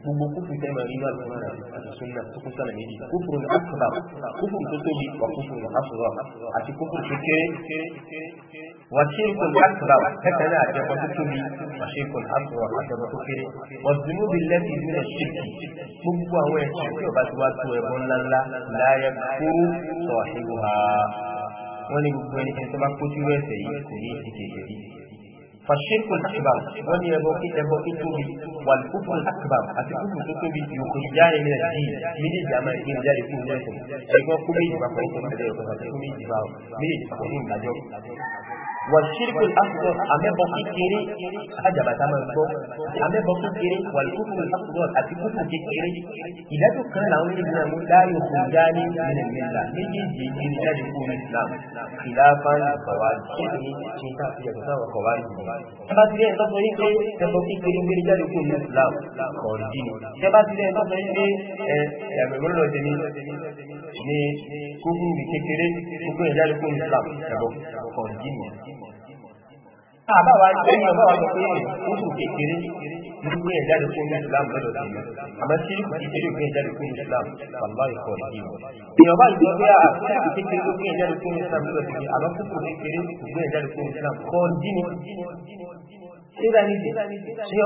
بمو كفر تما من القرآن السنة كفر صنع ميجي كفر أكبر كفر تتوبي وكفر أصغر أتي كفر شكي وشرك أكبر هكذا أتي وتتوبي وشرك أصغر أتي وتكفر والذنوب التي من الشرك مبوا وين شرك وبس واتوا يقول لا لا يكفر صاحبها wọ́n ní gbogbo ẹnikẹ́ni tó bá kó sí yìí kò ní ìdíje ìdí فالشرك الأكبر ولي يبوكي يبوكي توبي والكفر الأكبر أتكفر توبي يخرجان من الدين من الجماعة من ذلك من ذلك أيضا كمي جبا كويتم أدير كمي جبا من الجماعين لجو والشرك الأصغر أما بوكي كيري هذا بتاما يبوك أما بوكي كيري والكفر الأصغر أتكفر كيري إذا تكن لهم من المول لا يخرجان من الملة من الدين من ذلك من الإسلام خلافا للخوارج يعني شيطان في يتساوى خوارج Ẹbá ti rẹ̀ ń tọ́sọ yín pé ẹ̀sọ́ kí gbèrègbèrè jáde kúrò ní Islam kọ̀ọ̀rì dì ní. Ẹbá ti rẹ̀ ń tọ́sọ yín pé ẹ̀yàgbẹ̀rún lọ jẹ ní kúkú rí kékeré kúkú rẹ̀ jáde kúrò ní Islam ẹ̀bọ̀ kọ̀ọ̀rì dì ní. Àbáwá ẹ̀yìn ọ̀báwá sọ pé kúkú kékeré gbígbé ẹ̀dá lè fún islam lọ́dọ̀ sí i àmọ́ tí ìṣèlú ah, gbé ẹ̀dá lè fún islam wàlá ìkọ̀ ìdí wọn. èèyàn bá ìdí pé àkókò kékeré ló gbé ẹ̀dá lè fún islam lọ́dọ̀ sí i àmọ́ kókò kékeré kò gbé ẹ̀dá fún islam kọ́ síra ní ìdè ṣèyàn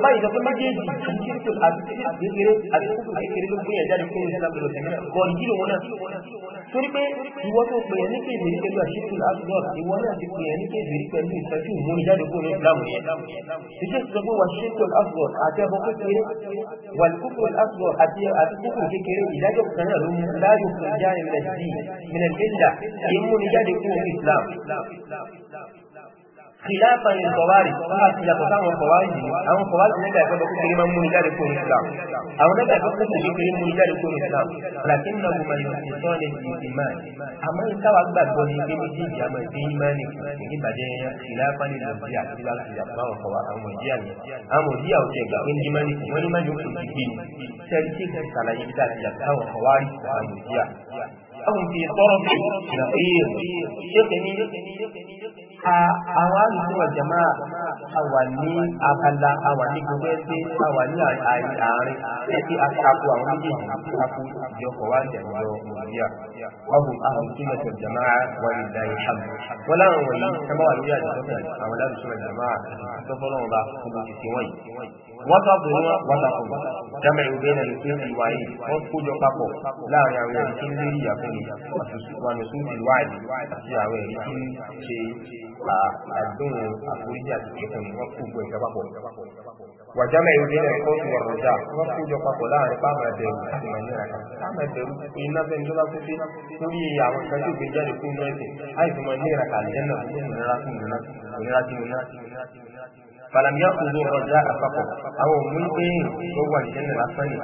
báyìí sọ pé méjèèjì ìṣirikù àgbékeré àgbékùkù kékeré ló gbéyàn jáde kúrò nínú àgbèrò tẹ̀mí náà bọ̀ ìdílé wọn náà torí pé ìwọ tó pè é ní kéèbèrè pẹ̀lú àṣírikù àgbọ̀ ìwọ náà ti pè é ní kéèbèrè pẹ̀lú ìtọ́jú ìmúni jáde kúrò nínú ìlàmù yẹn ìṣe sọ pé wàṣírikù àgbọ̀ àti ẹbọ kékeré wàlúkùkù àgbọ̀ àti àtikùkù kékeré ìdájọ́ kan náà ló mú láyò kùn jáde mílẹ̀ sí mílẹ̀ kìláàfà ní kọ̀wárì láti yàtọ̀ sáwọn kọ̀wárì yìí àwọn kọ̀wárì ti lẹ́gbẹ̀ẹ́ pẹ́lú kékeré máa ń múni jáde kó Islam àwọn lẹ́gbẹ̀ẹ́ pẹ́lú kékeré múni jáde kó Islam làkín náà mo máa yọ sí sọ́ọ́ lè fi ìsìn máa àmọ́ ìkáwà gbàgbọ́ ní pé ní jíjì àmọ́ ìdí ìmá ní ìbàjẹ́ kìláàfà ní lọ́sí àti láti yàtọ̀ àwọn kọ̀wárì àwọn òjì àmì àwọn òjì àwọn òjì ẹ̀gbà pé ní ìmá ní wọ́n ní má ní ó fi gbé ní sẹ́rí tí kò sàlàyé bí láti yàtọ̀ àwọn kọ̀wárì àwọn òjì àmì. أو في طرف شقيق يقني àwọn àdúgbò jama àwà ní abala àwà ní gbogbo ẹgbẹ́ àwà ní àárín ẹgbẹ́ àtakò àwọn méjèèjì àtakò ìjọkọ̀ wá jẹ̀jọ òwúrọ̀ wàhù àwọn ìpínlẹ̀ tó jama wà ní ìdáyé hàm wọn láwọn wọ̀nyí ẹgbẹ́ wà lórí àdìsọ́kàn àwọn àdìsọ́kàn jama àti ìfọ́fọ́lọ́wọ́n bá gbogbo ìsìn wọ̀nyí wọ́tàbù ni wọ́n wọ́tàbù jẹ́mẹ̀ ìwé náà ìpín ìwáyé wọ́n kójọ papọ̀ láàrin àwọn ẹ̀rí tí ń lérí ìyàfúnni àtùsùwàmì sún ìwáyé e àti àwọn ẹ̀rí tí ń ṣe àdúrà àforíjì àti ìkẹfùnni wọ́n kó gbọ́ ìjọba pọ̀. wàjámẹ̀ ìwé náà ìkọ́ ti wà rọ̀jà wọ́n kójọ papọ̀ láàrin pàmò ẹ̀bẹ̀rù àti màníra kan pàmò ẹ̀bẹ̀rù iná bẹ́ẹ̀ tó bá kú sí lórí àwọn kan tó gbé jáde fún mẹ́sìn àìsàn màníra kan àlẹ́ فلم يأخذوا الرجاء فقط أو ممكن هو الجنة الأصلية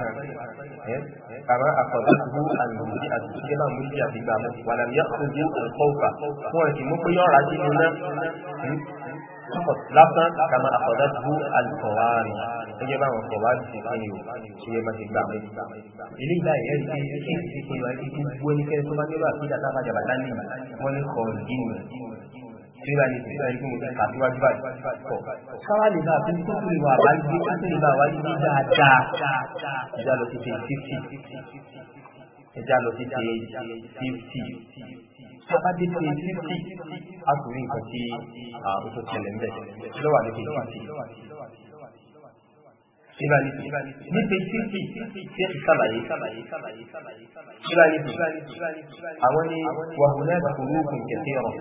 كما أخذته المرجئة كما مرجئة بقامة ولم يأخذوا الخوف هو الذي ممكن يرى جنة فقط لفظا كما أخذته الخوارج ẹjẹ bá wọn sọ̀rọ̀ àti ìpínlẹ̀ o ṣe yẹ máa ti gbà mọ́. ilé ìlà ìyá ìṣe ṣe ìṣe ìṣe ìwà ìṣe gbogbo ẹnikẹ́ni tó bá nílò àti ìdàtà àbájábà lálẹ́ yìí wọ́n ní kọ́ ọ̀dínì nígbà ní sísọ yìí kí mo ti kà síwájú báyìí pọ̀. káwá lè bá a fún kókò lè wà wáyé lè bá wáyé bí dáadáa ẹja lọ sí ṣe fífì ẹja lọ sí ṣe fífì sábà dé ṣe fífì a kò rí nǹkan tí ó tó ṣẹlẹ̀ ń bẹ̀ lọ́wọ́ àdébẹ̀ fífì sibali ní pèsè tí tí ìsàlàyé sibali àwọn ni wàhùnà kùrùkùn kẹsẹ̀ rọ̀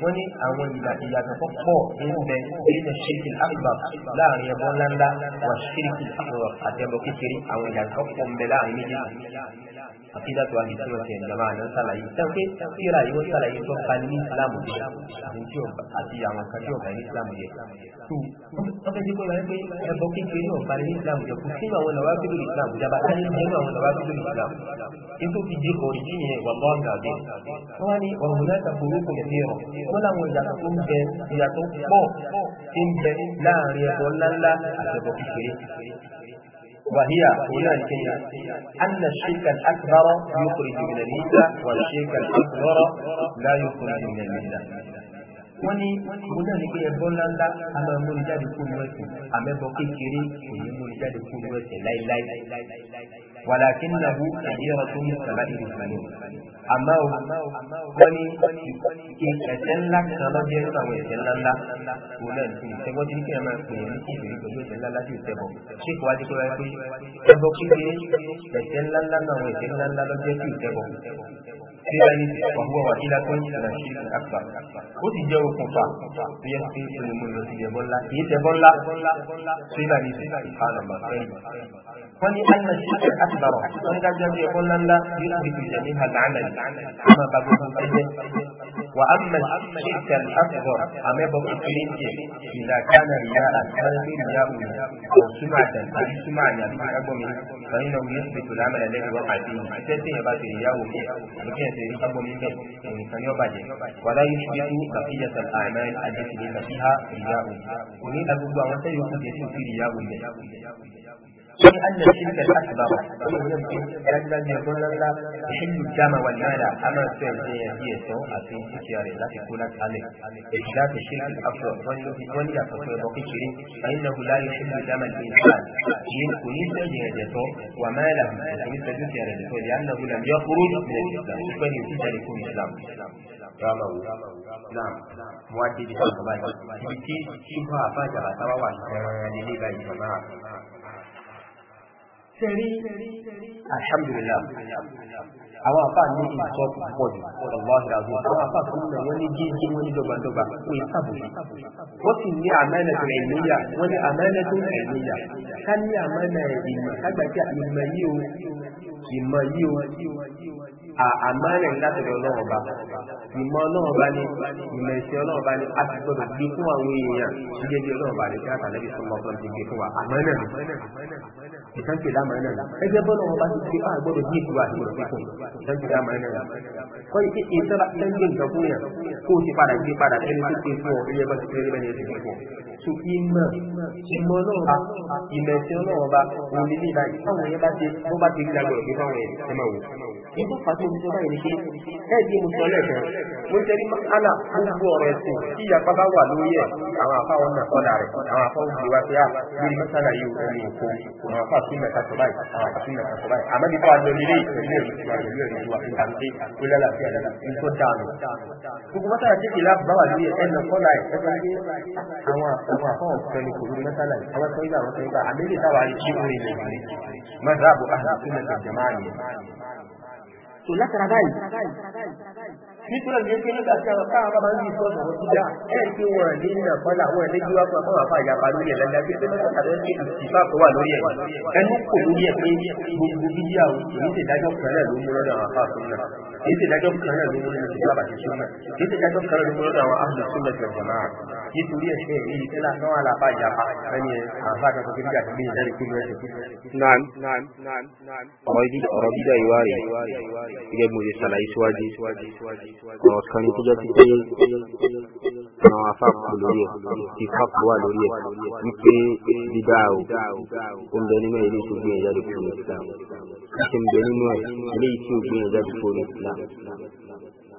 wọ́n ní àwọn ìyàtọ̀ tó pọ̀ nínú bẹ nínú ṣíkì akbar láàrin ẹ̀bọ́n ńláńlá wà ṣíkì akbar àtẹ̀bọ̀ kékeré àwọn ìyàtọ̀ pọ̀ ń bẹ láàrin méjèèjì àkídà tó àdìsí ọ̀sẹ̀ ìjọba àná sàlàyé tẹ́wọ́pẹ́ síra yìí wọ́n sàlàyé tó ba ní islam jẹ àti àwọn kan tí ọ̀bà ní islam jẹ. tó wọ́n fẹ́ dípò ìwádìí pé ẹ̀bọ kékeré náà ba ní islam jẹ kò sínú àwọn nàwa bíbí islam jaba káyé nínú àwọn nàwa islam. ètò ti di ọ̀rìjì yẹn wà bọ́ àgbàdé. wọ́n wá ní ọ̀rùn náà kàkóró kò ní fẹ́ràn wọ́n láwọn ìyàtọ̀ tó ń bẹ ìyàtọ̀ pọ̀ ti ń bẹ وهي هناك أن الشرك الأكبر يخرج من الملة والشرك الأكبر لا يخرج من الملة wọ́n ní mọ́tò ní pé ẹbọ ńláńlá a máa mú ní jáde kúrú ẹ̀sìn àmẹ́bọ kékeré kò ní mú ní ẹ̀sìn láíláí wàlàkínàbù àdéhùn tó ní sàlá ìlú sàlẹ̀ àmọ́ o wọ́n ní ẹ̀ṣẹ̀ ńlá kan lọ́jọ́ nínú àwọn ẹ̀ṣẹ̀ ńlá ńlá kò náà ní ìṣe wọ́n ti ní kí ẹ máa pè é ní ìṣèlú pẹ̀lú ẹ̀ṣẹ̀ ńlá ńlá tí ò tẹ̀bọ̀ ṣé kò wá dé pé ẹbọ kéde ẹ̀ṣẹ̀ ńlá ńlá náà àwọn ẹ̀ṣẹ̀ ńlá ńlá lọ́jọ́ tí ò tẹ̀bọ̀ ṣé wá ní wàhúwà wà ilá tó ń ṣe àṣì àpà wọ́n ní àyìnbá ṣe àtìbàrọ̀ wọ́n dájú ẹbọ ńlá yóò fi tìjẹ́ ní àlàálẹ̀ عمل بابو وأما الشرك الأكبر أما بابو إذا كان رياء القلب رياء أو سمعة أو سمعة فإنه يثبت العمل الذي وقع فيه تسيه بات رياء فيه لكن يسير أبو من الإنسان يبعد ولا يشبه بقية الأعمال التي ليس فيها رياء ومن أبو أن يكون في رياء لأن تلك الأكبر هي أن يكون الله يحل الدم والمال أما سيئة أفي سكيار لا تكون عليه إجلاء الشرك الأفضل ولا تفرض كشري فإنه لا يحل دم الإنسان من كنيسة جهدته وماله كنيسة سكيار لأنه لم يخرج من الإسلام فإن يسجد لكم الإسلام Ramawu, Islam, Muwadi di Sambal, Ibi tí Ṣubha Afájàbá Sábáwà ṣe rẹ̀ rẹ̀ nílé tẹ̀rí alhamdulillah àwọn àfáà ní ìtọ́ púpọ̀ jù ọlọ́ọ̀hìn àbí àwọn àfáà tó ń lọ wọ́n ní jíjí wọ́n ní dọ́gbàdọ́gbà wọ́n yí sàbòsí wọ́n sì ní àmẹ́lẹ̀tò ẹ̀míyà wọ́n ní àmẹ́lẹ̀tò ẹ̀míyà ká ní àmẹ́lẹ̀ ìmọ̀ àmánà látọ̀dọ̀ ọlọ́run ọba ìmọ̀ ọlọ́run ọba ni ìmọ̀ ìṣẹ́ ọlọ́run ọba ni a ti gbọdọ̀ gbé fún àwọn èèyàn ilé ẹbí ọlọ́run ọba àdéhùn àtàlẹ́bí fún ọmọ ọlọ́run ti gbé fún wa àmánà ìtàn ti lámánà ẹgbẹ́ bọ́lọ́run ọba ti gbé fún àgbọ̀dọ̀ gbé fún wa àti ìmọ̀ fífún ìtàn ti lámánà kọ́ ìpè ìtara tẹ́ńgé nǹkan fún yàn kó o ti padà gbé padà ẹni tó gbé fún ọ ilé ẹgbẹ́ ti gbé bẹ́ẹ̀ ni ẹ ti gbé fún ọ. so ìmọ̀ ìmọ̀ ọlọ́run ìmọ̀ ẹ̀sìn ọlọ́run ọba òun nílé ìdáyìí táwọn yẹn bá ti bó bá ti gbàgbọ́ ìgbé fáwọn ẹ̀ ẹ̀ máa wò. ဒီဘက်ကနေပြောရရင်အဲ့ဒီမူတော်လည်းပဲမူတရီမအလာဘူဘောရဲ့စီကြီးရပကဝလူရဲ့အာဖာဝနခေါ်လာတယ်အာဖုံဒီဝဆရာဒီမဆလာယူတယ်ကိုကိုမဖတ်သိမဲ့သတ်ပိုက်အာသိမဲ့သတ်ပိုက်အမဒီပါလိုလီလေးဒီလိုပြောရရင်ဒီကအင်တန်တီကိုလာလာပြလာအင်ကိုတာလို့ဒီကမတာချစ်ကလာဘာလူရဲ့အဲ့လိုခေါ်လာတယ်အဲ့ဒီအာဝအာဝဟောတယ်ကိုဒီမဆလာအာဝသိတာဝသိတာအမေရိကသားပါရှိဦးနေတယ်မဇ္ဇဘူအာသိမဲ့ဂျမားနေ tò látara báyìí nítorí ẹgbẹ́ pé nígbà tí àwọn káwọn bá ń bí sọ́ọ̀nù wọn ti dá ẹ̀ tí wọ́n ní nà kọ́lá wọn ní bí wá fún àwọn àfa ìyapa lórí ẹ̀ lẹ́yìn pé pẹ́ẹ́nà tàbí pé ìfà tó wà lórí ẹ̀ ẹnu kò lórí ẹ̀ pé gbogbo bíbí àwọn ìṣèlú ìdájọ́ kan náà ló mú lọ́dọ̀ àwọn àfa àtúnyà kìí ṣe ìdájọ́ kan náà ló mú ní ìṣẹ́ àbàtì súnmọ̀ kìí ṣe ìdájọ́ kan náà ló mú lọ́dọ̀ àwọn ahùn súnmọ̀ ti ọ̀jọ̀ máa nítorí ẹ̀ṣẹ́ mi ní kílá náà alábà ìjàpá ẹni àbá àtàkùn kí nígbà tó gbé ìdárí kí lóṣù. ọ̀rọ̀ dídá ìwà rẹ̀ gẹ́gẹ́ bí mo ṣe ṣàlàyé síwájú ọ̀rọ̀ kan ní tó jẹ́ pípé àwọn afáàkù lórí ẹ̀ ti fáàkù wà lórí ẹ̀ wípé dídá o ó ń bẹ nínú ilé tó gbìyànjú àdìpọ̀ ní Islam ó ti ń bẹ nínú ẹ̀ ilé tí ó gbìyànjú àdìpọ̀ ní Islam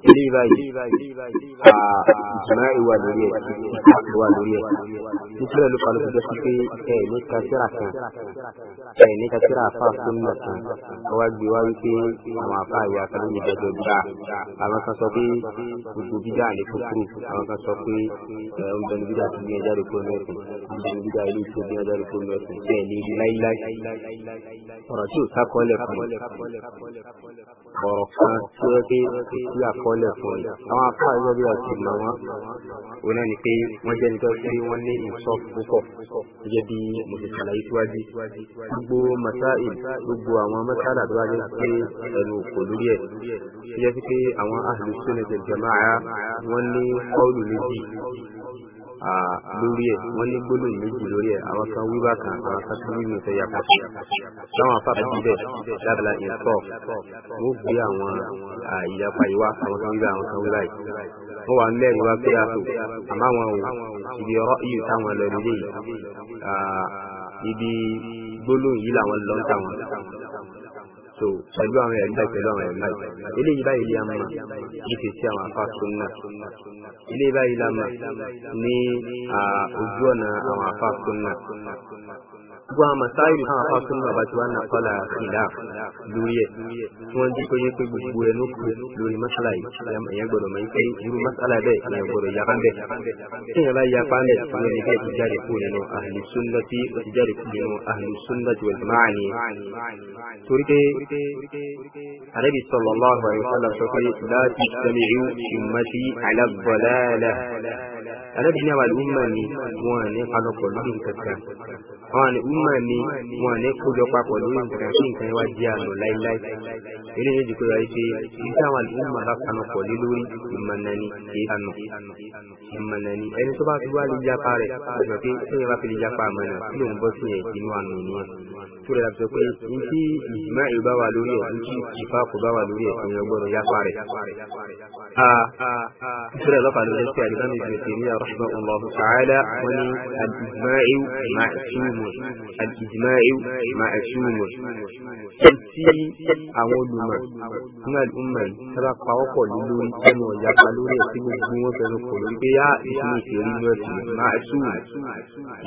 ilé báyìí ìjìmáì wà lórí ẹ̀ wà lórí ẹ̀ nítorí ló falọ́ fúnjọ́ sí pé ẹ̀ ní kásírà kan ẹ̀ ní kásírà àfa súnmọ̀ kan ọwọ́ gbé wá wípé àwọn àfa ìyá kan ní ìdájọ́ gbà àwọn kan sọ pé gbogbo bídà ní kúkúrú àwọn kan sọ pé ẹ̀ ń bẹnu bídà tó gbìyànjú àrè fún mẹ́sìn ń bẹnu bídà ilé tó gbìyànjú àrè fún mẹ́sìn bẹ́ẹ̀ ní lẹ̀ fún yìí àwọn apá ẹgbẹ́ bí àti ìmọ̀ wọn òun náà ni pé wọ́n jẹ́ nítorí pé wọ́n ní ìsọ́ púpọ̀ gẹ́gẹ́ bí mo ti ṣàlàyé síwájú gbogbo masáì gbogbo àwọn masálà tó bá pé ẹnu kò lórí ẹ̀ tó jẹ́ pé àwọn ahlus sunnah wal jamaa wọ́n ní kọ́ọ̀lù méjì lórí ẹ̀ wọ́n ní gbólóhùn méjì lórí ẹ̀ àwọn kan wí bákan àwọn kan tún wí nìfẹ́ yàtọ̀ táwọn afáàfin bíbẹ̀ dábìlà ìtọ́ wọ́n gbé àwọn ìyapa ìwá àwọn kan gbé àwọn kan wí báyìí wọ́n wà ń lẹ́rìí wá pé àtò àmọ́ àwọn ò ibi ọ̀rọ̀ iyì táwọn lọ nílé yìí ibi gbólóhùn yìí làwọn lọ́ so pẹ̀lú àwọn ẹ̀rí báyìí pẹ̀lú àwọn ẹ̀rí báyìí eléyìí báyìí lè ama ní fèsì àwọn afa sunna eléyìí báyìí lè ama ní ojú ọ̀nà àwọn afa sunna gbogbo àwọn masáìlì táwọn afá súnmọ́ bá ti wá ní àkọlà ìlà lórí ẹ̀ tí wọ́n jí pé yẹ pé gbogbo ẹnu kù lórí masala yìí èèyàn gbọ́dọ̀ mọ̀ pé irú masala bẹ́ẹ̀ èèyàn gbọ́dọ̀ yapa bẹ́ẹ̀ tí èèyàn bá yapa bẹ́ẹ̀ wọ́n ní bẹ́ẹ̀ ti jáde kú nínú ahlu sunnati ó ti jáde kú nínú ahlu sunnati wal jamaa ni. torí pé àrẹ́bí sallallahu alaihi wasallam sọ pé láti sẹ́mi rí ummati ala dalalah àrẹ́bí ní àwọn àlùmọ́ mi wọn ní palọ̀pọ̀ lórí nǹkan kan àwọn àni umma mi wọn ní kójọ papọ̀ lórí nǹkan tí nǹkan wá jẹ́ àná láíláí eré yẹn jù pé wáyé pé nígbà àwọn àti umma bá kanu pọ̀ lé lórí ìmọ̀nani èé àná ìmọ̀nani ẹni tó bá fi wá lè japa rẹ̀ àgbà pé sẹ́yìn bá fi lè japa àmọ́ náà kí ló ń bọ́ sí ẹ̀ inú àná nìyẹn tó rẹ̀ sọ pé n tí ìjìmá ìlú bá wà lórí ẹ̀ n tí ìfà kò bá wà lórí ẹ̀ ìyẹn gbọ́dọ̀ yapa rẹ̀. sọ́dọ̀ lọ́pàá ló alìjìmáyò máa ṣúwò tí àwọn olùmọ̀ nínú àdúmọ̀ sábà pawọ́pọ̀ lórí ẹnu ọ̀yà pa lórí ẹ̀ tí gbogbo wọn fẹ́ràn pọ̀ lórí pé yá ìtumọ̀ ìṣòrí ní ọ̀sìn máa ṣúwò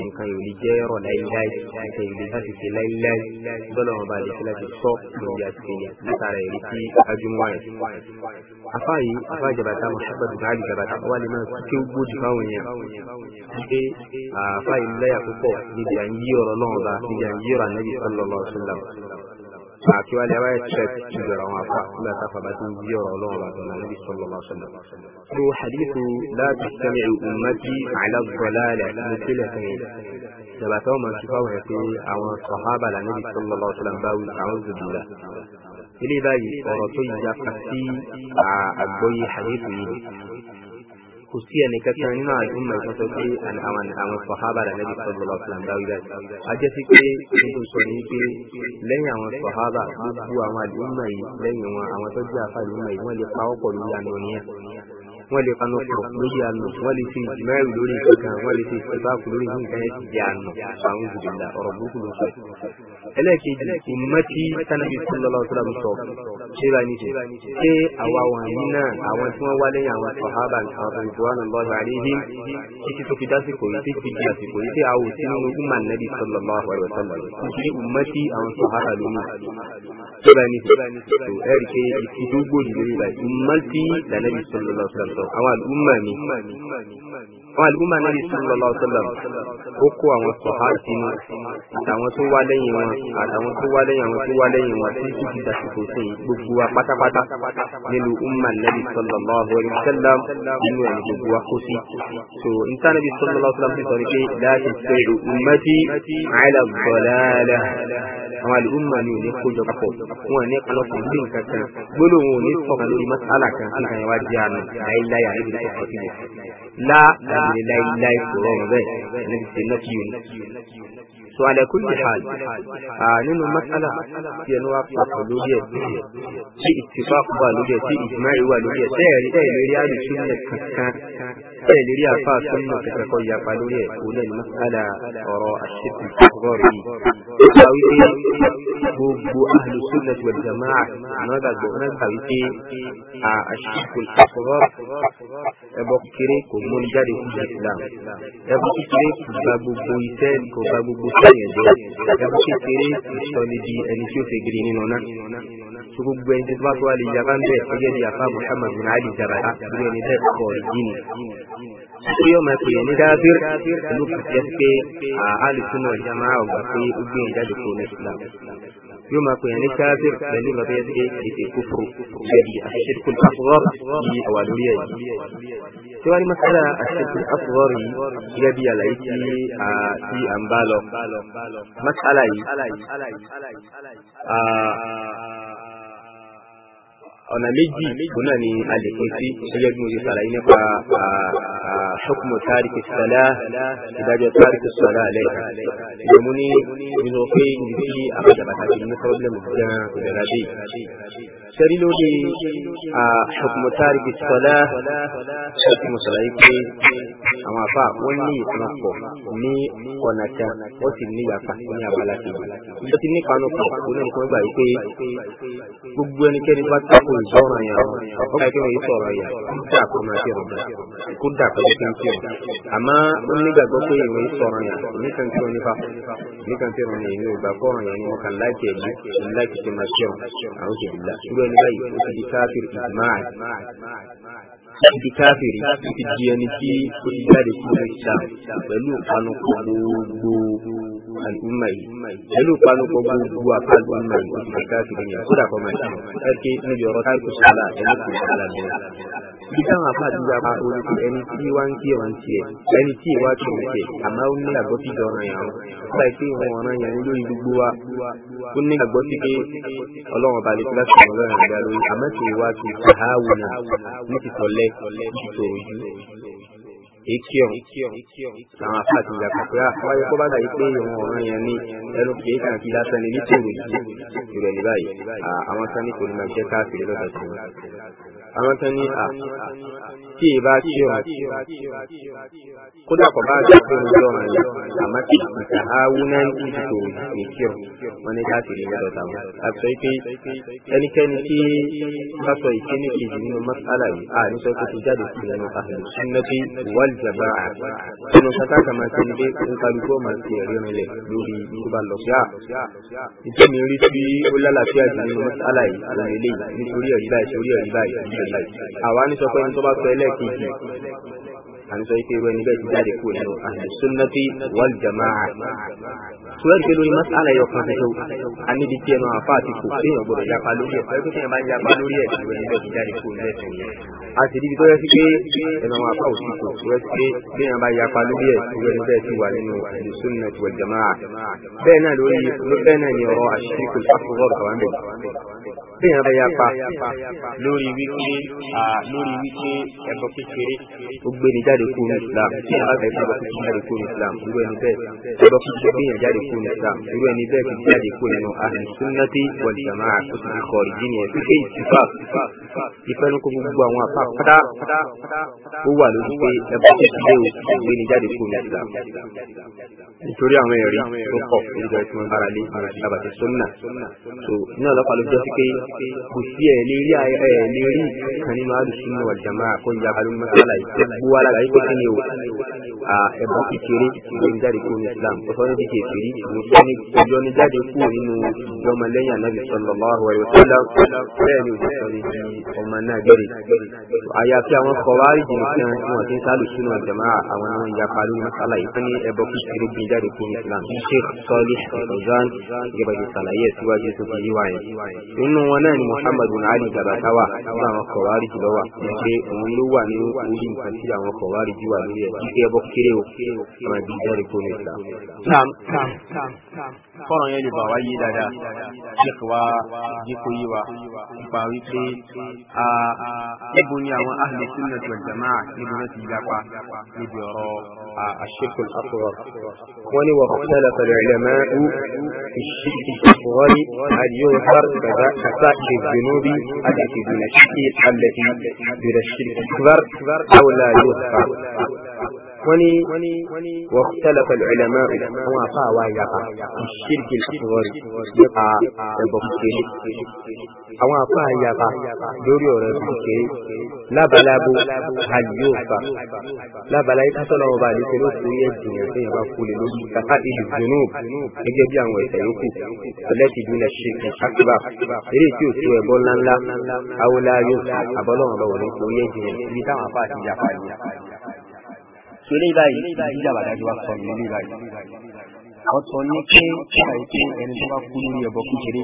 nǹkan yòó lè jẹ́ ọ̀rọ̀ láíláí nǹkan yòó lè láti ṣe láíláí bọ́lá wọn bá lè ṣe láti sọ lórí àtìlẹ́yìn látara ẹ̀rí tí ajúmọ́ ẹ̀. afáyí afá jabata muhammad gali jabata wà lè máa kí ó gbójú fáwọn èèyàn pé afáyí láyà púpọ̀ níbi àyín yí ọ̀rọ̀ lọ́wọ́ bá ìyà ń yí ọ̀rọ̀ ànábì sallallahu alaihi wasallam àti wàlẹ àbá yẹ tẹ ti bẹ̀rẹ̀ àwọn afa nígbà tá a fa bá ti ń yí ọ̀rọ̀ lọ́wọ́ bá tọ̀nà ànábì sallallahu alaihi wasallam. tó hadithu la tajtami'u ummati ala ad-dalala ní sílẹ̀ kan yẹn jabata wọn ti fáwọn ẹ pé àwọn sọ̀hábà lànàbì sallallahu alaihi wasallam báwí àwọn zùdùlà ilé báyìí ọ̀rọ̀ tó yíya kà sí àgbọ́yé hadithu yìí kò sí ẹnìkankan nínú àdúmọ̀ ìtọ́sọ pé àwọn àwọn sọ̀hábà rẹ̀ lẹ́bi sọ́dọ̀ lọ sílám dáwí bẹ́ẹ̀. a jẹ́ sí pé nítorí sọ ní pé lẹ́yìn àwọn sọ̀hábà gbogbo àwọn àdúmọ̀ yìí lẹ́yìn wọn àwọn tó jẹ́ àfa àdúmọ̀ yìí wọ́n lè pa ọ̀pọ̀ lórí ànọ́níyà wọ́n lè panu pọ̀ lórí àná wọ́n lè fi ìmẹ́rù lórí nǹkan wọ́n lè fi ìfẹ́ báàkù lórí nǹkan ẹ̀ ti di àná àwọn òbí ẹlẹ́ẹ̀kejì ummati sanabi sallallahu alaihi wasallam sọ ṣé bá níṣe ṣé àwa wọ̀nyí náà àwọn tí wọ́n wá lẹ́yìn àwọn sọ̀hábà ridwanullahi alaihim títí tó fi dásìkò yìí títí di àsìkò yìí tí a ò sí nínú umma nabi sallallahu alaihi wasallam ní ummati àwọn sọ̀hábà ló mú ṣé bá níṣe tó àwọn àlùmọ̀ mi wọn àlùmọ́ náà sallallahu alaihi wasallam ó kó àwọn sọ̀hárì sínú àtàwọn tó wá lẹ́yìn wọn àtàwọn tó wá lẹ́yìn àwọn tó wá lẹ́yìn wọn tí kò ti dàsìkò sí i gbogbo wa pátápátá nínú umma nabi sallallahu alaihi wasallam inú ẹ̀ gbogbo wa kó sí. so nta nabi sallallahu alaihi wasallam ti sọ ni pé láti fẹ́ ummati ala dalalah àwọn àlùmọ́ ni ò ní kó jọba pọ̀ wọn ní kọlọ́kùn sí nǹkan kan gbólóhùn ò ní sọ̀kan lórí mas'ala kan nǹkan yẹn wá di àná àìláyà níbi tó kọ̀ sílẹ̀ lá láìláìláì kò rọrùn bẹ́ẹ̀ ẹni tí ṣe lọ́kì yìí so ala kulli hal a ah, nínú masala tí ẹnu wa papọ̀ lórí ẹ̀ tí ìtìfáàkù wà lórí ẹ̀ tí ìjìmáì wà lórí ẹ̀ tẹ́ẹ̀rí tẹ́ẹ̀lérí àlùsúnnà kankan tẹ́ẹ̀lérí àfa súnnà kankan kọ́ yapa lórí ẹ̀ kò lẹ́nu masala ọ̀rọ̀ àṣetì rọ̀rì nípa wípé gbogbo àlùsúnnà wal jamaa ànágbàgbọ́ náà wípé àṣetì rọ̀rì ẹbọ kékeré kò múni jáde kúrò ìsìlámù ẹbọ kékeré kò gba gbogbo iṣẹ́ kò gba gbìyànjú ẹ̀ka bó kékeré sọ lè di ẹni tí ó ṣe gidi nínú náà tó gbogbo ẹni tó bá tó wà lè yaba ń bẹ̀ ẹgẹ́ bí afa muhammad bin ali jabata irú ẹni bẹ́ẹ̀ kọ́ ìdíni. tí yóò máa pèyàn ní dáfír ló jẹ́ pé àálùsùn náà jẹ́ máa pé ó gbìyànjú àdìpọ̀ ní islam yóò máa pè é ní káfíìr pẹ̀lú nǹkan tó yẹ sí ètè kúfúrú ẹ̀bí àṣìṣirkù àfúrọ́ di àwà lórí ẹ̀ tí wọ́n ní masala àṣìṣirkù àfúrọ́ gẹ́gẹ́ bí àlàyé tí a ti à ń bá lọ. masala yìí ọ̀nà méjì tó náà ni a lè pín sí gẹ́gẹ́ bí mo ṣe ṣàlàyé nípa ṣọ́kùnmọ̀ tárìkì sọ́lá ìdájọ́ tárìkì sọ́lá alẹ́ ìgbà mú ní ìrìnà pé ibi tí àbájábàtà ti ní pọ́blẹ́mù gan ìrẹ̀lá dé sẹ́rí lórí ṣọ́kùnmọ̀ tárìkì sọ́lá ṣọ́kùnmọ̀ ṣàlàyé pé àwọn àfà wọ́n ní ìtàn pọ̀ ní ọ̀nà kan wọ́n sì ní ìyapa ní abala kejì wọ́n ìgbọ́ràn yẹn ọ̀pọ̀ kí wọ́n yìí sọ̀rọ̀ yẹn kódà kó máa fi rọ̀gbà kódà kó fi ń fi rọ̀ àmọ́ ó ní gbàgbọ́ pé ìwọ̀n yìí sọ̀rọ̀ yẹn nìkan tí wọ́n nípa nìkan tí wọ́n yẹn yóò gbà kọ́ràn yẹn ni wọ́n kàn láìkì ẹ̀jú láìkì tí máa fi rọ̀ àwọn òkè ìlà irú ẹni báyìí ó ti di káfíìrì ìmáà di káfíìrì ó ti di ẹni tí ó ti jáde kúrò ní ìsà pẹ̀lú ìpanupọ̀ gbogbo al'umma yi pẹ̀lú panupọ̀ gbogbo àpá al'umma yi òtún ká fi gbìyànjú kódà kọ́ máa ṣe ẹ̀kẹ́ níbi ọ̀rọ̀ táìkù sàlà ẹ̀mí kò sàlà bẹ́ẹ̀. bí táwọn apá àdúgbò apá orúkọ ẹni tí wá ń kí ọ̀n tiẹ̀ ẹni tí ìwà tó ń tẹ̀ àmọ́ ó ní àgbọ̀ tí dọ̀ràn yàn án nígbà tí ìwọ̀n ọ̀ràn yàn án lórí gbogbo wa ó ní àgbọ̀ tí pé ọlọ́run ọba àlejò láti ọ̀rọ̀ ẹ̀rọ ìgbà lórí àmọ́ tí ìwà tó ṣàháwò náà ní ti tọ̀lẹ́ ti tòrò jù èké ọ̀hún làwọn afáàtì ìjà kan pé wáyé kó bá dàbí pé ìwọ̀n ọ̀ràn yẹn ní ẹnu kì í kàn kí lásán ní nítorí ìrẹ̀ ní báyìí àwọn sani kò ní máa jẹ́ káàkiri lọ́dọ̀ sí wọn. àwọn sani à tí ì bá kí ọ̀hún kódà kò bá dàbí pé ìwọ̀n ọ̀ràn yẹn àmọ́ kì í kà á wú náà ní ìdìbò èké ọ̀hún wọn ní káàkiri lọ́dọ̀ táwọn. àtúnṣe pé ẹnikẹ́ni tí bá sọ ìkíní kejì nínú mọ́sálà yìí à ní sọ pé kò jáde sí ìlànà àhùn jàbáà ẹnu ṣáká kà máa ṣe ní pé nkàlùkù ọmọ ti ẹ̀rí rinlẹ̀ lórí tó bá lọ sí à. ìtẹ́ mi rí tí ó lálàáfíà jù nínú mọ́sálà yìí àwọn eléyìí nítorí ẹ̀rí báyìí torí ẹ̀rí báyìí àwa ní sọ pé ní tó bá sọ ẹlẹ́ẹ̀kejì àníṣọ yìí pé irú ẹni bẹ́ẹ̀ ti jáde kúrò nínú àdìsúnnàfi wal jamaa. sùwẹ́rì pé lórí mas'ala yọ kan ṣoṣo aníbi tí ẹnu àfa àti kò téèyàn gbọdọ̀ yapa lórí ẹ̀ pẹ́ẹ́kú téèyàn bá ń yapa lórí ẹ̀ irú ẹni bẹ́ẹ̀ ti jáde kúrò nínú ẹ̀sìn yẹn. a sì rí ibi tó yẹ sí pé ẹnu àwọn àfa òsì kò sùwẹ́ sí pé téèyàn bá yapa lórí ẹ̀ irú ẹni bẹ́ẹ̀ ti wà nínú àdìsúnnàfi wal jamaa. bẹ́ẹ̀ náà lórí bẹ́ẹ̀ náà ni ọ̀rọ̀ àṣírí kò téèyàn bá yapa lórí wípé ẹbọ kékeré ó gbé ni jáde jáde kúrò ní islam tí àwọn àgbà ìṣàbọ̀ fi ti jáde kúrò ní islam irú ẹni bẹ́ẹ̀ ẹbọ fi ti gbìyànjú jáde kúrò ní islam irú ẹni bẹ́ẹ̀ fi ti jáde kúrò nínú ahlu sunnati wal jamaa ó sì ti kọ̀ ọ̀rìjì nìyẹn tó ṣe ìtìfà ìfẹnukò gbogbo àwọn àpá pátá ó wà lórí pé ẹbọ fi ti dé o ìgbé ni jáde kúrò ní islam nítorí àwọn ẹ̀rí tó pọ̀ nígbà tí wọ́n bára lé àwọn ìṣàbà ti sunna so ní ọlọ́pàá ló jẹ́ sí pé kò sí ẹ̀ lè rí ìkànnì máa lù sunna wal jamaa àkọ́jà alùmọ́sálà yìí ní pé kí ni o ẹ̀bùn kékeré ló ń jáde kúrò ní islam ọ̀sọ́ ní bíi kékeré ìjọ ní jáde kúrò nínú ìjọ ọmọlẹ́yìn anabi sallallahu alaihi wasallam bẹ́ẹ̀ ni òjò sọ ní ti ọmọ náà gẹ̀rẹ̀ àyàfi àwọn kọ̀wárí jìnnì kan tí wọ́n ti ń sálù sínú ọ̀jọ̀mọ́ àwọn ni wọ́n ya parí masala yìí wọ́n ní ẹ̀bùn kékeré ló ń jáde kúrò ní islam ṣe sọ́ọ́lì ọ̀zán gẹ́gẹ́ sàlàyé síwájú tó buhari jù wà lórí ẹ̀ kíkẹ́ ẹbọ kéré o àwọn ìdíjẹ́ rẹ̀ kó ní ìsìlá. kọ́rọ̀ yẹn lè bà wá yé dáadáa jẹ́kì wá dípò yé wa nípa wípé níbo ni àwọn ahlu sunnah wal jamaa níbo náà ti yapa níbi ọ̀rọ̀ الشرك الأصغر ولي واختلف العلماء في الشرك الأصغر هل يظهر كسائر الذنوب التي دون الشرك التي دون الشرك الأكبر أو لا يظهر wani واختلف العلماء وما يقع في الشرك الأكبر يقع البكير أما يقع دوري ورسكي لا بلابو هل يوفى لا بلا يتصل وبالك لوكي يجني فيها بقول لوكي كفائد الذنوب يجب أن ويسيوكي التي دون الشرك الأكبر إليك يسوى بولا لا أو لا يوفى أبلون بولك ويجني بتاع فاتي يقع sọlẹ́ báyìí ìdíjà bàdájọ wa sọ ní ilé báyìí. wọ́n sọ ní pé ṣáà pé ẹni tó bá kú lórí ẹbọ kékeré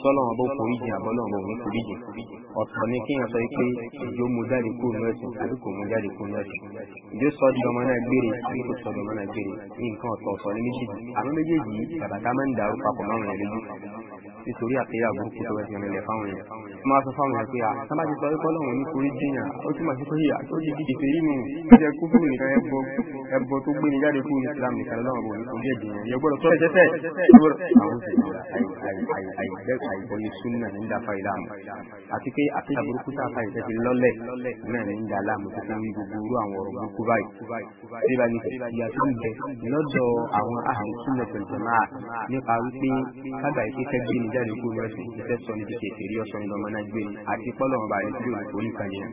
sọ́lọ́ wọn bó forí jìn àbọ́ lọ́wọ́ wọn forí jìn. ọ̀sán ni kéèyàn sọ pé ìjó mu jáde kó nù ẹ̀sìn àbí kò mu jáde kó nù ẹ̀sìn. ìjó sọ di ọmọ náà gbére àbí kò sọ di ọmọ náà gbére ní nǹkan ọ̀tọ̀ọ̀tọ̀ ní méjèèjì àwọn nítorí àtẹ̀yà burúkú tó wẹ́sẹ̀ rẹ̀ fáwọn yẹn. wọ́n máa sọ fáwọn yẹn pé à sábà ti sọ pé ọlọ́run ní torí jìyàn ó túmọ̀ sí pé ìyà tó ti di kèfèrí nù jẹ́ kú fún nìkan ẹbọ tó gbé ni jáde fún Islam nìkan lọ́wọ́ bò ní orí ẹ̀dìyàn yẹn gbọ́dọ̀ tó ẹsẹ̀ tẹ̀ àwọn àìbọ̀yé súnà ní dáfà ìlàmù àti pé àtẹ̀yà burúkú tá a fa ìtẹ́ fi lọ́lẹ̀ náà ní dá láàmú tó fi ń gbogbo irú àwọn ọ̀rọ̀ burúkú báyìí. bí ba ní ìyà tó ń bẹ lọ́dọ̀ àwọn àhùn súnà pẹ̀lú jẹ̀máà nípa wípé kábàáyé kékeré jáde kó ní ẹsìn ìfẹ́ sọ níbi kẹsì rí ọsọ nílọmọ náà gbé àti pọlọmọ bá àlejò orí kan yẹn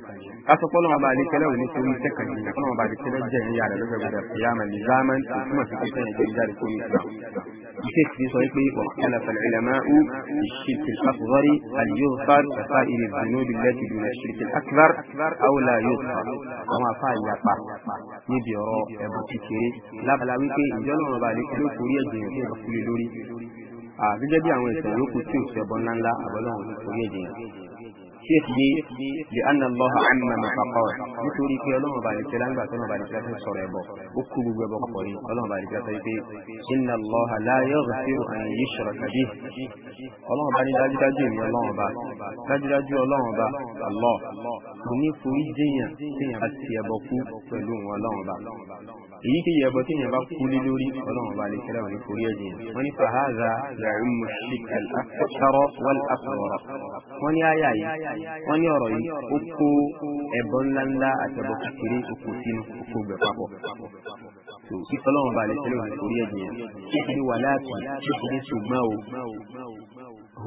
kásọ pọlọmọ bá àlejò kẹlẹ òní torí iṣẹ́ kan yẹn pọlọmọ bá àlejò kẹlẹ jẹ ẹyìn yàrá lọfẹ gbọ́dọ̀ fìyàmà ní zámán òtúmọ̀ sí pípẹ́ yẹn jẹ́ jáde kó ní ìgbà. iṣẹ́ ti sọ pé ọ̀kẹ́lẹ̀ fẹ̀lẹ̀ ìlànà ó ìṣèkè akọ̀rọ̀rí àlìyóòfàr àfa ìrì bìnúbi lẹ́tì dùn ìṣèkè akbar àwòlà yóò fà àwọn afa ìyapa níbi ọ̀rọ̀ ẹ̀bùn kékeré lábala wípé ìjọ́lọ́wọ́n bá àlejò kúrò ẹ̀jẹ̀ yẹn fún ìrọ̀kúlẹ̀ lórí Ah, gẹ́gẹ́ bí àwọn ẹ̀sìn yòókù tí ò ṣẹbọ ńláńlá àbọ́lọ́hùn orí èdè yẹn. الشيخ دي لأن الله عمم فقال nítorí pé ọlọ́run bá nìkẹ́ láńgbà tó náà bá nìkẹ́ fún sọ̀rọ̀ ẹ̀bọ̀ ó kú gbogbo ẹ̀bọ̀ pọ̀ ní ọlọ́run bá nìkẹ́ sọ pé inna Allaha la yaghfiru an yushraka bihi ọlọ́run bá ní dájúdájú èmi ọlọ́run bá dájúdájú ọlọ́run bá Allah kò ní forí déyàn téèyàn bá ti ẹ̀bọ̀ kú pẹ̀lú òun ọlọ́run bá èyíkéyìí ẹ̀bọ̀ téèyàn bá kú lé lórí ọlọ́run bá nìkẹ́ ní forí ẹ̀jìn wọ́n ní fàhádà ya'ummu shirka al-akthara ní áyà yìí wọ́n ní ọ̀rọ̀ yìí ó kó ẹbọ ńláńlá àti ẹbọ kékeré oko sínú oko gbẹ papọ̀ tó kí tọ́lọ́wọ́n balẹ̀ tẹ́lẹ̀ òní orí ẹ̀jẹ̀ yẹn kí wàhálà kì í ṣe ṣùgbọ́n o.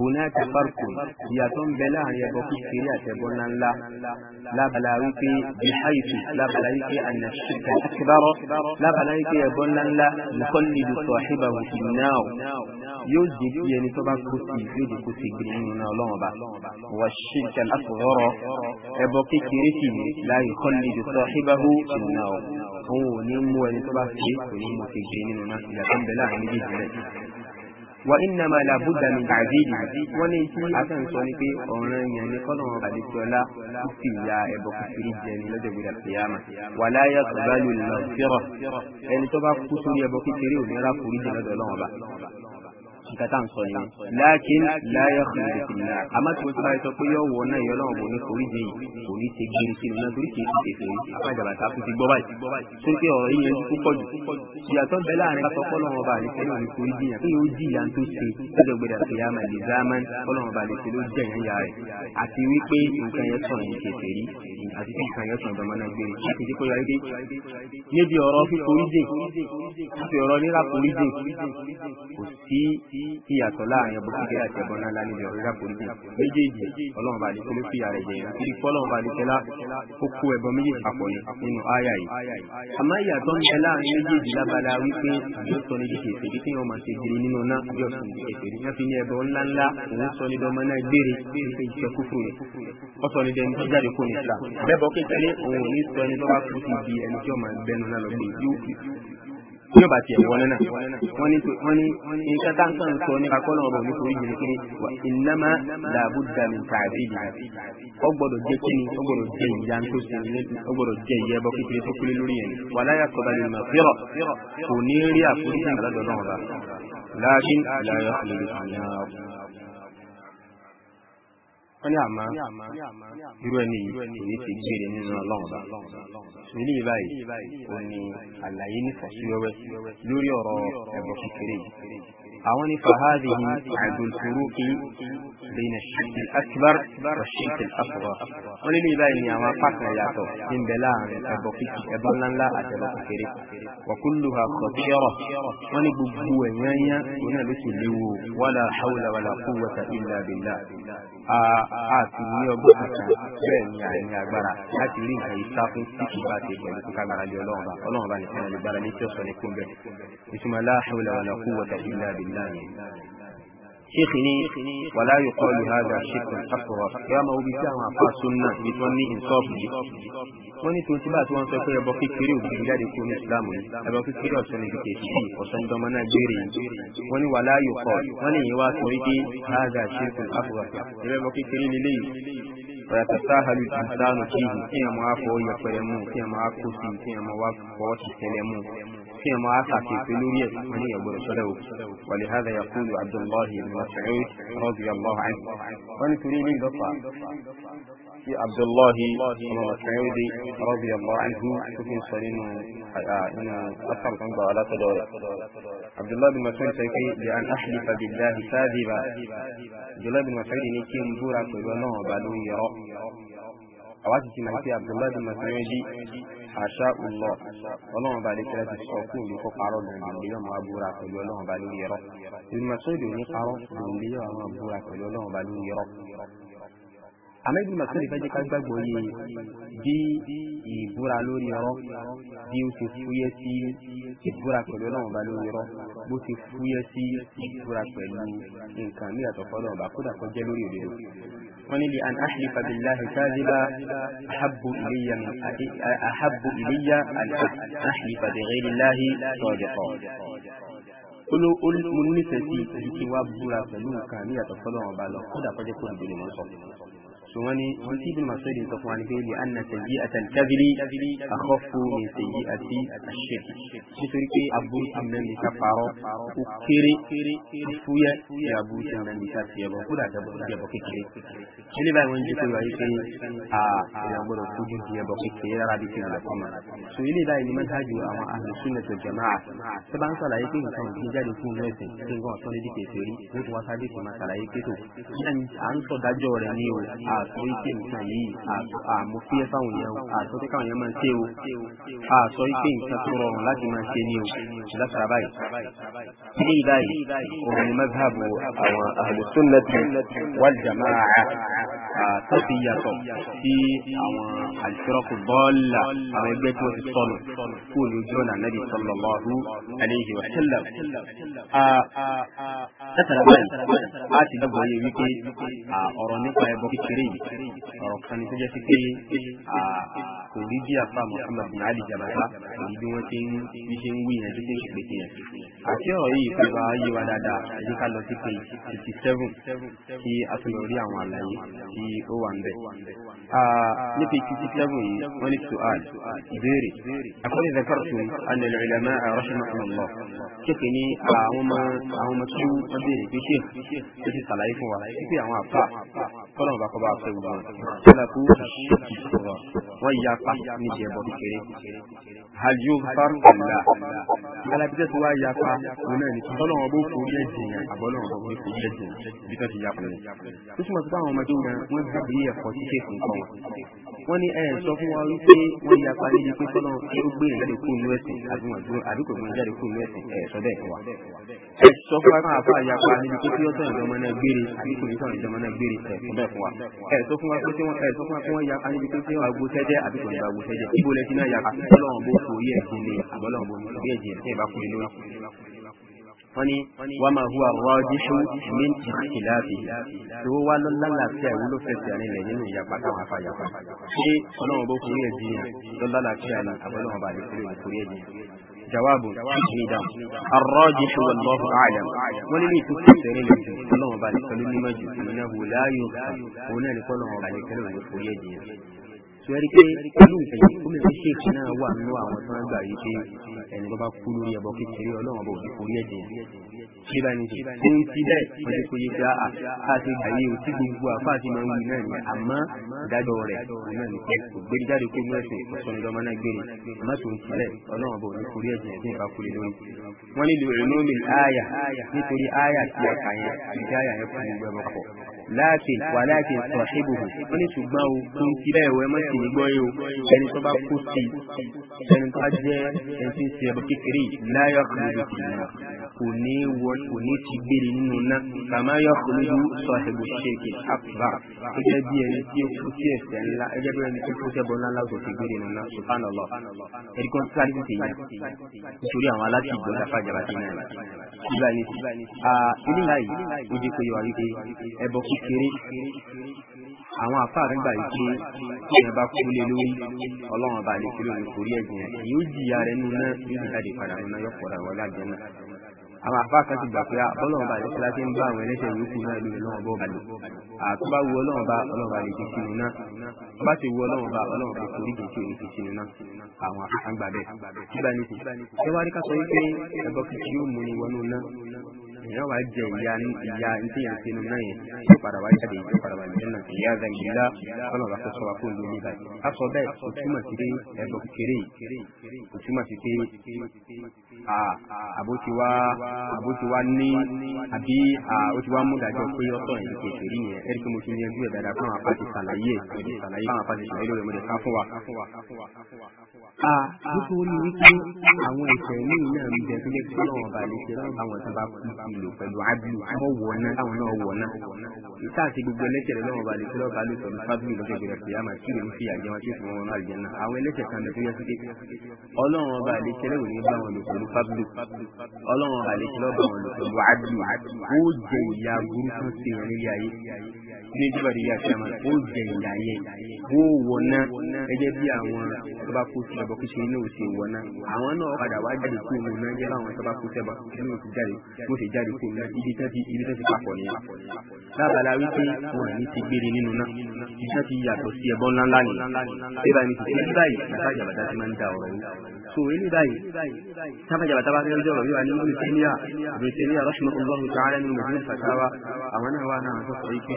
هناك فرق يتم بلا أن يبقى الشريعة بنا لا لا بلا بحيث لا بلا أن الشرك أكبر لا بلا يكي يبنا لا نقلد صاحبه في النار يوجد يعني طبعا كسي يوجد كسي بلعين لومبا والشرك الأصغر يبقى كريتي لا يقلد صاحبه في النار هو نمو يعني طبعا كسي ونمو في الجنين ونمو في الجنين wa inna ma la budda min ta'zili wọn ní tí àtẹ̀ ń sọ ni pé ọ̀ràn yẹn ni kọ́nà wọn bàdé fiọ́lá kó sì ya ẹ̀bọ kó sì rí jẹ ní lọ́jọ́ gbéra kìyàmà wà láyà tùbálù lọ́fẹ́rọ̀ ẹni tó bá kú sórí ẹ̀bọ kékeré òmìnira kò rí jẹ lọ́dọ̀ ọlọ́wọ́n bá nǹkan tá à ń sọ yẹn láàkín láyé ọ̀hún ìdílé àmọ́ tí mo ti báyìí sọ pé yóò wọ náà yọlọ́wọ́ bò ní forí jìn kò ní ṣe gbé sínú náà torí kìí ṣe fèrè afájàbàtà fi ti gbọ́ báyìí tó ń pè ọ̀rọ̀ yìí yẹn púpọ̀ jù ìyàtọ̀ bẹ́ẹ̀ láàrin kátó kọ́lọ́wọ́ bá àlẹ́ sẹ́yìn òní forí jìn pé yóò jìyà tó ṣe lọ́jọ́ gbẹdà fìyàmà lè zámán kọ́lọ́wọ́ bá àlẹ́ sẹ́yìn ló jẹ̀yàn yà rẹ̀ àti wípé nǹkan yẹn sọ̀rọ̀ yìí ṣe fèrè àti tí nǹkan yẹn sọ̀rọ̀ bàmánà gbére àti tí kò yọ ayé níbi ọ̀rọ̀ fíforí jìn àti ọ̀rọ̀ nílà forí jìn kò sí ìyàtọ̀ láàrin ọbọ̀ kékeré àti ẹ̀bọ̀n náà lánìí ọ̀rọ̀ ìdàpọ̀lùjì méjèèjì ọlọ́run bá nìkẹ́lẹ́ fi ààrẹ jẹ yẹn kiri fọlọ́run bá nìkẹ́lá ó kó ẹ̀bọ̀n méjèèjì papọ̀ ni nínú àyà yìí. àmọ́ ìyàtọ̀ ń bẹ láàrin méjèèjì lábala wípé yóò sọ ní dìkì èsèdí tí wọ́n máa ṣe jìnnì nínú náà bí ọ̀sùn èsèdí náà fi ní ẹbọ ńláńlá òun sọ ní dọ́mọ náà gbére nípa ìṣe kúkú rẹ̀ ó sọ ní dẹni tó jáde kó ní ìlà bẹ́ẹ̀ bọ́ kékeré òun ò ní sọ ní tó bá kú ti ní ọba tiẹ̀ wọlé náà wọ́n ní wọ́n ní nǹkan tá n kàn sọ nípa kọ́lọ̀ ọ̀rọ̀ nítorí yìí kí ni wà ìnáma làbú dàmí tààbí yìí ọ gbọ́dọ̀ jẹ́ kí ni ọ gbọ́dọ̀ jẹ́ ìyá tó ṣe ilé ọ gbọ́dọ̀ jẹ́ ìyá ẹbọ kékeré tó kúlé lórí yẹn wà kọba lè mọ̀ fírọ̀ kò ní rí àforíjì àlọ́dọ̀ náà bá láàbí láyọ̀ àlejò àná wọ́n ní àmọ́ irú ẹni yìí kò ní ti jèrè nínú ọlọ́ọ̀bá ilé ìbáyìí òní àlàyé nífọ̀síwẹ́wẹ́ lórí ọ̀rọ̀ ẹ̀bọ̀ kékeré yìí àwọn فهذه fàhádì àdùnfurúkì بين ṣìkì الأكبر wa الأصغر asghar wọ́n يا bíi báyìí ni àwọn apá kan yàtọ̀ ní bẹ̀ láàrin ẹbọ kíkì ẹbọ ńláńlá àti ẹbọ kékeré wa kulluha khabira wọ́n ní gbogbo ẹ̀yán yán wọn náà ló sì léwu wala hawla wala quwwata illa billah a ti ní ọgbọ́n kankan bẹ́ẹ̀ ni àìní agbára láti rí nǹkan yìí sáfún tí bá ti pẹ̀lú kíkà gbára lé ọlọ́run bá ọlọ́run bá nìkan lè gbára ní tí ó sọ ní kúńbẹ́ ìtumọ̀ la hawla wala quwwata illa billah sheikh ni wàlá yóò kọ́ lu hàdà sheikh asọ̀rọ̀ ẹ máa wọ́n bí sí àwọn afa sunna ní tí wọ́n ní ìsọ́ọ̀fù yìí wọ́n ní tòun ti bá àti wọ́n sọ pé ẹbọ kékeré òbí jáde kúrò ní islam yìí ẹbọ kékeré ọ̀sán ní bíkẹ́ sí ọ̀sán dọ́mọ náà gbére yìí wọ́n ní wàlá yóò kọ́ wọ́n ní ìyẹn wá sọ wípé hàdà sheikh asọ̀rọ̀ ẹbọ kékeré lélẹ́yìí ويتساهل الإنسان فيه كما فوق يقرمو كما كسي كما وقت سلمو kí ẹ máa ṣàkíyèsí lórí ẹ̀ wọn ní ẹ̀gbọ́n ìṣọ́lẹ̀ o wàlẹ̀ hàdà yaqulu abdullahi ibn mas'ud radiyallahu anhu wọn ni torí ilé ìdọ́fà sí abdullahi ibn mas'ud radiyallahu anhu tó fi ń sọ nínú nínú asar kan gbà látọ̀dọ̀ rẹ̀ abdullahi ibn mas'ud sọ pé bí an ahlifa billahi sáàdìbà abdullahi ibn mas'ud ní kí n búra pẹ̀lú ọlọ́run ọba lórí ẹ̀rọ àwa sì ti máa fi abdullahi bin mas'udi àṣà ọlọ ọlọ́run bá lè tẹ́lẹ̀ ti sọ fún ìlú kó parọ́ lòdì ní yọ̀ọ́ máa búra pẹ̀lú ọlọ́run bá lórí ẹ̀rọ ìlú mas'udi ò ní parọ́ lòdì ní yọ̀ọ́ máa búra pẹ̀lú ọlọ́run bá lórí ẹ̀rọ amẹ́bí màsúrì fẹ́ jẹ́ ká gbàgbọ́ yé bí ìbúra lórí ọ̀rọ̀ bí ó ti fúyẹ́ sí ìbúra pẹ̀lú ọlọ́run ọba lórí ọ̀rọ̀ bó ti fúyẹ́ sí ìbúra pẹ̀lú nǹkan ní àtọ̀kọ́ ọlọ́run ọba kódà kọjá lórí òdodo. wọ́n ní li an ahlifa billahi kadhiba ahabbu ilayya min ahabbu ilayya an ahlifa bi ghayri olu olu nífẹ̀ẹ́ sí ìdí tí búra pẹ̀lú nǹkan ní àtọ̀kọ́ ọlọ́run ọba lọ kódà kọjá kó sùwọ́nì títí bí masudi sọ fún wa ní pé lè anna sèyí àtàlùkábìlì àkọ́fù ní sèyí àti àṣẹ nítorí pé aburú ti mẹ́rin ní ká parọ́ ó kéré fúyẹ́ ní aburú ti mẹ́rin ní ká tiẹ̀ bọ̀ kódà tiẹ̀ bọ̀ kékeré. ilé báyìí wọ́n ń jí pé wáyé pé a ìyá gbọ́dọ̀ fojú tiẹ̀ bọ̀ kékeré rárá bí tiẹ̀ lọ́kọ́ ma. sọ ilé báyìí ni mẹ́tàjú wal jamaa tó bá ń sàlàyé pé nǹkan òfin jáde fún un lẹ́sìn pé nǹkan ọ̀tọ́ lé dìkẹ̀ fèrè ó tún wá sábẹ́ kì í máa sàlàyé pé tó à ń àtúrí pé nǹkan yìí àmúfíẹ́ fáwọn èèyàn àtúrí pé káwọn èèyàn máa ṣe o àsọ pé nǹkan tó rọrùn láti máa ṣe ni o látara báyìí. ilé ìbáyìí òun ni mazhabu àwọn ahlu sunnati wal jama'a tó fi yàtọ̀ sí àwọn àlùfẹ́rọ́kù bọ́ọ̀là àwọn ẹgbẹ́ tó ti sọnù kú ní ojú ọ̀nà nàbì sallallahu alayhi wa sallam. Tẹ́tàlá báyìí, a ti dábọ̀ yẹ wípé ọ̀rọ̀ nípa ẹbọ kékeré yìí, ọ̀rọ̀ kan ní tó jẹ́ sí pé kò rí bí àfa Muhammad bin Ali Jabata kò rí bí wọ́n ti ń bí ṣe ń wí yẹn títí ìṣègbè ti yẹn. Àti ọ̀rọ̀ yìí fẹ́ bá yé wa dáadáa, ẹ̀jẹ̀ ká lọ sí page fifty seven kí a tún lọ rí àwọn àlàyé tí tí ó wà ń bẹ̀. ní page fifty seven yìí wọ́n ní su'al ìbéèrè àkọ́lé zakartu anil ulama rahimahumullah ṣéèkì ní àwọn ọmọ tí wọ́n béèrè pé ṣéèkì ó ti sàlàyé fún wa wípé àwọn àpá kọ́lọ́n bá kọ́ bá fẹ́ gbogbo rẹ̀ kílákú ṣèkì sọ̀rọ̀ wọ́n ya pa níbi ẹ̀bọ kékeré hajj faru ọ̀la alábíjẹ́ tó wá ya pa òun náà ni kọ́lọ́n ọ̀bọ̀ forí ẹ̀ jìnnà àbọ̀lọ́n ọ̀bọ̀ forí ẹ̀ jìnnà bí tó ti ya pẹ̀lú. tó túmọ̀ sí báwọn ọmọdé wọn wọn gbàgbé ẹ̀kọ́ tí kéèkì ń kọ́ wọn. wọ́n ní ẹ̀ sọ fún wa wípé wọ́n ya pa níbi pé kọ́lọ́n ó gbé ìjáde sílẹ̀ fún wa ẹ sọ fún wa pé wọn ẹ sọ fún wa pé wọn ya kan níbi tó ṣe wà gbó sẹ́jẹ́ àbí kò ní bá gbó sẹ́jẹ́ ibo lẹ ti náà ya kan ọlọ́run bó so yẹ ẹ̀jẹ̀ ni àbọ̀lọ́run bó so yẹ ẹ̀jẹ̀ ẹ̀ bá kú lórí. wọ́n ní wọ́n máa hu àwọn ọdíṣu mí ìkìláàbì tó wá lọ́lálàfíà ìwúlò fẹsẹ̀ ànílẹ̀ nínú ìyapa táwọn afáyàfa ṣé ọlọ́run bó kúrú ẹ̀jẹ̀ lọ́lálàfíà ni àbọ̀lọ́run bá lè kúrú ẹ̀jẹ̀ jawabu ìṣèdá arọ́jì ṣe wọn lọ́fọ̀ àlàm wọ́n nílé ìtúkọ̀ ìṣẹ̀rẹ̀ lè fi ọlọ́wọ́n balẹ̀ pẹ̀lú nímọ̀ jù ìnáwó láàyò òun náà ní kọ́lọ́wọ́n balẹ̀ pẹ̀lú òun fòye jìyà. sọ yẹ́rì pé olùfẹ̀yìn kúmẹ̀ ṣèkì náà wà nínú àwọn tó ń gbà yìí pé ẹni tó bá kú lórí ẹbọ kékeré Ọlọ́run ọba òbí orí ẹ̀jẹ̀ yẹn ṣé bá ní sè fún ti bẹ́ẹ̀ wọ́n ti kó yé pé a a ti gbà yé o tí gbogbo àfa àti máa ń wù náà ni àmọ́ ìdájọ́ rẹ̀ náà ni ẹ kò gbé jáde kó gbé ẹsẹ̀ ọ̀sán ìjọba náà gbére àmọ́ tó ń tilẹ̀ Ọlọ́run ọba òbí orí ẹ̀jẹ̀ yẹn tí ìbá kú lórí. wọ́n nílò ìrònú láàkìn wà láàkìn sọ̀híbùhù wọ́n ní ṣùgbọ́n o tó ń ti bẹ́ẹ̀ wẹ́ mọ́ sí nígbọ́ yìí o ẹni tó bá kú sí ẹni tó bá jẹ́ ẹni tí ń ṣe ẹbọ kékeré láyọ̀ kìlódù tì náà kò ní wọ kò ní ti gbére nínú náà kàmá yọ kìlódù sọ̀híbù ṣèkì àkùbà gẹ́gẹ́ bí ẹni tí ó kú sí ẹ̀ṣẹ̀ ńlá gẹ́gẹ́ bí ẹni tí kú sí ẹbọ ńlá láwùjọ ti gbére kékeré àwọn àfáàrí gbà yìí pé kí èèyàn bá kú lé lórí ọlọ́run ọba àlejò lórí orí ẹ̀jìn ẹ̀ yóò jìyà rẹ̀ nínú náà yóò jáde padà nínú yóò pọ̀ àwọn aláàjẹ náà. àwọn àfáà kan ti gbà pé ọlọ́run ah, ọba àlejò láti ń bá àwọn ẹlẹ́sẹ̀ yòókù náà lórí ọlọ́run ọba ọba lò. àtọ́ bá wu ọlọ́run ọba ọlọ́run ọba àlejò sínú náà bá ti wu ọlọ́run ọba ọlọ́run ọba torí kìí òní ti sínú náà àwọn àgbà bẹ́ẹ̀ èèyàn wàá jẹ ìyá ìyá ntí yẹn sínú náà yẹn tí ó padà wá jáde yóò padà wá jẹ náà ìyá zanjila ọlọ́run àti sọ̀rọ̀ àpò ìlú nígbà yìí. a sọ bẹ́ẹ̀ kò túmọ̀ sí pé ẹ̀bọ̀ kékeré yìí kò túmọ̀ sí pé àbótiwá àbótiwá ní àbí àbótiwá múdàjọ pé ọ̀tọ̀ yìí kékeré yẹn ẹ̀rí pé mo ti ní ẹjú ẹ̀ dáadáa fún àwọn apáti sàlàyé ẹ̀ sàlàyé fún àwọn apáti sàlàyé lórí ọmọdé ká fún wa. a nítorí wípé àwọn ìfẹ̀mí náà ń bẹ jẹ́ kí ọlọ́run ọba àlejò náà bá tó bá kú ànábì lò pẹ̀lú ábíù mọ́ wọ̀ọ́ná táwọn náà wọ̀ọ́ná. ìtàsí gbogbo ẹlẹ́ṣẹ̀ rẹ̀ lọ́wọ́ balẹ̀ tí lọ́ba ló sọ̀rọ̀ fábíù lọ́jọ́ ìgbéra sí àmà tí ìlú fi àjẹmọ́ tí ìfún wọn àlùjẹ náà. àwọn ẹlẹ́ṣẹ̀ kan lè tó ọlọ́run ọba àlejò lẹ́wọ̀n ní bá wọn lò pẹ̀lú fábíù. ọlọ́run àlejò lọ́ba wọn ní ìjọba ìdílé àti ó jẹ ìyá yẹn ó wọná gẹ́gẹ́ bí àwọn tó bá kú sí ẹbọ kíṣe inú òsì wọná àwọn náà padà wá jáde kú òun náà jẹ báwọn tó bá kú sẹbọ inú òsì jáde mo sì jáde rí kó ná ibi tán ti ibi tán ti papọ̀ nìyẹn. lábàlá wípé wọn ní ti gbére nínú náà ibi tán ti yàtọ̀ sí ẹbọ ńláńlá ni bébà ní ti ṣe báyìí nàfà jàbàtà ti máa ń da ọ̀rọ̀ wò. so eléyìí báyìí nàfà jàbàtà bá fẹ́ẹ́ jọ̀rọ̀ yóò wá ní ibùdó tẹ́lẹ̀ àbí tẹ́lẹ̀ rọ́ṣùmọ́ ọlọ́run tó ara nínú ìlú fàtàwà àwọn náà wà náà sọ pé pé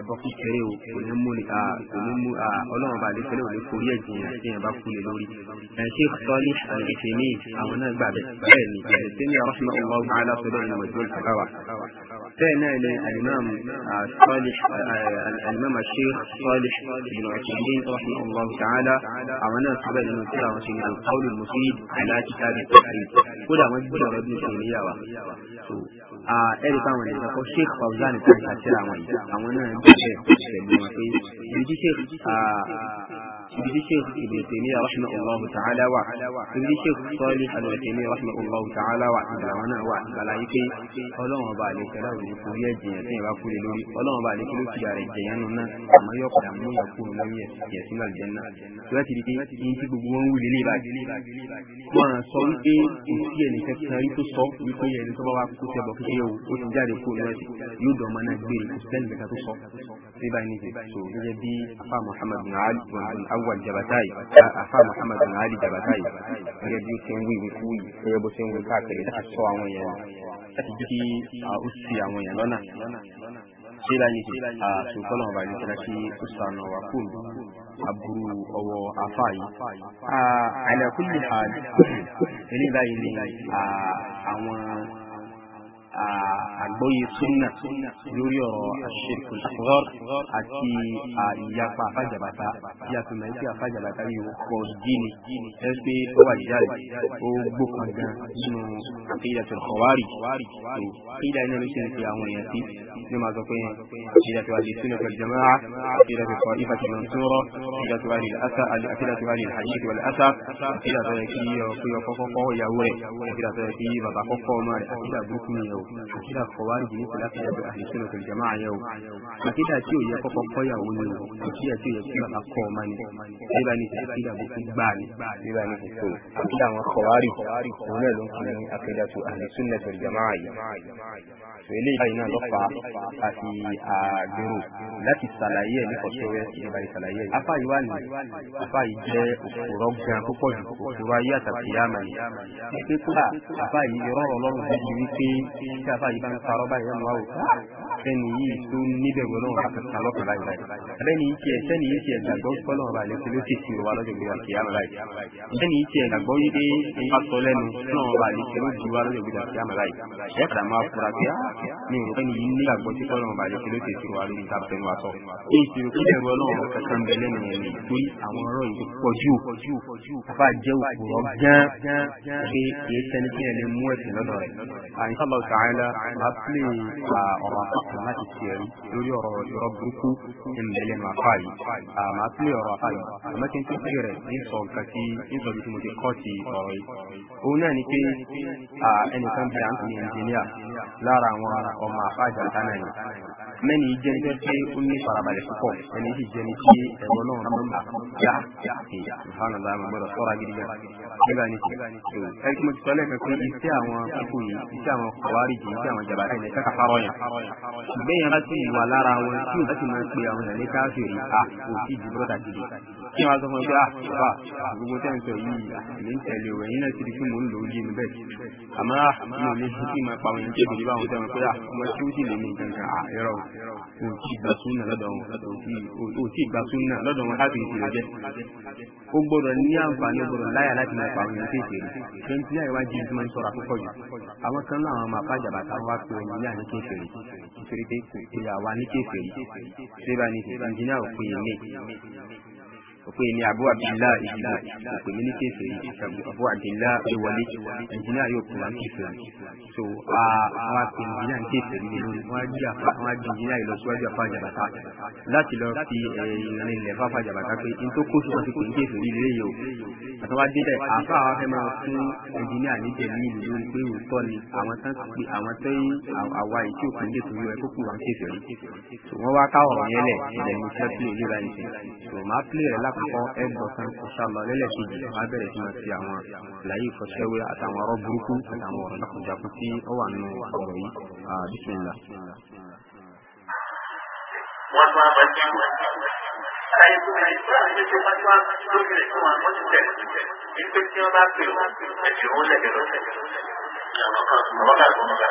ẹbọ kékeré o kò ní mú ọlọ́run bá lè fẹ́lẹ́ òní kórí ẹ̀jìn àti ẹ̀yìn bá kú lè lórí. ẹ̀ ṣe sọ́ọ́lì àti ìfẹ̀mí àwọn náà gbà bẹ́ẹ̀ ni ẹ̀ tẹ́lẹ̀ rọ́ṣùmọ́ أصول الفقه كان الإمام الصالح الإمام الشيخ الصالح بن عثمان رحمه الله تعالى عمنا قبل من كلا القول المفيد على كتاب التوحيد كل ما يقول ابن تيمية ẹ̀rí táwọn ènìyàn kọ́ sheikh fauzan tàbí أنا àwọn yìí الشيخ náà ń bẹ̀rẹ̀ pẹ̀lú أنا pé ìdí sheikh ibi tí sheikh ibn taymiya rahimahullahu ta'ala wa ibi tí sheikh salih al-taymiya rahimahullahu ta'ala wa ìgbàlá náà wa ìgbàlá yìí pé ọlọ́run ọba àlejò aláwọ̀ ní kò rí ẹ̀jẹ̀ yẹn tẹ́yìn bá kú lé lórí ọlọ́run ọba àlejò ló fi yàrá ẹ̀jẹ̀ yẹn nù náà àmọ́ yóò padà mú yàn kúrò lórí ẹ̀jẹ̀ sínú àlùjànnà tó bá ti di pé yín tí gbogbo wọn wúlé lè báyìí wọn sọ wípé kò sí ẹnì kẹkẹrẹ rí tó sọ wípé ẹni tó bá wá kú sẹ́bọ̀ kékeré o ó ti jáde kúrò lọ́sì yóò dọ̀ ọmọ náà gbére kò sẹ́ni mẹ́ta tó sọ sí báyìí níbi tó gẹ́gẹ́ bí afa muhammadu ali awal jabatai afa muhammad bin ali jabatai gẹ́gẹ́ bí ó ti ń wí ìwé kúwì gẹ́gẹ́ bó ti ń wí káàkiri láti sọ àwọn èèyàn láti jẹ́ kí ó sì àwọn èèyàn lọ́nà ṣé láyé kí àtúntọ́nà ọba yìí kíra kí ó sànà wà kùn aburú ala kulli hal eléyìí báyìí ni àwọn àgbọ́yé súnà lórí ọ̀rọ̀ àṣekù ṣùgbọ́n àti ìyapa àfàjàbàtà tí a fi mọ̀ sí àfàjàbàtà yìí ó pọ̀ gíní ẹ pé ó wà jáde ó gbókan gan nínú àkéyà tó kọ̀wárì kéyà iná ló ṣe ń pe àwọn èèyàn sí ní máa sọ pé àkéyà tó wà lè súnà pẹ̀lú jamaa àkéyà tó kọ̀ ìfà tó lọ sọ̀rọ̀ àkéyà tó wà lè asa àkéyà tó wà lè àṣekù wà lè asa àkéyà tó yẹ kí ọkọ̀ kọ́kọ́ ìyàwó àkídà kọ̀wárìjì ní tìlákà ẹ̀dọ̀ àhìsínà tó jẹ́ máa yẹ o àkídà tí ò yẹ kọ́kọ́ kọ́yàwó ni o àkídà tí ò yẹ kí bàbá kọ́ ọmọ ni bíbá ní ti àkídà gbogbo gbà ni. bíbá ní ti tó àkídà àwọn kọ̀wárì òun náà ló ń fi ní àkídà tó àhìsínà tó jẹ́ máa yẹ. sọ eléyìí báyìí náà lọ́fà àti àgbèrò láti ṣàlàyé ẹ̀ nípọ̀tẹ́wẹ́ ìjọba ìṣàlàyé ẹ̀. afa yìí wà ní afa yìí jẹ́ òkúrọ̀ gan púpọ̀ jù òkúrọ̀ ayé àtàkìyàmà ni. pípé kúrà afa yìí rọrọ̀ lọ́rùn fún mi wípé tí afa yìí bá ń parọ́ báyìí ẹnu wa ò ká ẹni yìí tó níbẹ̀ wọ náà wà kankan lọ́kàn láyìí báyìí abẹ́ni yìí tiẹ̀ sẹ́ni yìí tiẹ̀ gbàgbọ́ kọ́lọ́ ọba àlẹ́ tí ló ti fi wà lọ́jọ́ gbéra kìyàmù láyìí sẹ́ni yìí tiẹ̀ gbàgbọ́ yìí pé asọ lẹ́nu náà ọba àlẹ́ tí ló di wà lọ́jọ́ gbéra kìyàmù láyìí ẹ̀ padà máa fura pé ah, mi ò sẹ́ni yìí nígbàgbọ́ tí kọ́lọ́ ọba àlẹ́ tí ló ti fi wà lórí ìtàbẹ̀nu asọ èyí ti rò kílẹ̀ rọ náà kankan bẹ lẹ́nu ẹ̀ ní torí àwọn ọ̀rọ̀ yìí pọ̀ jù afa jẹ́ òkúrọ̀ gán pé kì í sẹ́ni tí ẹ lè mú ẹ̀sìn lọ́dọ̀ rẹ̀ àyíká lọ́ta ta'ala a filɛ ka ọ̀rọ̀ afa n'a ti tiɲɛ lórí ọ̀rọ̀ yɔrɔ burúkú ɛnbɛlɛ ma fa yi a ma filɛ ọ̀rọ̀ afa yi a ma kɛ n tɛ se n sɔn ka n sɔn bi tuma tɛ kɔ o na ni pe a uh, ẹnìkan bɛ an tun ye jeliya lára àwọn ọmọ afa jata n'a ye mẹ́ni jẹ́ ní pé ó ní farabalẹ̀ púpọ̀ ẹni sì jẹ́ ní tí ẹ̀rọ náà máa ń bà já ìfànàlá àwọn gbọ́dọ̀ sọ́ra gidi gan nígbà ní ti ẹ tí mo ti sọ lẹ́ẹ̀kan pé iṣẹ́ àwọn pípò yìí iṣẹ́ àwọn kọ̀wárì jù iṣẹ́ àwọn jàbá ẹ̀yẹ káka fárọ̀ yẹn ṣùgbọ́n yẹn láti ìwà lára wọn tí ò bá ti máa ń pe àwọn ẹ̀lẹ́ta fèrè a kò sí ìdúró kí wọn sọ fún mi pé àbá ah, gbogbo tẹ́ ń sọ yìí àmì ń tẹ̀lé o ẹ̀yin náà ti di fún mò ń lò ó yé mi bẹ́ẹ̀ àmọ́ àmọ́ ah, mi ti kí n máa pa àwọn ìjẹ́bi níbà wọn sọ pé àmọ́ ah, tí ó sì lè ní nǹkan kan àìrọ̀ o ti gba súnà lọ́dọ̀ wọn o ti gba súnà lọ́dọ̀ wọn láti ìṣẹ̀lẹ̀ jẹ́ o gbọ́dọ̀ ní àǹfààní o gbọ́dọ̀ láyà láti máa pa àwọn ìjẹ́bi twenty nine wájú tí máa ń sọ̀rọ̀ àkókò yìí àwọn kan náà àwọn màpá jàbàtà wá pé ẹni yá ní kéfèrè kéfèrè pé kò pé àwa ní kéfèrè ṣé bá ní ìjìnlẹ̀ òpin ní òpè ní abu abdillah ìdìbò òpè mí ní kéfèé abu abdillah ìwọlé ìjìnlẹ̀ yóò pè wọn kéfèé so àwọn àti ìjìnlẹ̀ ń kéfèé ní lórí wọn jí àfa wọn jí ìjìnlẹ̀ ìlọsíwájú àfa jàbàtà láti lọ fi eh, ìrìn ilẹ̀ fáfa jàbàtà pé n tó kó sọ́kọ́ sí kò ní kéfèé ní lélẹ́yìí o àtàwọn adébẹ̀ àfa àwọn fẹ́ máa fún ìjìnlẹ̀ níjẹ̀ ní ìlú lórí pé òótọ́ ni àwọn tán pé àwọn tẹ́ àwa ìtí òfin lè tún yọ ẹkọ́ kù wọn àkọ́kọ́ ẹ̀dọ̀ kan inshallah lẹ́lẹ́kejì á bẹ̀rẹ̀ sí máa fi àwọn àlàyé ìfọṣẹ́wé àtàwọn ọ̀rọ̀ burúkú àtàwọn ọ̀rọ̀ jákujàku tí ó wà nínú ọ̀rọ̀ yìí bismillah. wọ́n máa bá jẹ́ wọ́n àlàyé tó rẹ̀ láti fi ṣe pátá lórí rẹ̀ fún àwọn ìṣẹ̀ ìpè tí wọ́n bá pè ó ẹ̀sìn ó lẹ̀dẹ̀ lọ́sẹ̀. ọ̀rọ̀ kan ọ̀rọ̀ kan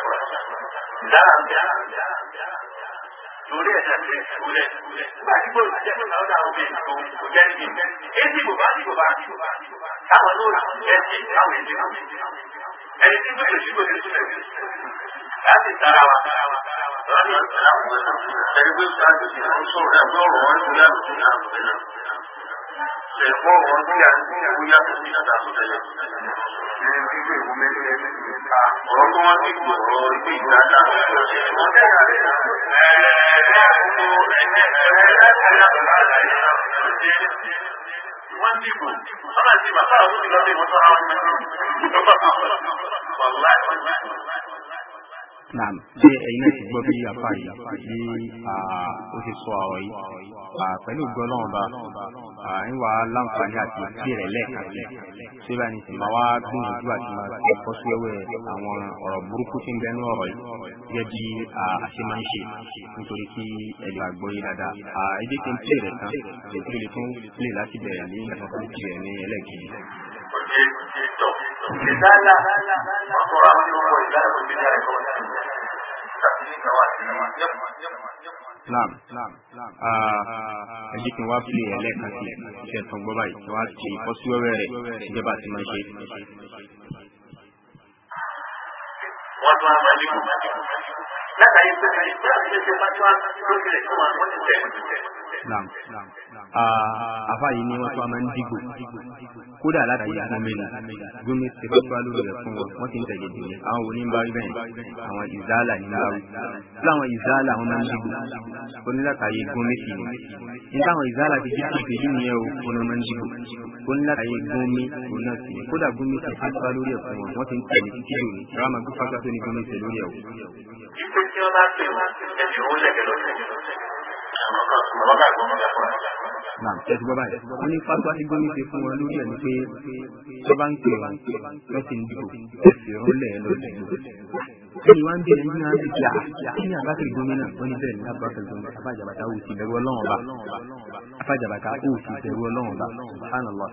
lórí ẹ̀sẹ̀ tẹ̀ ìṣúlẹ̀. Nígbà tí gbòòrò jẹ́ pé náà dáa omi ìlú kò jẹ́ níbi. Èsì bò bá sì bò bá táwọn náà jẹ́ sí àwọn èdè náà. Ẹni tí gbòòrò sí gbòòrò sí lẹ́yìn. Láti tara wa. Lọ́nà ìgbàlá wọn pẹ̀lú pé sáájú ti fún sọ̀rọ̀ ẹgbẹ́ ẹ̀kọ́ ọ̀rọ̀ tí a ti ń yàtọ̀ sí ìyàtọ̀ àtúntẹ̀lẹ̀. ọ̀rọ̀ tó wọ́n ti kú ọ̀rọ̀ ìgbé ìdájà. wọ́n tẹ̀ yàrá rẹ̀ ẹ̀ẹ́dẹ́ kúrò ẹ̀ẹ́dẹ́ kúrò wọ́n ti kú ọ̀rọ̀ ti bàbá àwọn olùdókòwò tó àwọn ọmọ ẹgbẹ́ wọn naam ṣé ẹ̀yin náà ti gbọ́ bí apá yìí bí ó ti sọ ọ̀rọ̀ yìí pẹ̀lú gbọ́lọ́run ọba ń wà á láǹfààní àti ìdí rẹ̀ lẹ́ẹ̀kan sí ṣé bá ní tìmọ̀ wá gbìyànjú àti máa ṣe àkọsíwẹ́wẹ́ àwọn ọ̀rọ̀ burúkú tí ń bẹnu ọ̀rọ̀ yìí gẹ́gẹ́ bí àṣẹ máa ń ṣe nítorí kí ẹ̀lú àgbọ̀ yìí dáadáa àìdí tí ń pè rẹ̀ tán ètò ìlú tó ń pè láti bẹ̀rẹ̀ ní ẹ̀fọ́ Porque esto, que dala, por ahora no puede dar con vida de todo. Islam ẹ jẹ́ kí n wá fílẹ̀ yẹn lẹ́ẹ̀kan sí iṣẹ́ tó ń gbọ́ báyìí wá ṣe ìfọ́síwẹ́wẹ́ rẹ̀ ìjọba àti máa ṣe. wọ́n tún á máa lékún látàrí pé ìgbà tí ó ṣe máa tún á lókè rẹ̀ fún wa wọ́n ti tẹ̀. Ah, ah, àfa yìí ni wọ́n tún máa ń dìgbò kódà láti ìgbọ́n mi nù gómi ti bá tó alóòrè rẹ̀ fún wọn wọ́n ti ń tẹ̀lé dùn ní àwọn oníbàárì bẹ́ẹ̀ àwọn ìzáàlà níbàárì láwọn ìzáàlà wọn máa ń dìgbò onílàkàyè gómi ti ní nígbà àwọn ìzáàlà ti dìgbò ìpèjú nìyẹn o wọn máa ń dìgbò onílàkàyè gómi òun náà sì ní kódà gómi ti bá tó alóòrè rẹ̀ fún wọn ti ń tẹ̀lé títí lónìí rámà gbọ́fà Naam, ẹ ti gbọ́ báyìí. Wọ́n ní pátá tí Gómìnà ṣe fún wọn lórí ẹ̀ ni pé tó bá ń pè wá wọ́n ti ń dìbò ẹ̀sìn rọ́lẹ̀ ẹ̀ lọ́dún ìlú. Ẹni wá ń bẹ̀rẹ̀ ní náà ti gbà kí ni Abákiri Gómìnà wọ́n ní bẹ́ẹ̀ ní Abákiri Gómìnà Afájàbàtà ò sì bẹ̀rù ọlọ́run ọba. Afájàbàtà ò sì bẹ̀rù ọlọ́run ọba. Subhanallah.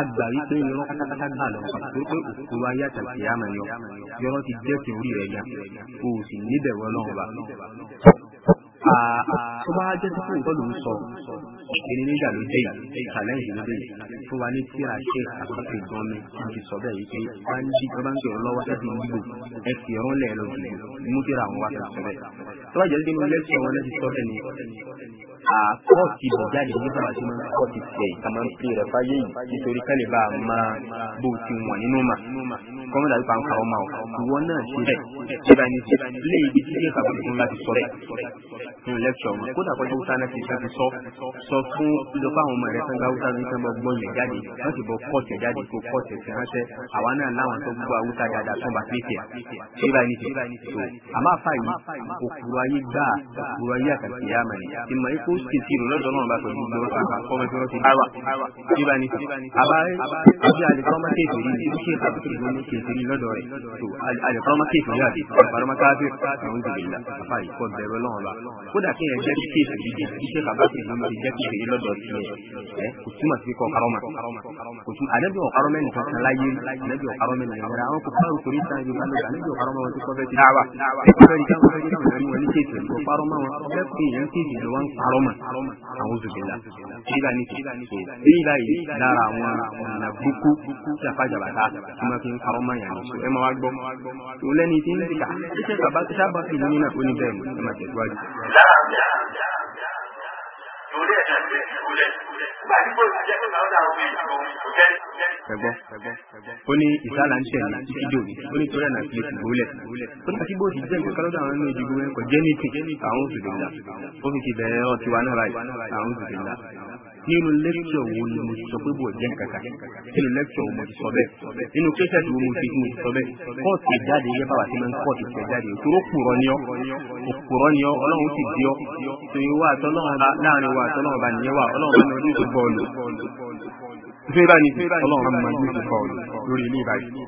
Àgbà wípé irọ́ pátápátá gbà lọ pé òkúru ayé àtàkì àmàlẹ́ yọrọ ti jẹ́ kí orí rẹ̀ yá. O sì níbẹ̀rù ọlọ́run ọba tó bá jẹ́ tó nǹkan ló ń sọ ìpinnu nígbà ló dé yìí challenge ló dé yìí fún wa ní tíra ṣe àkókò ìgbọ́n mi ti sọ bẹ́ẹ̀ yìí pé wá ń di tó bá ń pè ọ́ lọ́wọ́ ẹ̀sìn ìlú ẹ̀sìn ọ̀rọ̀ lẹ̀ lọ jù mú tíra àwọn wa ti sọ bẹ́ẹ̀. tó bá jẹ́ pé mo lẹ́sìn ọ̀rọ̀ lẹ́sìn sọ bẹ́ẹ̀ ni àkọ́ọ̀tì bò jáde nígbà tí mo kọ́ ti tẹ̀ ká máa ń pè rẹ̀ fáyé yìí nítorí kẹ́lẹ̀ bá a máa bó ti wọ̀n nínú mà kọ́mọ́dà ló pa ọmọ ọ̀ ìwọ náà ṣe bẹ́ẹ̀ ṣe bá ní ṣe léyìí bí tí yẹ kàbọ̀ tó ń láti sọ bẹ́ẹ̀ nínú lẹ́kṣọ̀ wọn kódà kọjá wúsá náà ti sáfi sọ sọ fún lọ fáwọn ọmọ rẹ sanba wúsá ní sanba gbọ́n yẹn jáde wọ́n sì bọ kọ́ọ̀tì jáde kó kọ́ọ̀tì ẹ̀sìn ránṣẹ́ àwa náà láwọn tó gbọ́ awúsá dáadáa tó ń bá pèsè ṣé báyìí ní ti tó àmọ́ àfa yìí òkúrò ayé gbà òkúrò ayé àkàtì yá mọ̀ ní ìmọ̀ ikú kìkì lọ́dọ̀ náà bá pẹ̀lú gbọ́dọ̀ àgbà kọ́mọ kódà kí yẹn jẹ́ kíkè ìdíje iṣẹ́ bàbá kì í máa ti jẹ́ kíkè lọ́dọ̀ tiẹ̀ ẹ kò túmọ̀ sí kọ karọ́mà kò tún àdébí ọ̀karọ́ mẹ́rin kan kan láyé àdébí ọ̀karọ́ mẹ́rin kan rẹ̀ àwọn kò fáwọn kò rí sáyé bá lọ́dọ̀ àdébí ọ̀karọ́ máa ti kọ́fẹ́ ti dáwà kọ́fẹ́ rí káwọn fẹ́ẹ́ káwọn ẹ̀rí wọn ní kéèké kò parọ́ máa wọn fẹ́ pé yẹn kéèké ló wá ń parọ́ mà àwọn zùgbẹ́lá nígbà ní kò èyí láyé lára àwọn ọ̀nà gbókó tí a fàjà bàtà tí wọ́n fi ń parọ́ máa yàn lọ́sọ ẹ máa wá gbọ́. ìwọlẹ́ni tí ń ti kà iṣẹ́ bàbá sábà fi ní náà ó ní bẹ́ẹ̀ ni ẹ máa tẹ̀síwájú láàbíà lórí ẹ̀sẹ̀ pé ìkúlẹ̀ nígbà tí kò ìjẹ́ pé báwọn dáhùn pé ìjọ òun kò jẹ́. Ó ní ìsàlà ń tẹ̀lé títí dòní, ó ní torí àná ìpìlẹ̀ ìbò lẹ̀. Ó ní àti bó ti jẹ́ nǹkan kálọ́dọ̀ àwọn ẹni ìdìbò ẹ̀kọ́ jẹ́ ní ìpè àwọn òṣèlú ńlá. Ó fi ti bẹ̀rẹ̀ ọtí wa náà báyìí, àwọn òṣèlú ńlá nínú lẹ́kítọ̀ wo ni mo ti sọ pé bò jẹ́ nkàkà nínú lẹ́kítọ̀ wo mo ti sọ bẹ́ẹ̀ nínú kírísẹ́tì wo mo ti mo ti sọ bẹ́ẹ̀ kóòtù ìjáde yẹ bàbá tí mo ń kóòtù ìjáde òtún ó kúrọ ni ọ òkúrọ ni ọ ọlọ́run ti di ọ tòun wà àtọ́lọ́run láàrin wà àtọ́lọ́run bá nìyẹn wà ọlọ́run bá mi ojú ìgbọ́ ọlù fẹ́rẹ́ ni ọlọ́run máa yóò ti kọ́ lórí ilé ìbáyìí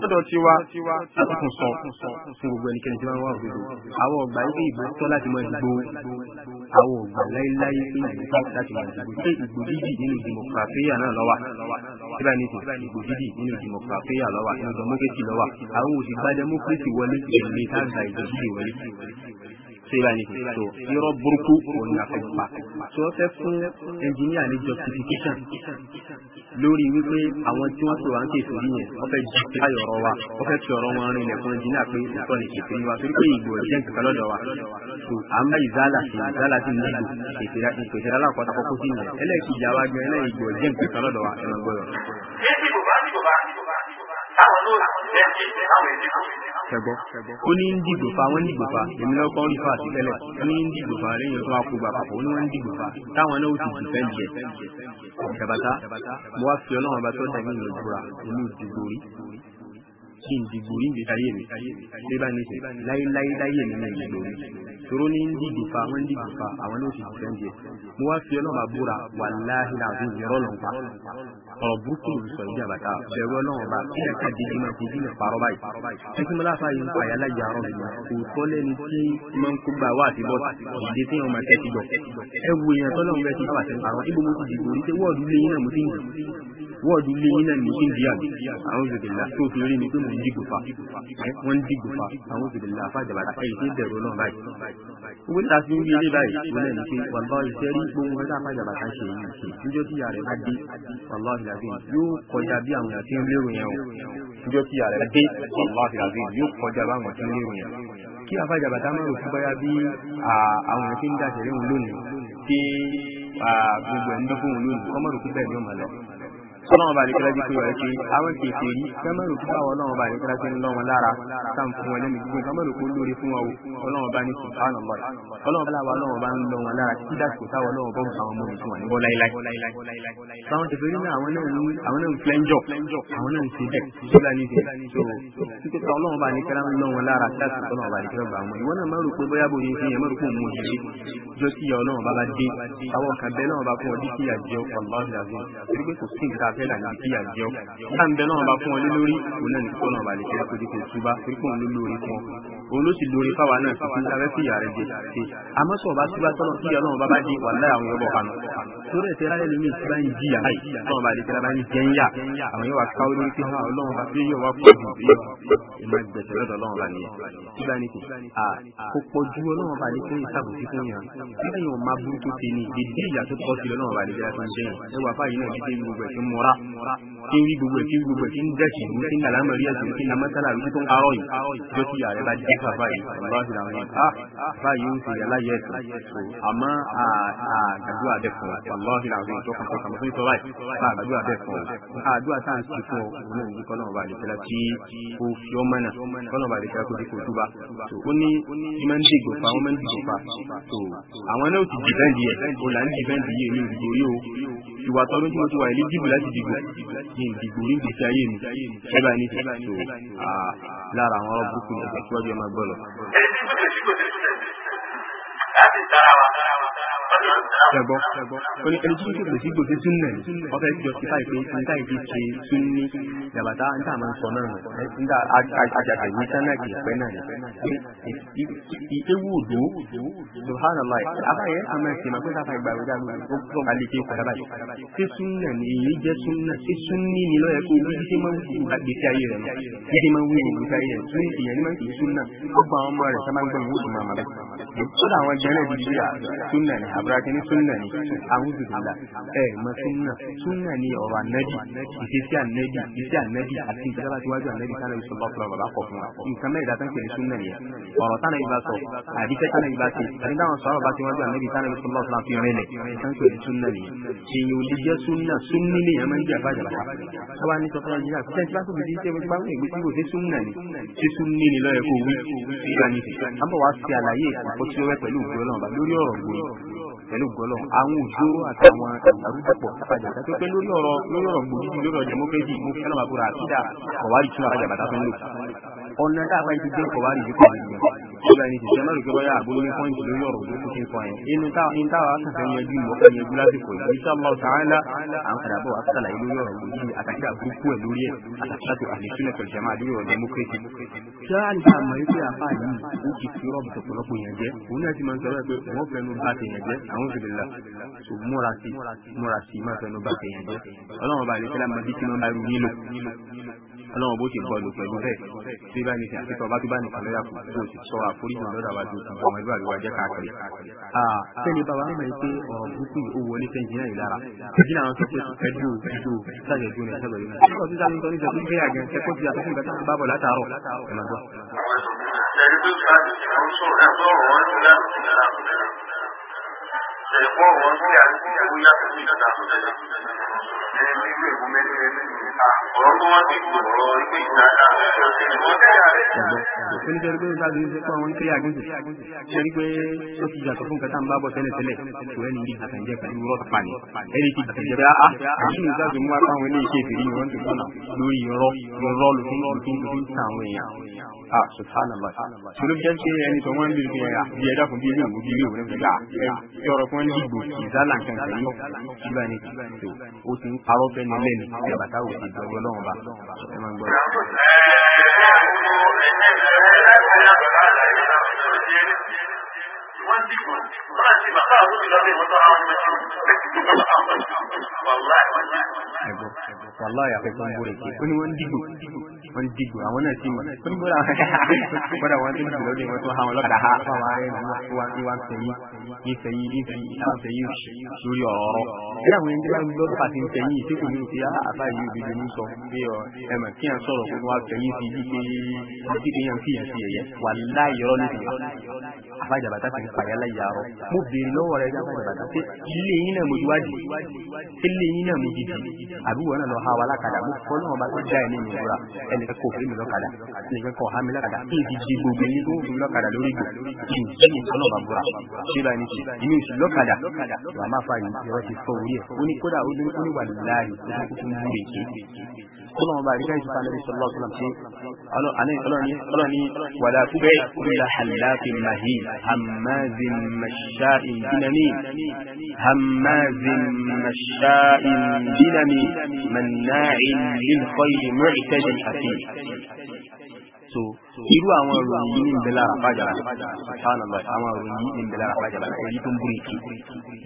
tó lọ́dọ̀ tí wá àtúntún sọ fún gbogbo ẹnikẹ́ni tí wọ́n wá òdodo àwọn ọgbà ilé ìbò tọ́ láti mọ ìgbó àwọn ọgbà láéláé pé ìbò tọ́ láti mọ ìgbó pé ìgbò dídì nínú dìmọ̀kìràfíà náà lọ́wà fẹ́rẹ́ ni tó ìgbò dídì nínú dìmọ̀kìràfíà lọ́wà nínú dẹmọ́kẹ́tì lọ́wà àwọn òsì gbá dẹmọ́kẹ́tì wọlé ìrìnlẹ̀ tá seba ni so yɔrɔ buruku o nafa pa so fẹ́ fún ẹnjiníà ní justification lórí wípé àwọn tí wọ́n sọ wà ń tètè rí yẹn wọ́n fẹ́ jí pé ayọrọ wa wọ́n fẹ́ fi wọn rinlẹ̀ fún ẹnjiníà pé ìtọ́ ni kèké wa torí pé ìgbò ẹ̀ jẹ́ nǹkan lọ́dọ̀ wa so à ń bá ìzálà sí ìzálà sí nílò ìpèsè alákọ̀ọ́ta kọ́kọ́ sí yẹn ẹlẹ́ẹ̀kejì àwa gan ẹlẹ́ẹ̀kejì ìgbò ẹ̀ jẹ́ nǹkan lọ́dọ̀ wa ẹ̀ kẹgbọ́ ó ní ń dìgbò fa wọ́n ń dìgbò fa èmi náà kọ́ ń fa àti tẹ́lẹ̀ ó ní ń dìgbò fa lẹ́yìn tó wá kó gbà papọ̀ ó ní wọ́n ń dìgbò fa táwọn náà ó ti dìfẹ́ jẹ jàbàtà mo wá fi ọlọ́run bá tó dàbí ìlú ìbúra èmi ò dìgbò rí kí n dìgbò yín di ayé mi lébà ní sè láyéláyé láyé mi náà dìgbò yín tòró ní ń dìgbò fa wọn ń dìgbò fa àwọn ló ti di fẹ́ díẹ̀ mo wá fi ọlọ́mà búra wàláhì làbí yọrọ lọ pa ọ̀rọ̀ burúkú ló sọ ìdí àbàtà bẹ̀rù ọlọ́run bá kí ẹ ká dèjì máa dèjì máa parọ́ báyìí títí mo láfa yìí pa àyàlá yà ọ̀rọ̀ mi òótọ́ lẹ́ni tí máa ń kó gba wá àti bọ́ta ìdí tí wọn máa tẹ́ dìgbò fa wọ́n ń dìgbò fa àwọn òbí lè fa jàbàtà ẹ̀yìn tí ń bẹ̀rù ọlọ́run báyìí. owó níta fi ń rí ilé báyìí wọ́n lẹ́nu pé wàlọ́ iṣẹ́ rí gbóhùn wọn láfa jàbàtà ṣe èyí ṣe níjọ́ tí yàrá bá dé wàlọ́ ìlàgbé yóò kọjá bí àwọn èèyàn ti ń lérò yẹn o níjọ́ tí yàrá dé wàlọ́ ìlàgbé yóò kọjá bí àwọn ti ń lérò yẹn kí afájàbàtà máa rò fún báyà sọlọ́wọ́n bá nìkẹ́lá bí kúrò ẹ̀kẹ́ àwọn kèké rí kẹ́mẹ́rù kí báwọn ọlọ́wọ́n bá nìkẹ́lá ti ń lọ́ wọn lára táwọn fún wọn lẹ́nu gbogbo kẹ́mẹ́rù kó lórí fún wọn o ọlọ́wọ́n bá ní sùpánà lọ́rẹ̀ ọlọ́wọ́n bá láwọn ọlọ́wọ́n bá ń lọ wọn lára kí dàsìkò táwọn ọlọ́wọ́n bọ́ àwọn ọmọ ìfún wọn níbọ láíláí. báwọn tẹ̀sí rí náà àwọn náà ń flẹ́ńjọ àwọn náà ń ṣe bẹ́ẹ̀ sólà ní ìṣe so títí ta ọlọ́wọ́n bá nìkẹ́lá ń lọ wọn lára kí dàsìkò ọlọ́wọ́n bá nìkẹ́lá bá wọn ìwọ náà má pé bóyá bò ní ṣe yẹn pé òun ṣe jọ sí bá bá dé àwọn kan náà bá fẹ́ làbí kí yà jẹ́ ọ́. yá ń bẹ náà bá fún ọ lé lórí òun náà ní kó náà bá lè kó dé kó túbá torí pé òun ló fún ọ òun ló sì lórí fáwa náà títí lábẹ́ fìyà rẹ̀ jẹ ṣe àmọ́ sọ bá tí bá tọ́lọ̀ tí ọlọ́run bá bá di wàhálà àwọn ọmọ kan torí ẹ̀sẹ̀ rárẹ̀ lómi ìtura ń jìyà báyìí tọ́wọ́n bá lè tẹ́lá bá ń jẹ́ ń yà àwọn yóò wá káwé lórí pé ha ọlọ́run bá fi yóò wá pọ̀ jù bí ìmọ̀ ìgbẹ̀sẹ̀ lọ́dọ̀ ọlọ́run bá nìyẹn síbá ní kò kò pọ̀ ju ọlọ́run bá lè fún ìsàbòsí fún yàn síbẹ̀ yóò máa burú tó ti ní ìdí ìyà tó pọ̀ sí bá lè tẹ́lá tó ń jẹ́ ẹ wà fáyìí náà dídé gbogbo ẹ̀ tó mọ́ra tí ń rí gbogbo ẹ̀ tí ń gbogbo ẹ̀ tí ń dẹ̀kì tí ń kàlámọ̀rí ẹ̀sìn tí ń namọ́tálà màláìka báyìí aláhi làwọn yìí báyìí ń ṣe aláyẹ ẹsẹ so àmọ́ àgàdúrà bẹ fún ọ aláhi làwọn yìí tọkàn tọkàn fún ìtọ́ báyìí bá àgàdúrà bẹ àdúrà tá à ń ṣe fún ọ òun náà ní kọ́nà ọba àdìsẹ́lá tí kò fi ọmọ náà kọ́nà ọba àdìsẹ́lá tó fi kò túbà so ó ní ìmọ̀ ń dìgbò pa ọmọ ń dìgbò pa so àwọn náà ti dìbẹ́ǹdì ìwà tọdún tí mo ti wà ilé dìbò láti dìbò ní ìdìbò ní ìgbésí ayé mi ẹgbẹ́ ní ti so lára àwọn ọ̀rọ̀ burúkú ní ẹ̀sẹ̀ síwájú ẹ̀ máa gbọ́ lọ. ẹni tí kò tẹ̀sí kò tẹ̀sí tẹ̀sí láti dára wa dára wa dára wa ṣẹ̀gbọ́ ó ní ẹnìtí kò sí gbòdì súnnà ọ̀fẹ́ jọ sí báyìí pé níta ìdí ṣe súnni yàbàtà níta máa ń sọ náà nù níta àjàgbé ní sánà kì í pẹ́ náà ni ìkéwù òdò subhanallah abáyé àmọ́ ẹ̀sìn máa pé sáfà ìgbà ìwé dàgbà ó tọ́ ka lè ṣe padà báyìí ṣé súnnà ni èyí jẹ́ súnnà ṣé súnni ni lọ́yẹ̀ kó bí ṣe máa ń wù gbèsè ayé rẹ̀ nù bí ṣe máa ń wù gbèsè ayé rẹ̀ sún ìyẹn ní máa ń kì í súnnà ó gba ọmọ abúlé ní súnà ni àwùjọ ìlà ẹ mọ súnà súnà ni ọ̀rọ̀ ànábì ìṣesí ànábì ìṣesí ànábì àti ìjọba tí wájú ànábì sálẹ ìṣọ bá fún bàbá kọ fún wa nǹkan mẹ́rin dàtàn pẹ̀lú súnà ni ọ̀rọ̀ tánà ìbá sọ àdìsẹ tánà ìbá ṣe àti táwọn sọ̀rọ̀ bá ti wájú ànábì sálẹ ìṣọ bá fún wa fi rìn lẹ dàtàn pẹ̀lú súnà ni èyí ò lè jẹ súnà súnni ni ẹmọ níbi àbájá bàtà ọba ní sọ fún wa nígbà tí wọn fi ṣe wọn gbàgbé ìgbé tí kò ṣe súnà ni ṣe ni lọ́yẹ̀ kó wí ìgbà nìyí àbọ̀ wá ṣe àlàyé ìkọ̀kọ̀ tí ó rẹ pẹ̀lú òkú ọlọ́run lórí pẹ̀lú gọlọ́ àwọn òjòrò àtàwọn ìdàrúdàpọ̀ ìpàdé àti pé lórí ọ̀rọ̀ lórí ọ̀rọ̀ gbòógì lórí ọ̀rọ̀ democracy mo fẹ́ lọ́wọ́ àbúrò àtúndà kọ̀wárì tún àbájá bàtà fún lò. ọ̀nà tá a bá ti gbé kọ̀wárì yìí kọ̀ àyè ọ̀gá ẹni tìṣẹ́ mẹ́rin kí bọ́yá àbúrò ní pọ́ǹtì lórí ọ̀rọ̀ gbòógì ti kọ̀ yẹn. inú táwa kàfẹ́ yanjú ìwọ́fẹ́ yanjú lásìkò yìí insha Allah ta'ala à ń padà bọ̀ wá sàlàyé lórí ọ̀rọ̀ gbòógì àtàkì àbúrúkú ẹ̀ lórí ẹ̀ àtàkì tí a ní àmọ́ yìí pé àpá yìí ó ti fi rọ́ọ̀bù tọ̀pọ̀lọpọ̀ yẹn jẹ́ òun náà ti máa ń sọ pé wọ́n fẹnu bá ti yẹn jẹ́ àwọn òṣèlú la so múra sí múra sí máa fẹnu bá ti yẹn jẹ́ ọlọ́run ọba àlejò ọlọ́run bó ṣe gbọ́dọ̀ pẹ̀lú bẹ́ẹ̀ tí bá ní sìn àti tọ́ba tó bá nìkan lọ́yà kù bó ṣe sọ àforíjì lọ́dà wájú àwọn ẹgbẹ́ àríwá jẹ́ káàkiri. sẹ́ni bàbá mi máa ń pé ọ̀rọ̀ burúkú yìí ó wọlé sẹ́ńjìnà yìí lára sẹ́ńjìnà àwọn sọ́kè ẹ̀dùn ìdù sàjẹ̀dùn rẹ̀ sẹ́bẹ̀rẹ̀ ọ̀rọ̀ sísá mi sọ ní sẹ́kú bẹ́ẹ̀ àgẹ̀ ẹ̀kọ́ ti àtọ́kùn ìgbà táwọn onítorí pé sáà gbèsè pé àwọn kíríà gbèsè sẹ́ni pé ó ti yàtọ̀ fún kẹta ń bá bọ̀ tẹ́lẹ̀ tẹ́lẹ̀ kò ẹni yìí àtàǹjẹ́ pẹ̀lú rọ́ọ̀tà pani ẹni ti àtàǹjẹ́ pé áá àṣù ní sáà tó mú àwọn iléeṣẹ́ ìfèrí ni wọ́n ti kọ́nà lórí irọ́ irọ́ lófin lófin lófin ta àwọn èèyàn. a sùtánà bá ṣòro jẹ́ pé ẹni tó wọ́n ń bèrè bí ìbẹ̀rù ọlọ́run bá ẹ máa ń gbọ́. Wàláyà pẹ̀lú ń búrẹ̀ kí ó ní wọ́n dìgbò wọ́n ti dìgbò àwọn náà ti mọ̀ wọ́n ní bọ́dà wọn bọ́dà wọn ti dìgbò lóde wọn tó hàn ọlọ́kadà ha wà wà ń tẹ̀yìn ń tẹ̀yìn ń tẹ̀yìn ń tẹ̀yìn lórí ọ̀rọ̀. ẹ dàgbọ́n yẹn tí wọ́n lọ́ pàṣẹ ń tẹ̀yìn tí kò ní ti àbá yìí òdodo ní sọ pé ọ ẹ mọ̀ kí yẹn sọ̀rọ̀ fún wa tẹ̀yìn sí i pé títí yẹn fi yẹn sí ẹ̀yẹ wà láyé ọ̀rọ̀ níbi yọ. àbájábàtà ti ń pàyà láyé àárọ̀ mo béèrè lọ́wọ́ rẹ̀ jábàjábàtà pé ilé yín náà mo ti wádìí ilé yín náà mo ti dì àbí ha wa lákàdá mo kọ́ náà bá tó dá ẹ̀ ní ìmúra ẹnìkan kò fún mi lọ́kadà ẹnìkan kò há mi lọ́kadà kí n ti di gbogbo ẹni tó ń fún mi lọ́kadà lórí ìgbò kí n jí ìtọ́nà bàbúrà ṣé bá ní ti inú ìsú lọ́kadà wàá má fa ìrọ́ ti fọ orí ẹ̀ ó ní kódà ó ní wà láàyè ó tún kúkú mú كل بعد جاي سبحان الله صلى الله عليه وسلم شيء قال عليه قال عليه ولا تبع كل حلاف مهين هماز مشاء بنميم هماز مشاء بنميم مناع للخير معتد حكيم so irú àwọn ìròyìn yìí ń bẹ lára fàjà la subhanallah àwọn ìròyìn yìí ń bẹ lára fàjà la èyí tó ń búra èké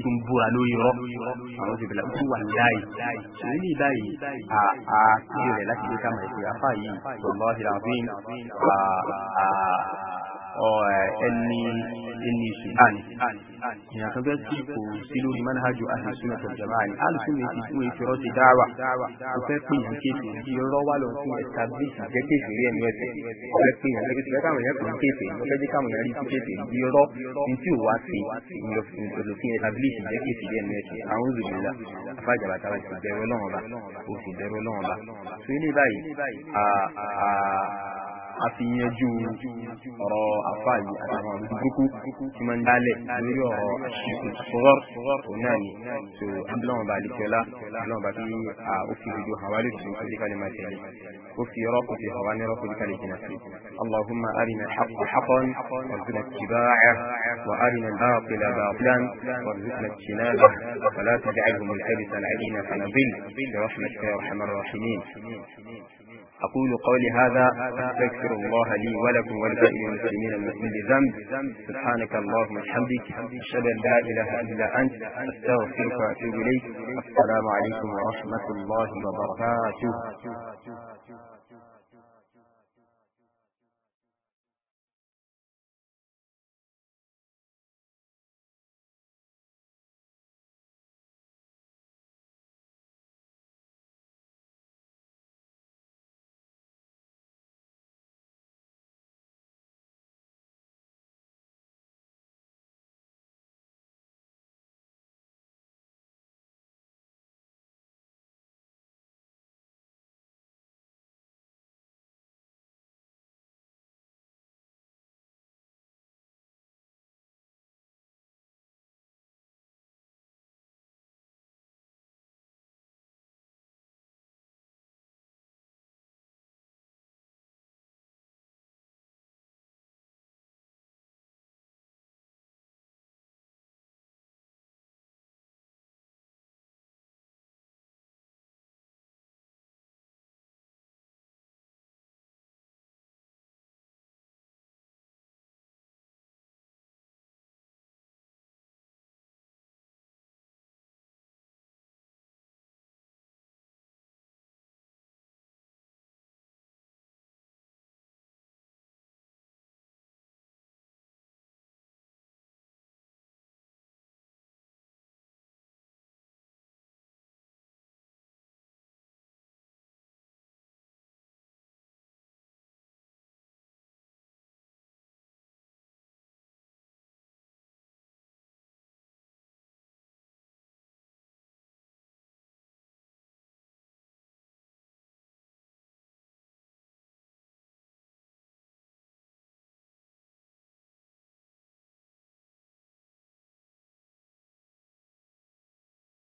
tó ń búra lórí rọ àwọn ti bẹ̀rẹ̀ tó wà láàyè lórí ìdáyè a a kiri rẹ̀ láti dé ká mọ̀ ẹ̀kọ́ yàtọ̀ yìí lọ́wọ́ ti rà fún a a ẹni ẹni ìṣù àní. Ìyàn kan fẹ́ sí kò sí lórí manhajú àhìsúnà tó jẹ̀mọ́ àní. Àlùsúnà ti fún ètò ọ̀rọ̀ ti dáwà. Ó fẹ́ pè yàn kéèké kí ọ̀rọ̀ wà lọ fún ẹ̀stábílìsì jẹ́ kéèké rí ẹnu ẹ̀sẹ̀. Ó fẹ́ pè yàn kéèké fẹ́ káwọn yẹn kò ń kéèké. Ó fẹ́ jẹ́ káwọn yẹn rí sí kéèké bí ọ̀rọ̀ ní tí ò wá sí ìlòfin ẹ̀stábílìsì jẹ́ kéèké rí ẹnu ẹ̀sẹ̀. Àwọn olùdílà afájàbà tàbí ti bẹ̀rẹ̀ ọlọ́run ọba. Ó sì bẹ̀rẹ̀ ọlọ́run ọba. Sọ a fi yanjú ọ̀rọ̀ àfa yìí àtàwọn ọ̀rọ̀ burúkú tí máa ń dálẹ̀ lórí ọ̀rọ̀ àṣìṣòwòr òun náà ni so abúlọ́wọ̀n bá alikiola abúlọ́wọ̀n bá kí ó fi gbogbo àwa lè fi kó díkàlẹ̀ máa tẹ̀lé ó fi ọ̀rọ̀ kò fi hàn wá ní ọ̀rọ̀ kó díkàlẹ̀ jìnnà sí اللهم أرنا الحق حقا وارزقنا اتباعه وأرنا الباطل باطلا وارزقنا اجتنابه ولا تجعله ملتبسا علينا فنضل برحمتك يا أرحم الراحمين أقول قولي هذا أستغفر الله لي ولكم ولسائر المسلمين من كل ذنب سبحانك اللهم وبحمدك أشهد أن لا إله إلا أنت أستغفرك وأتوب إليك السلام عليكم ورحمة الله وبركاته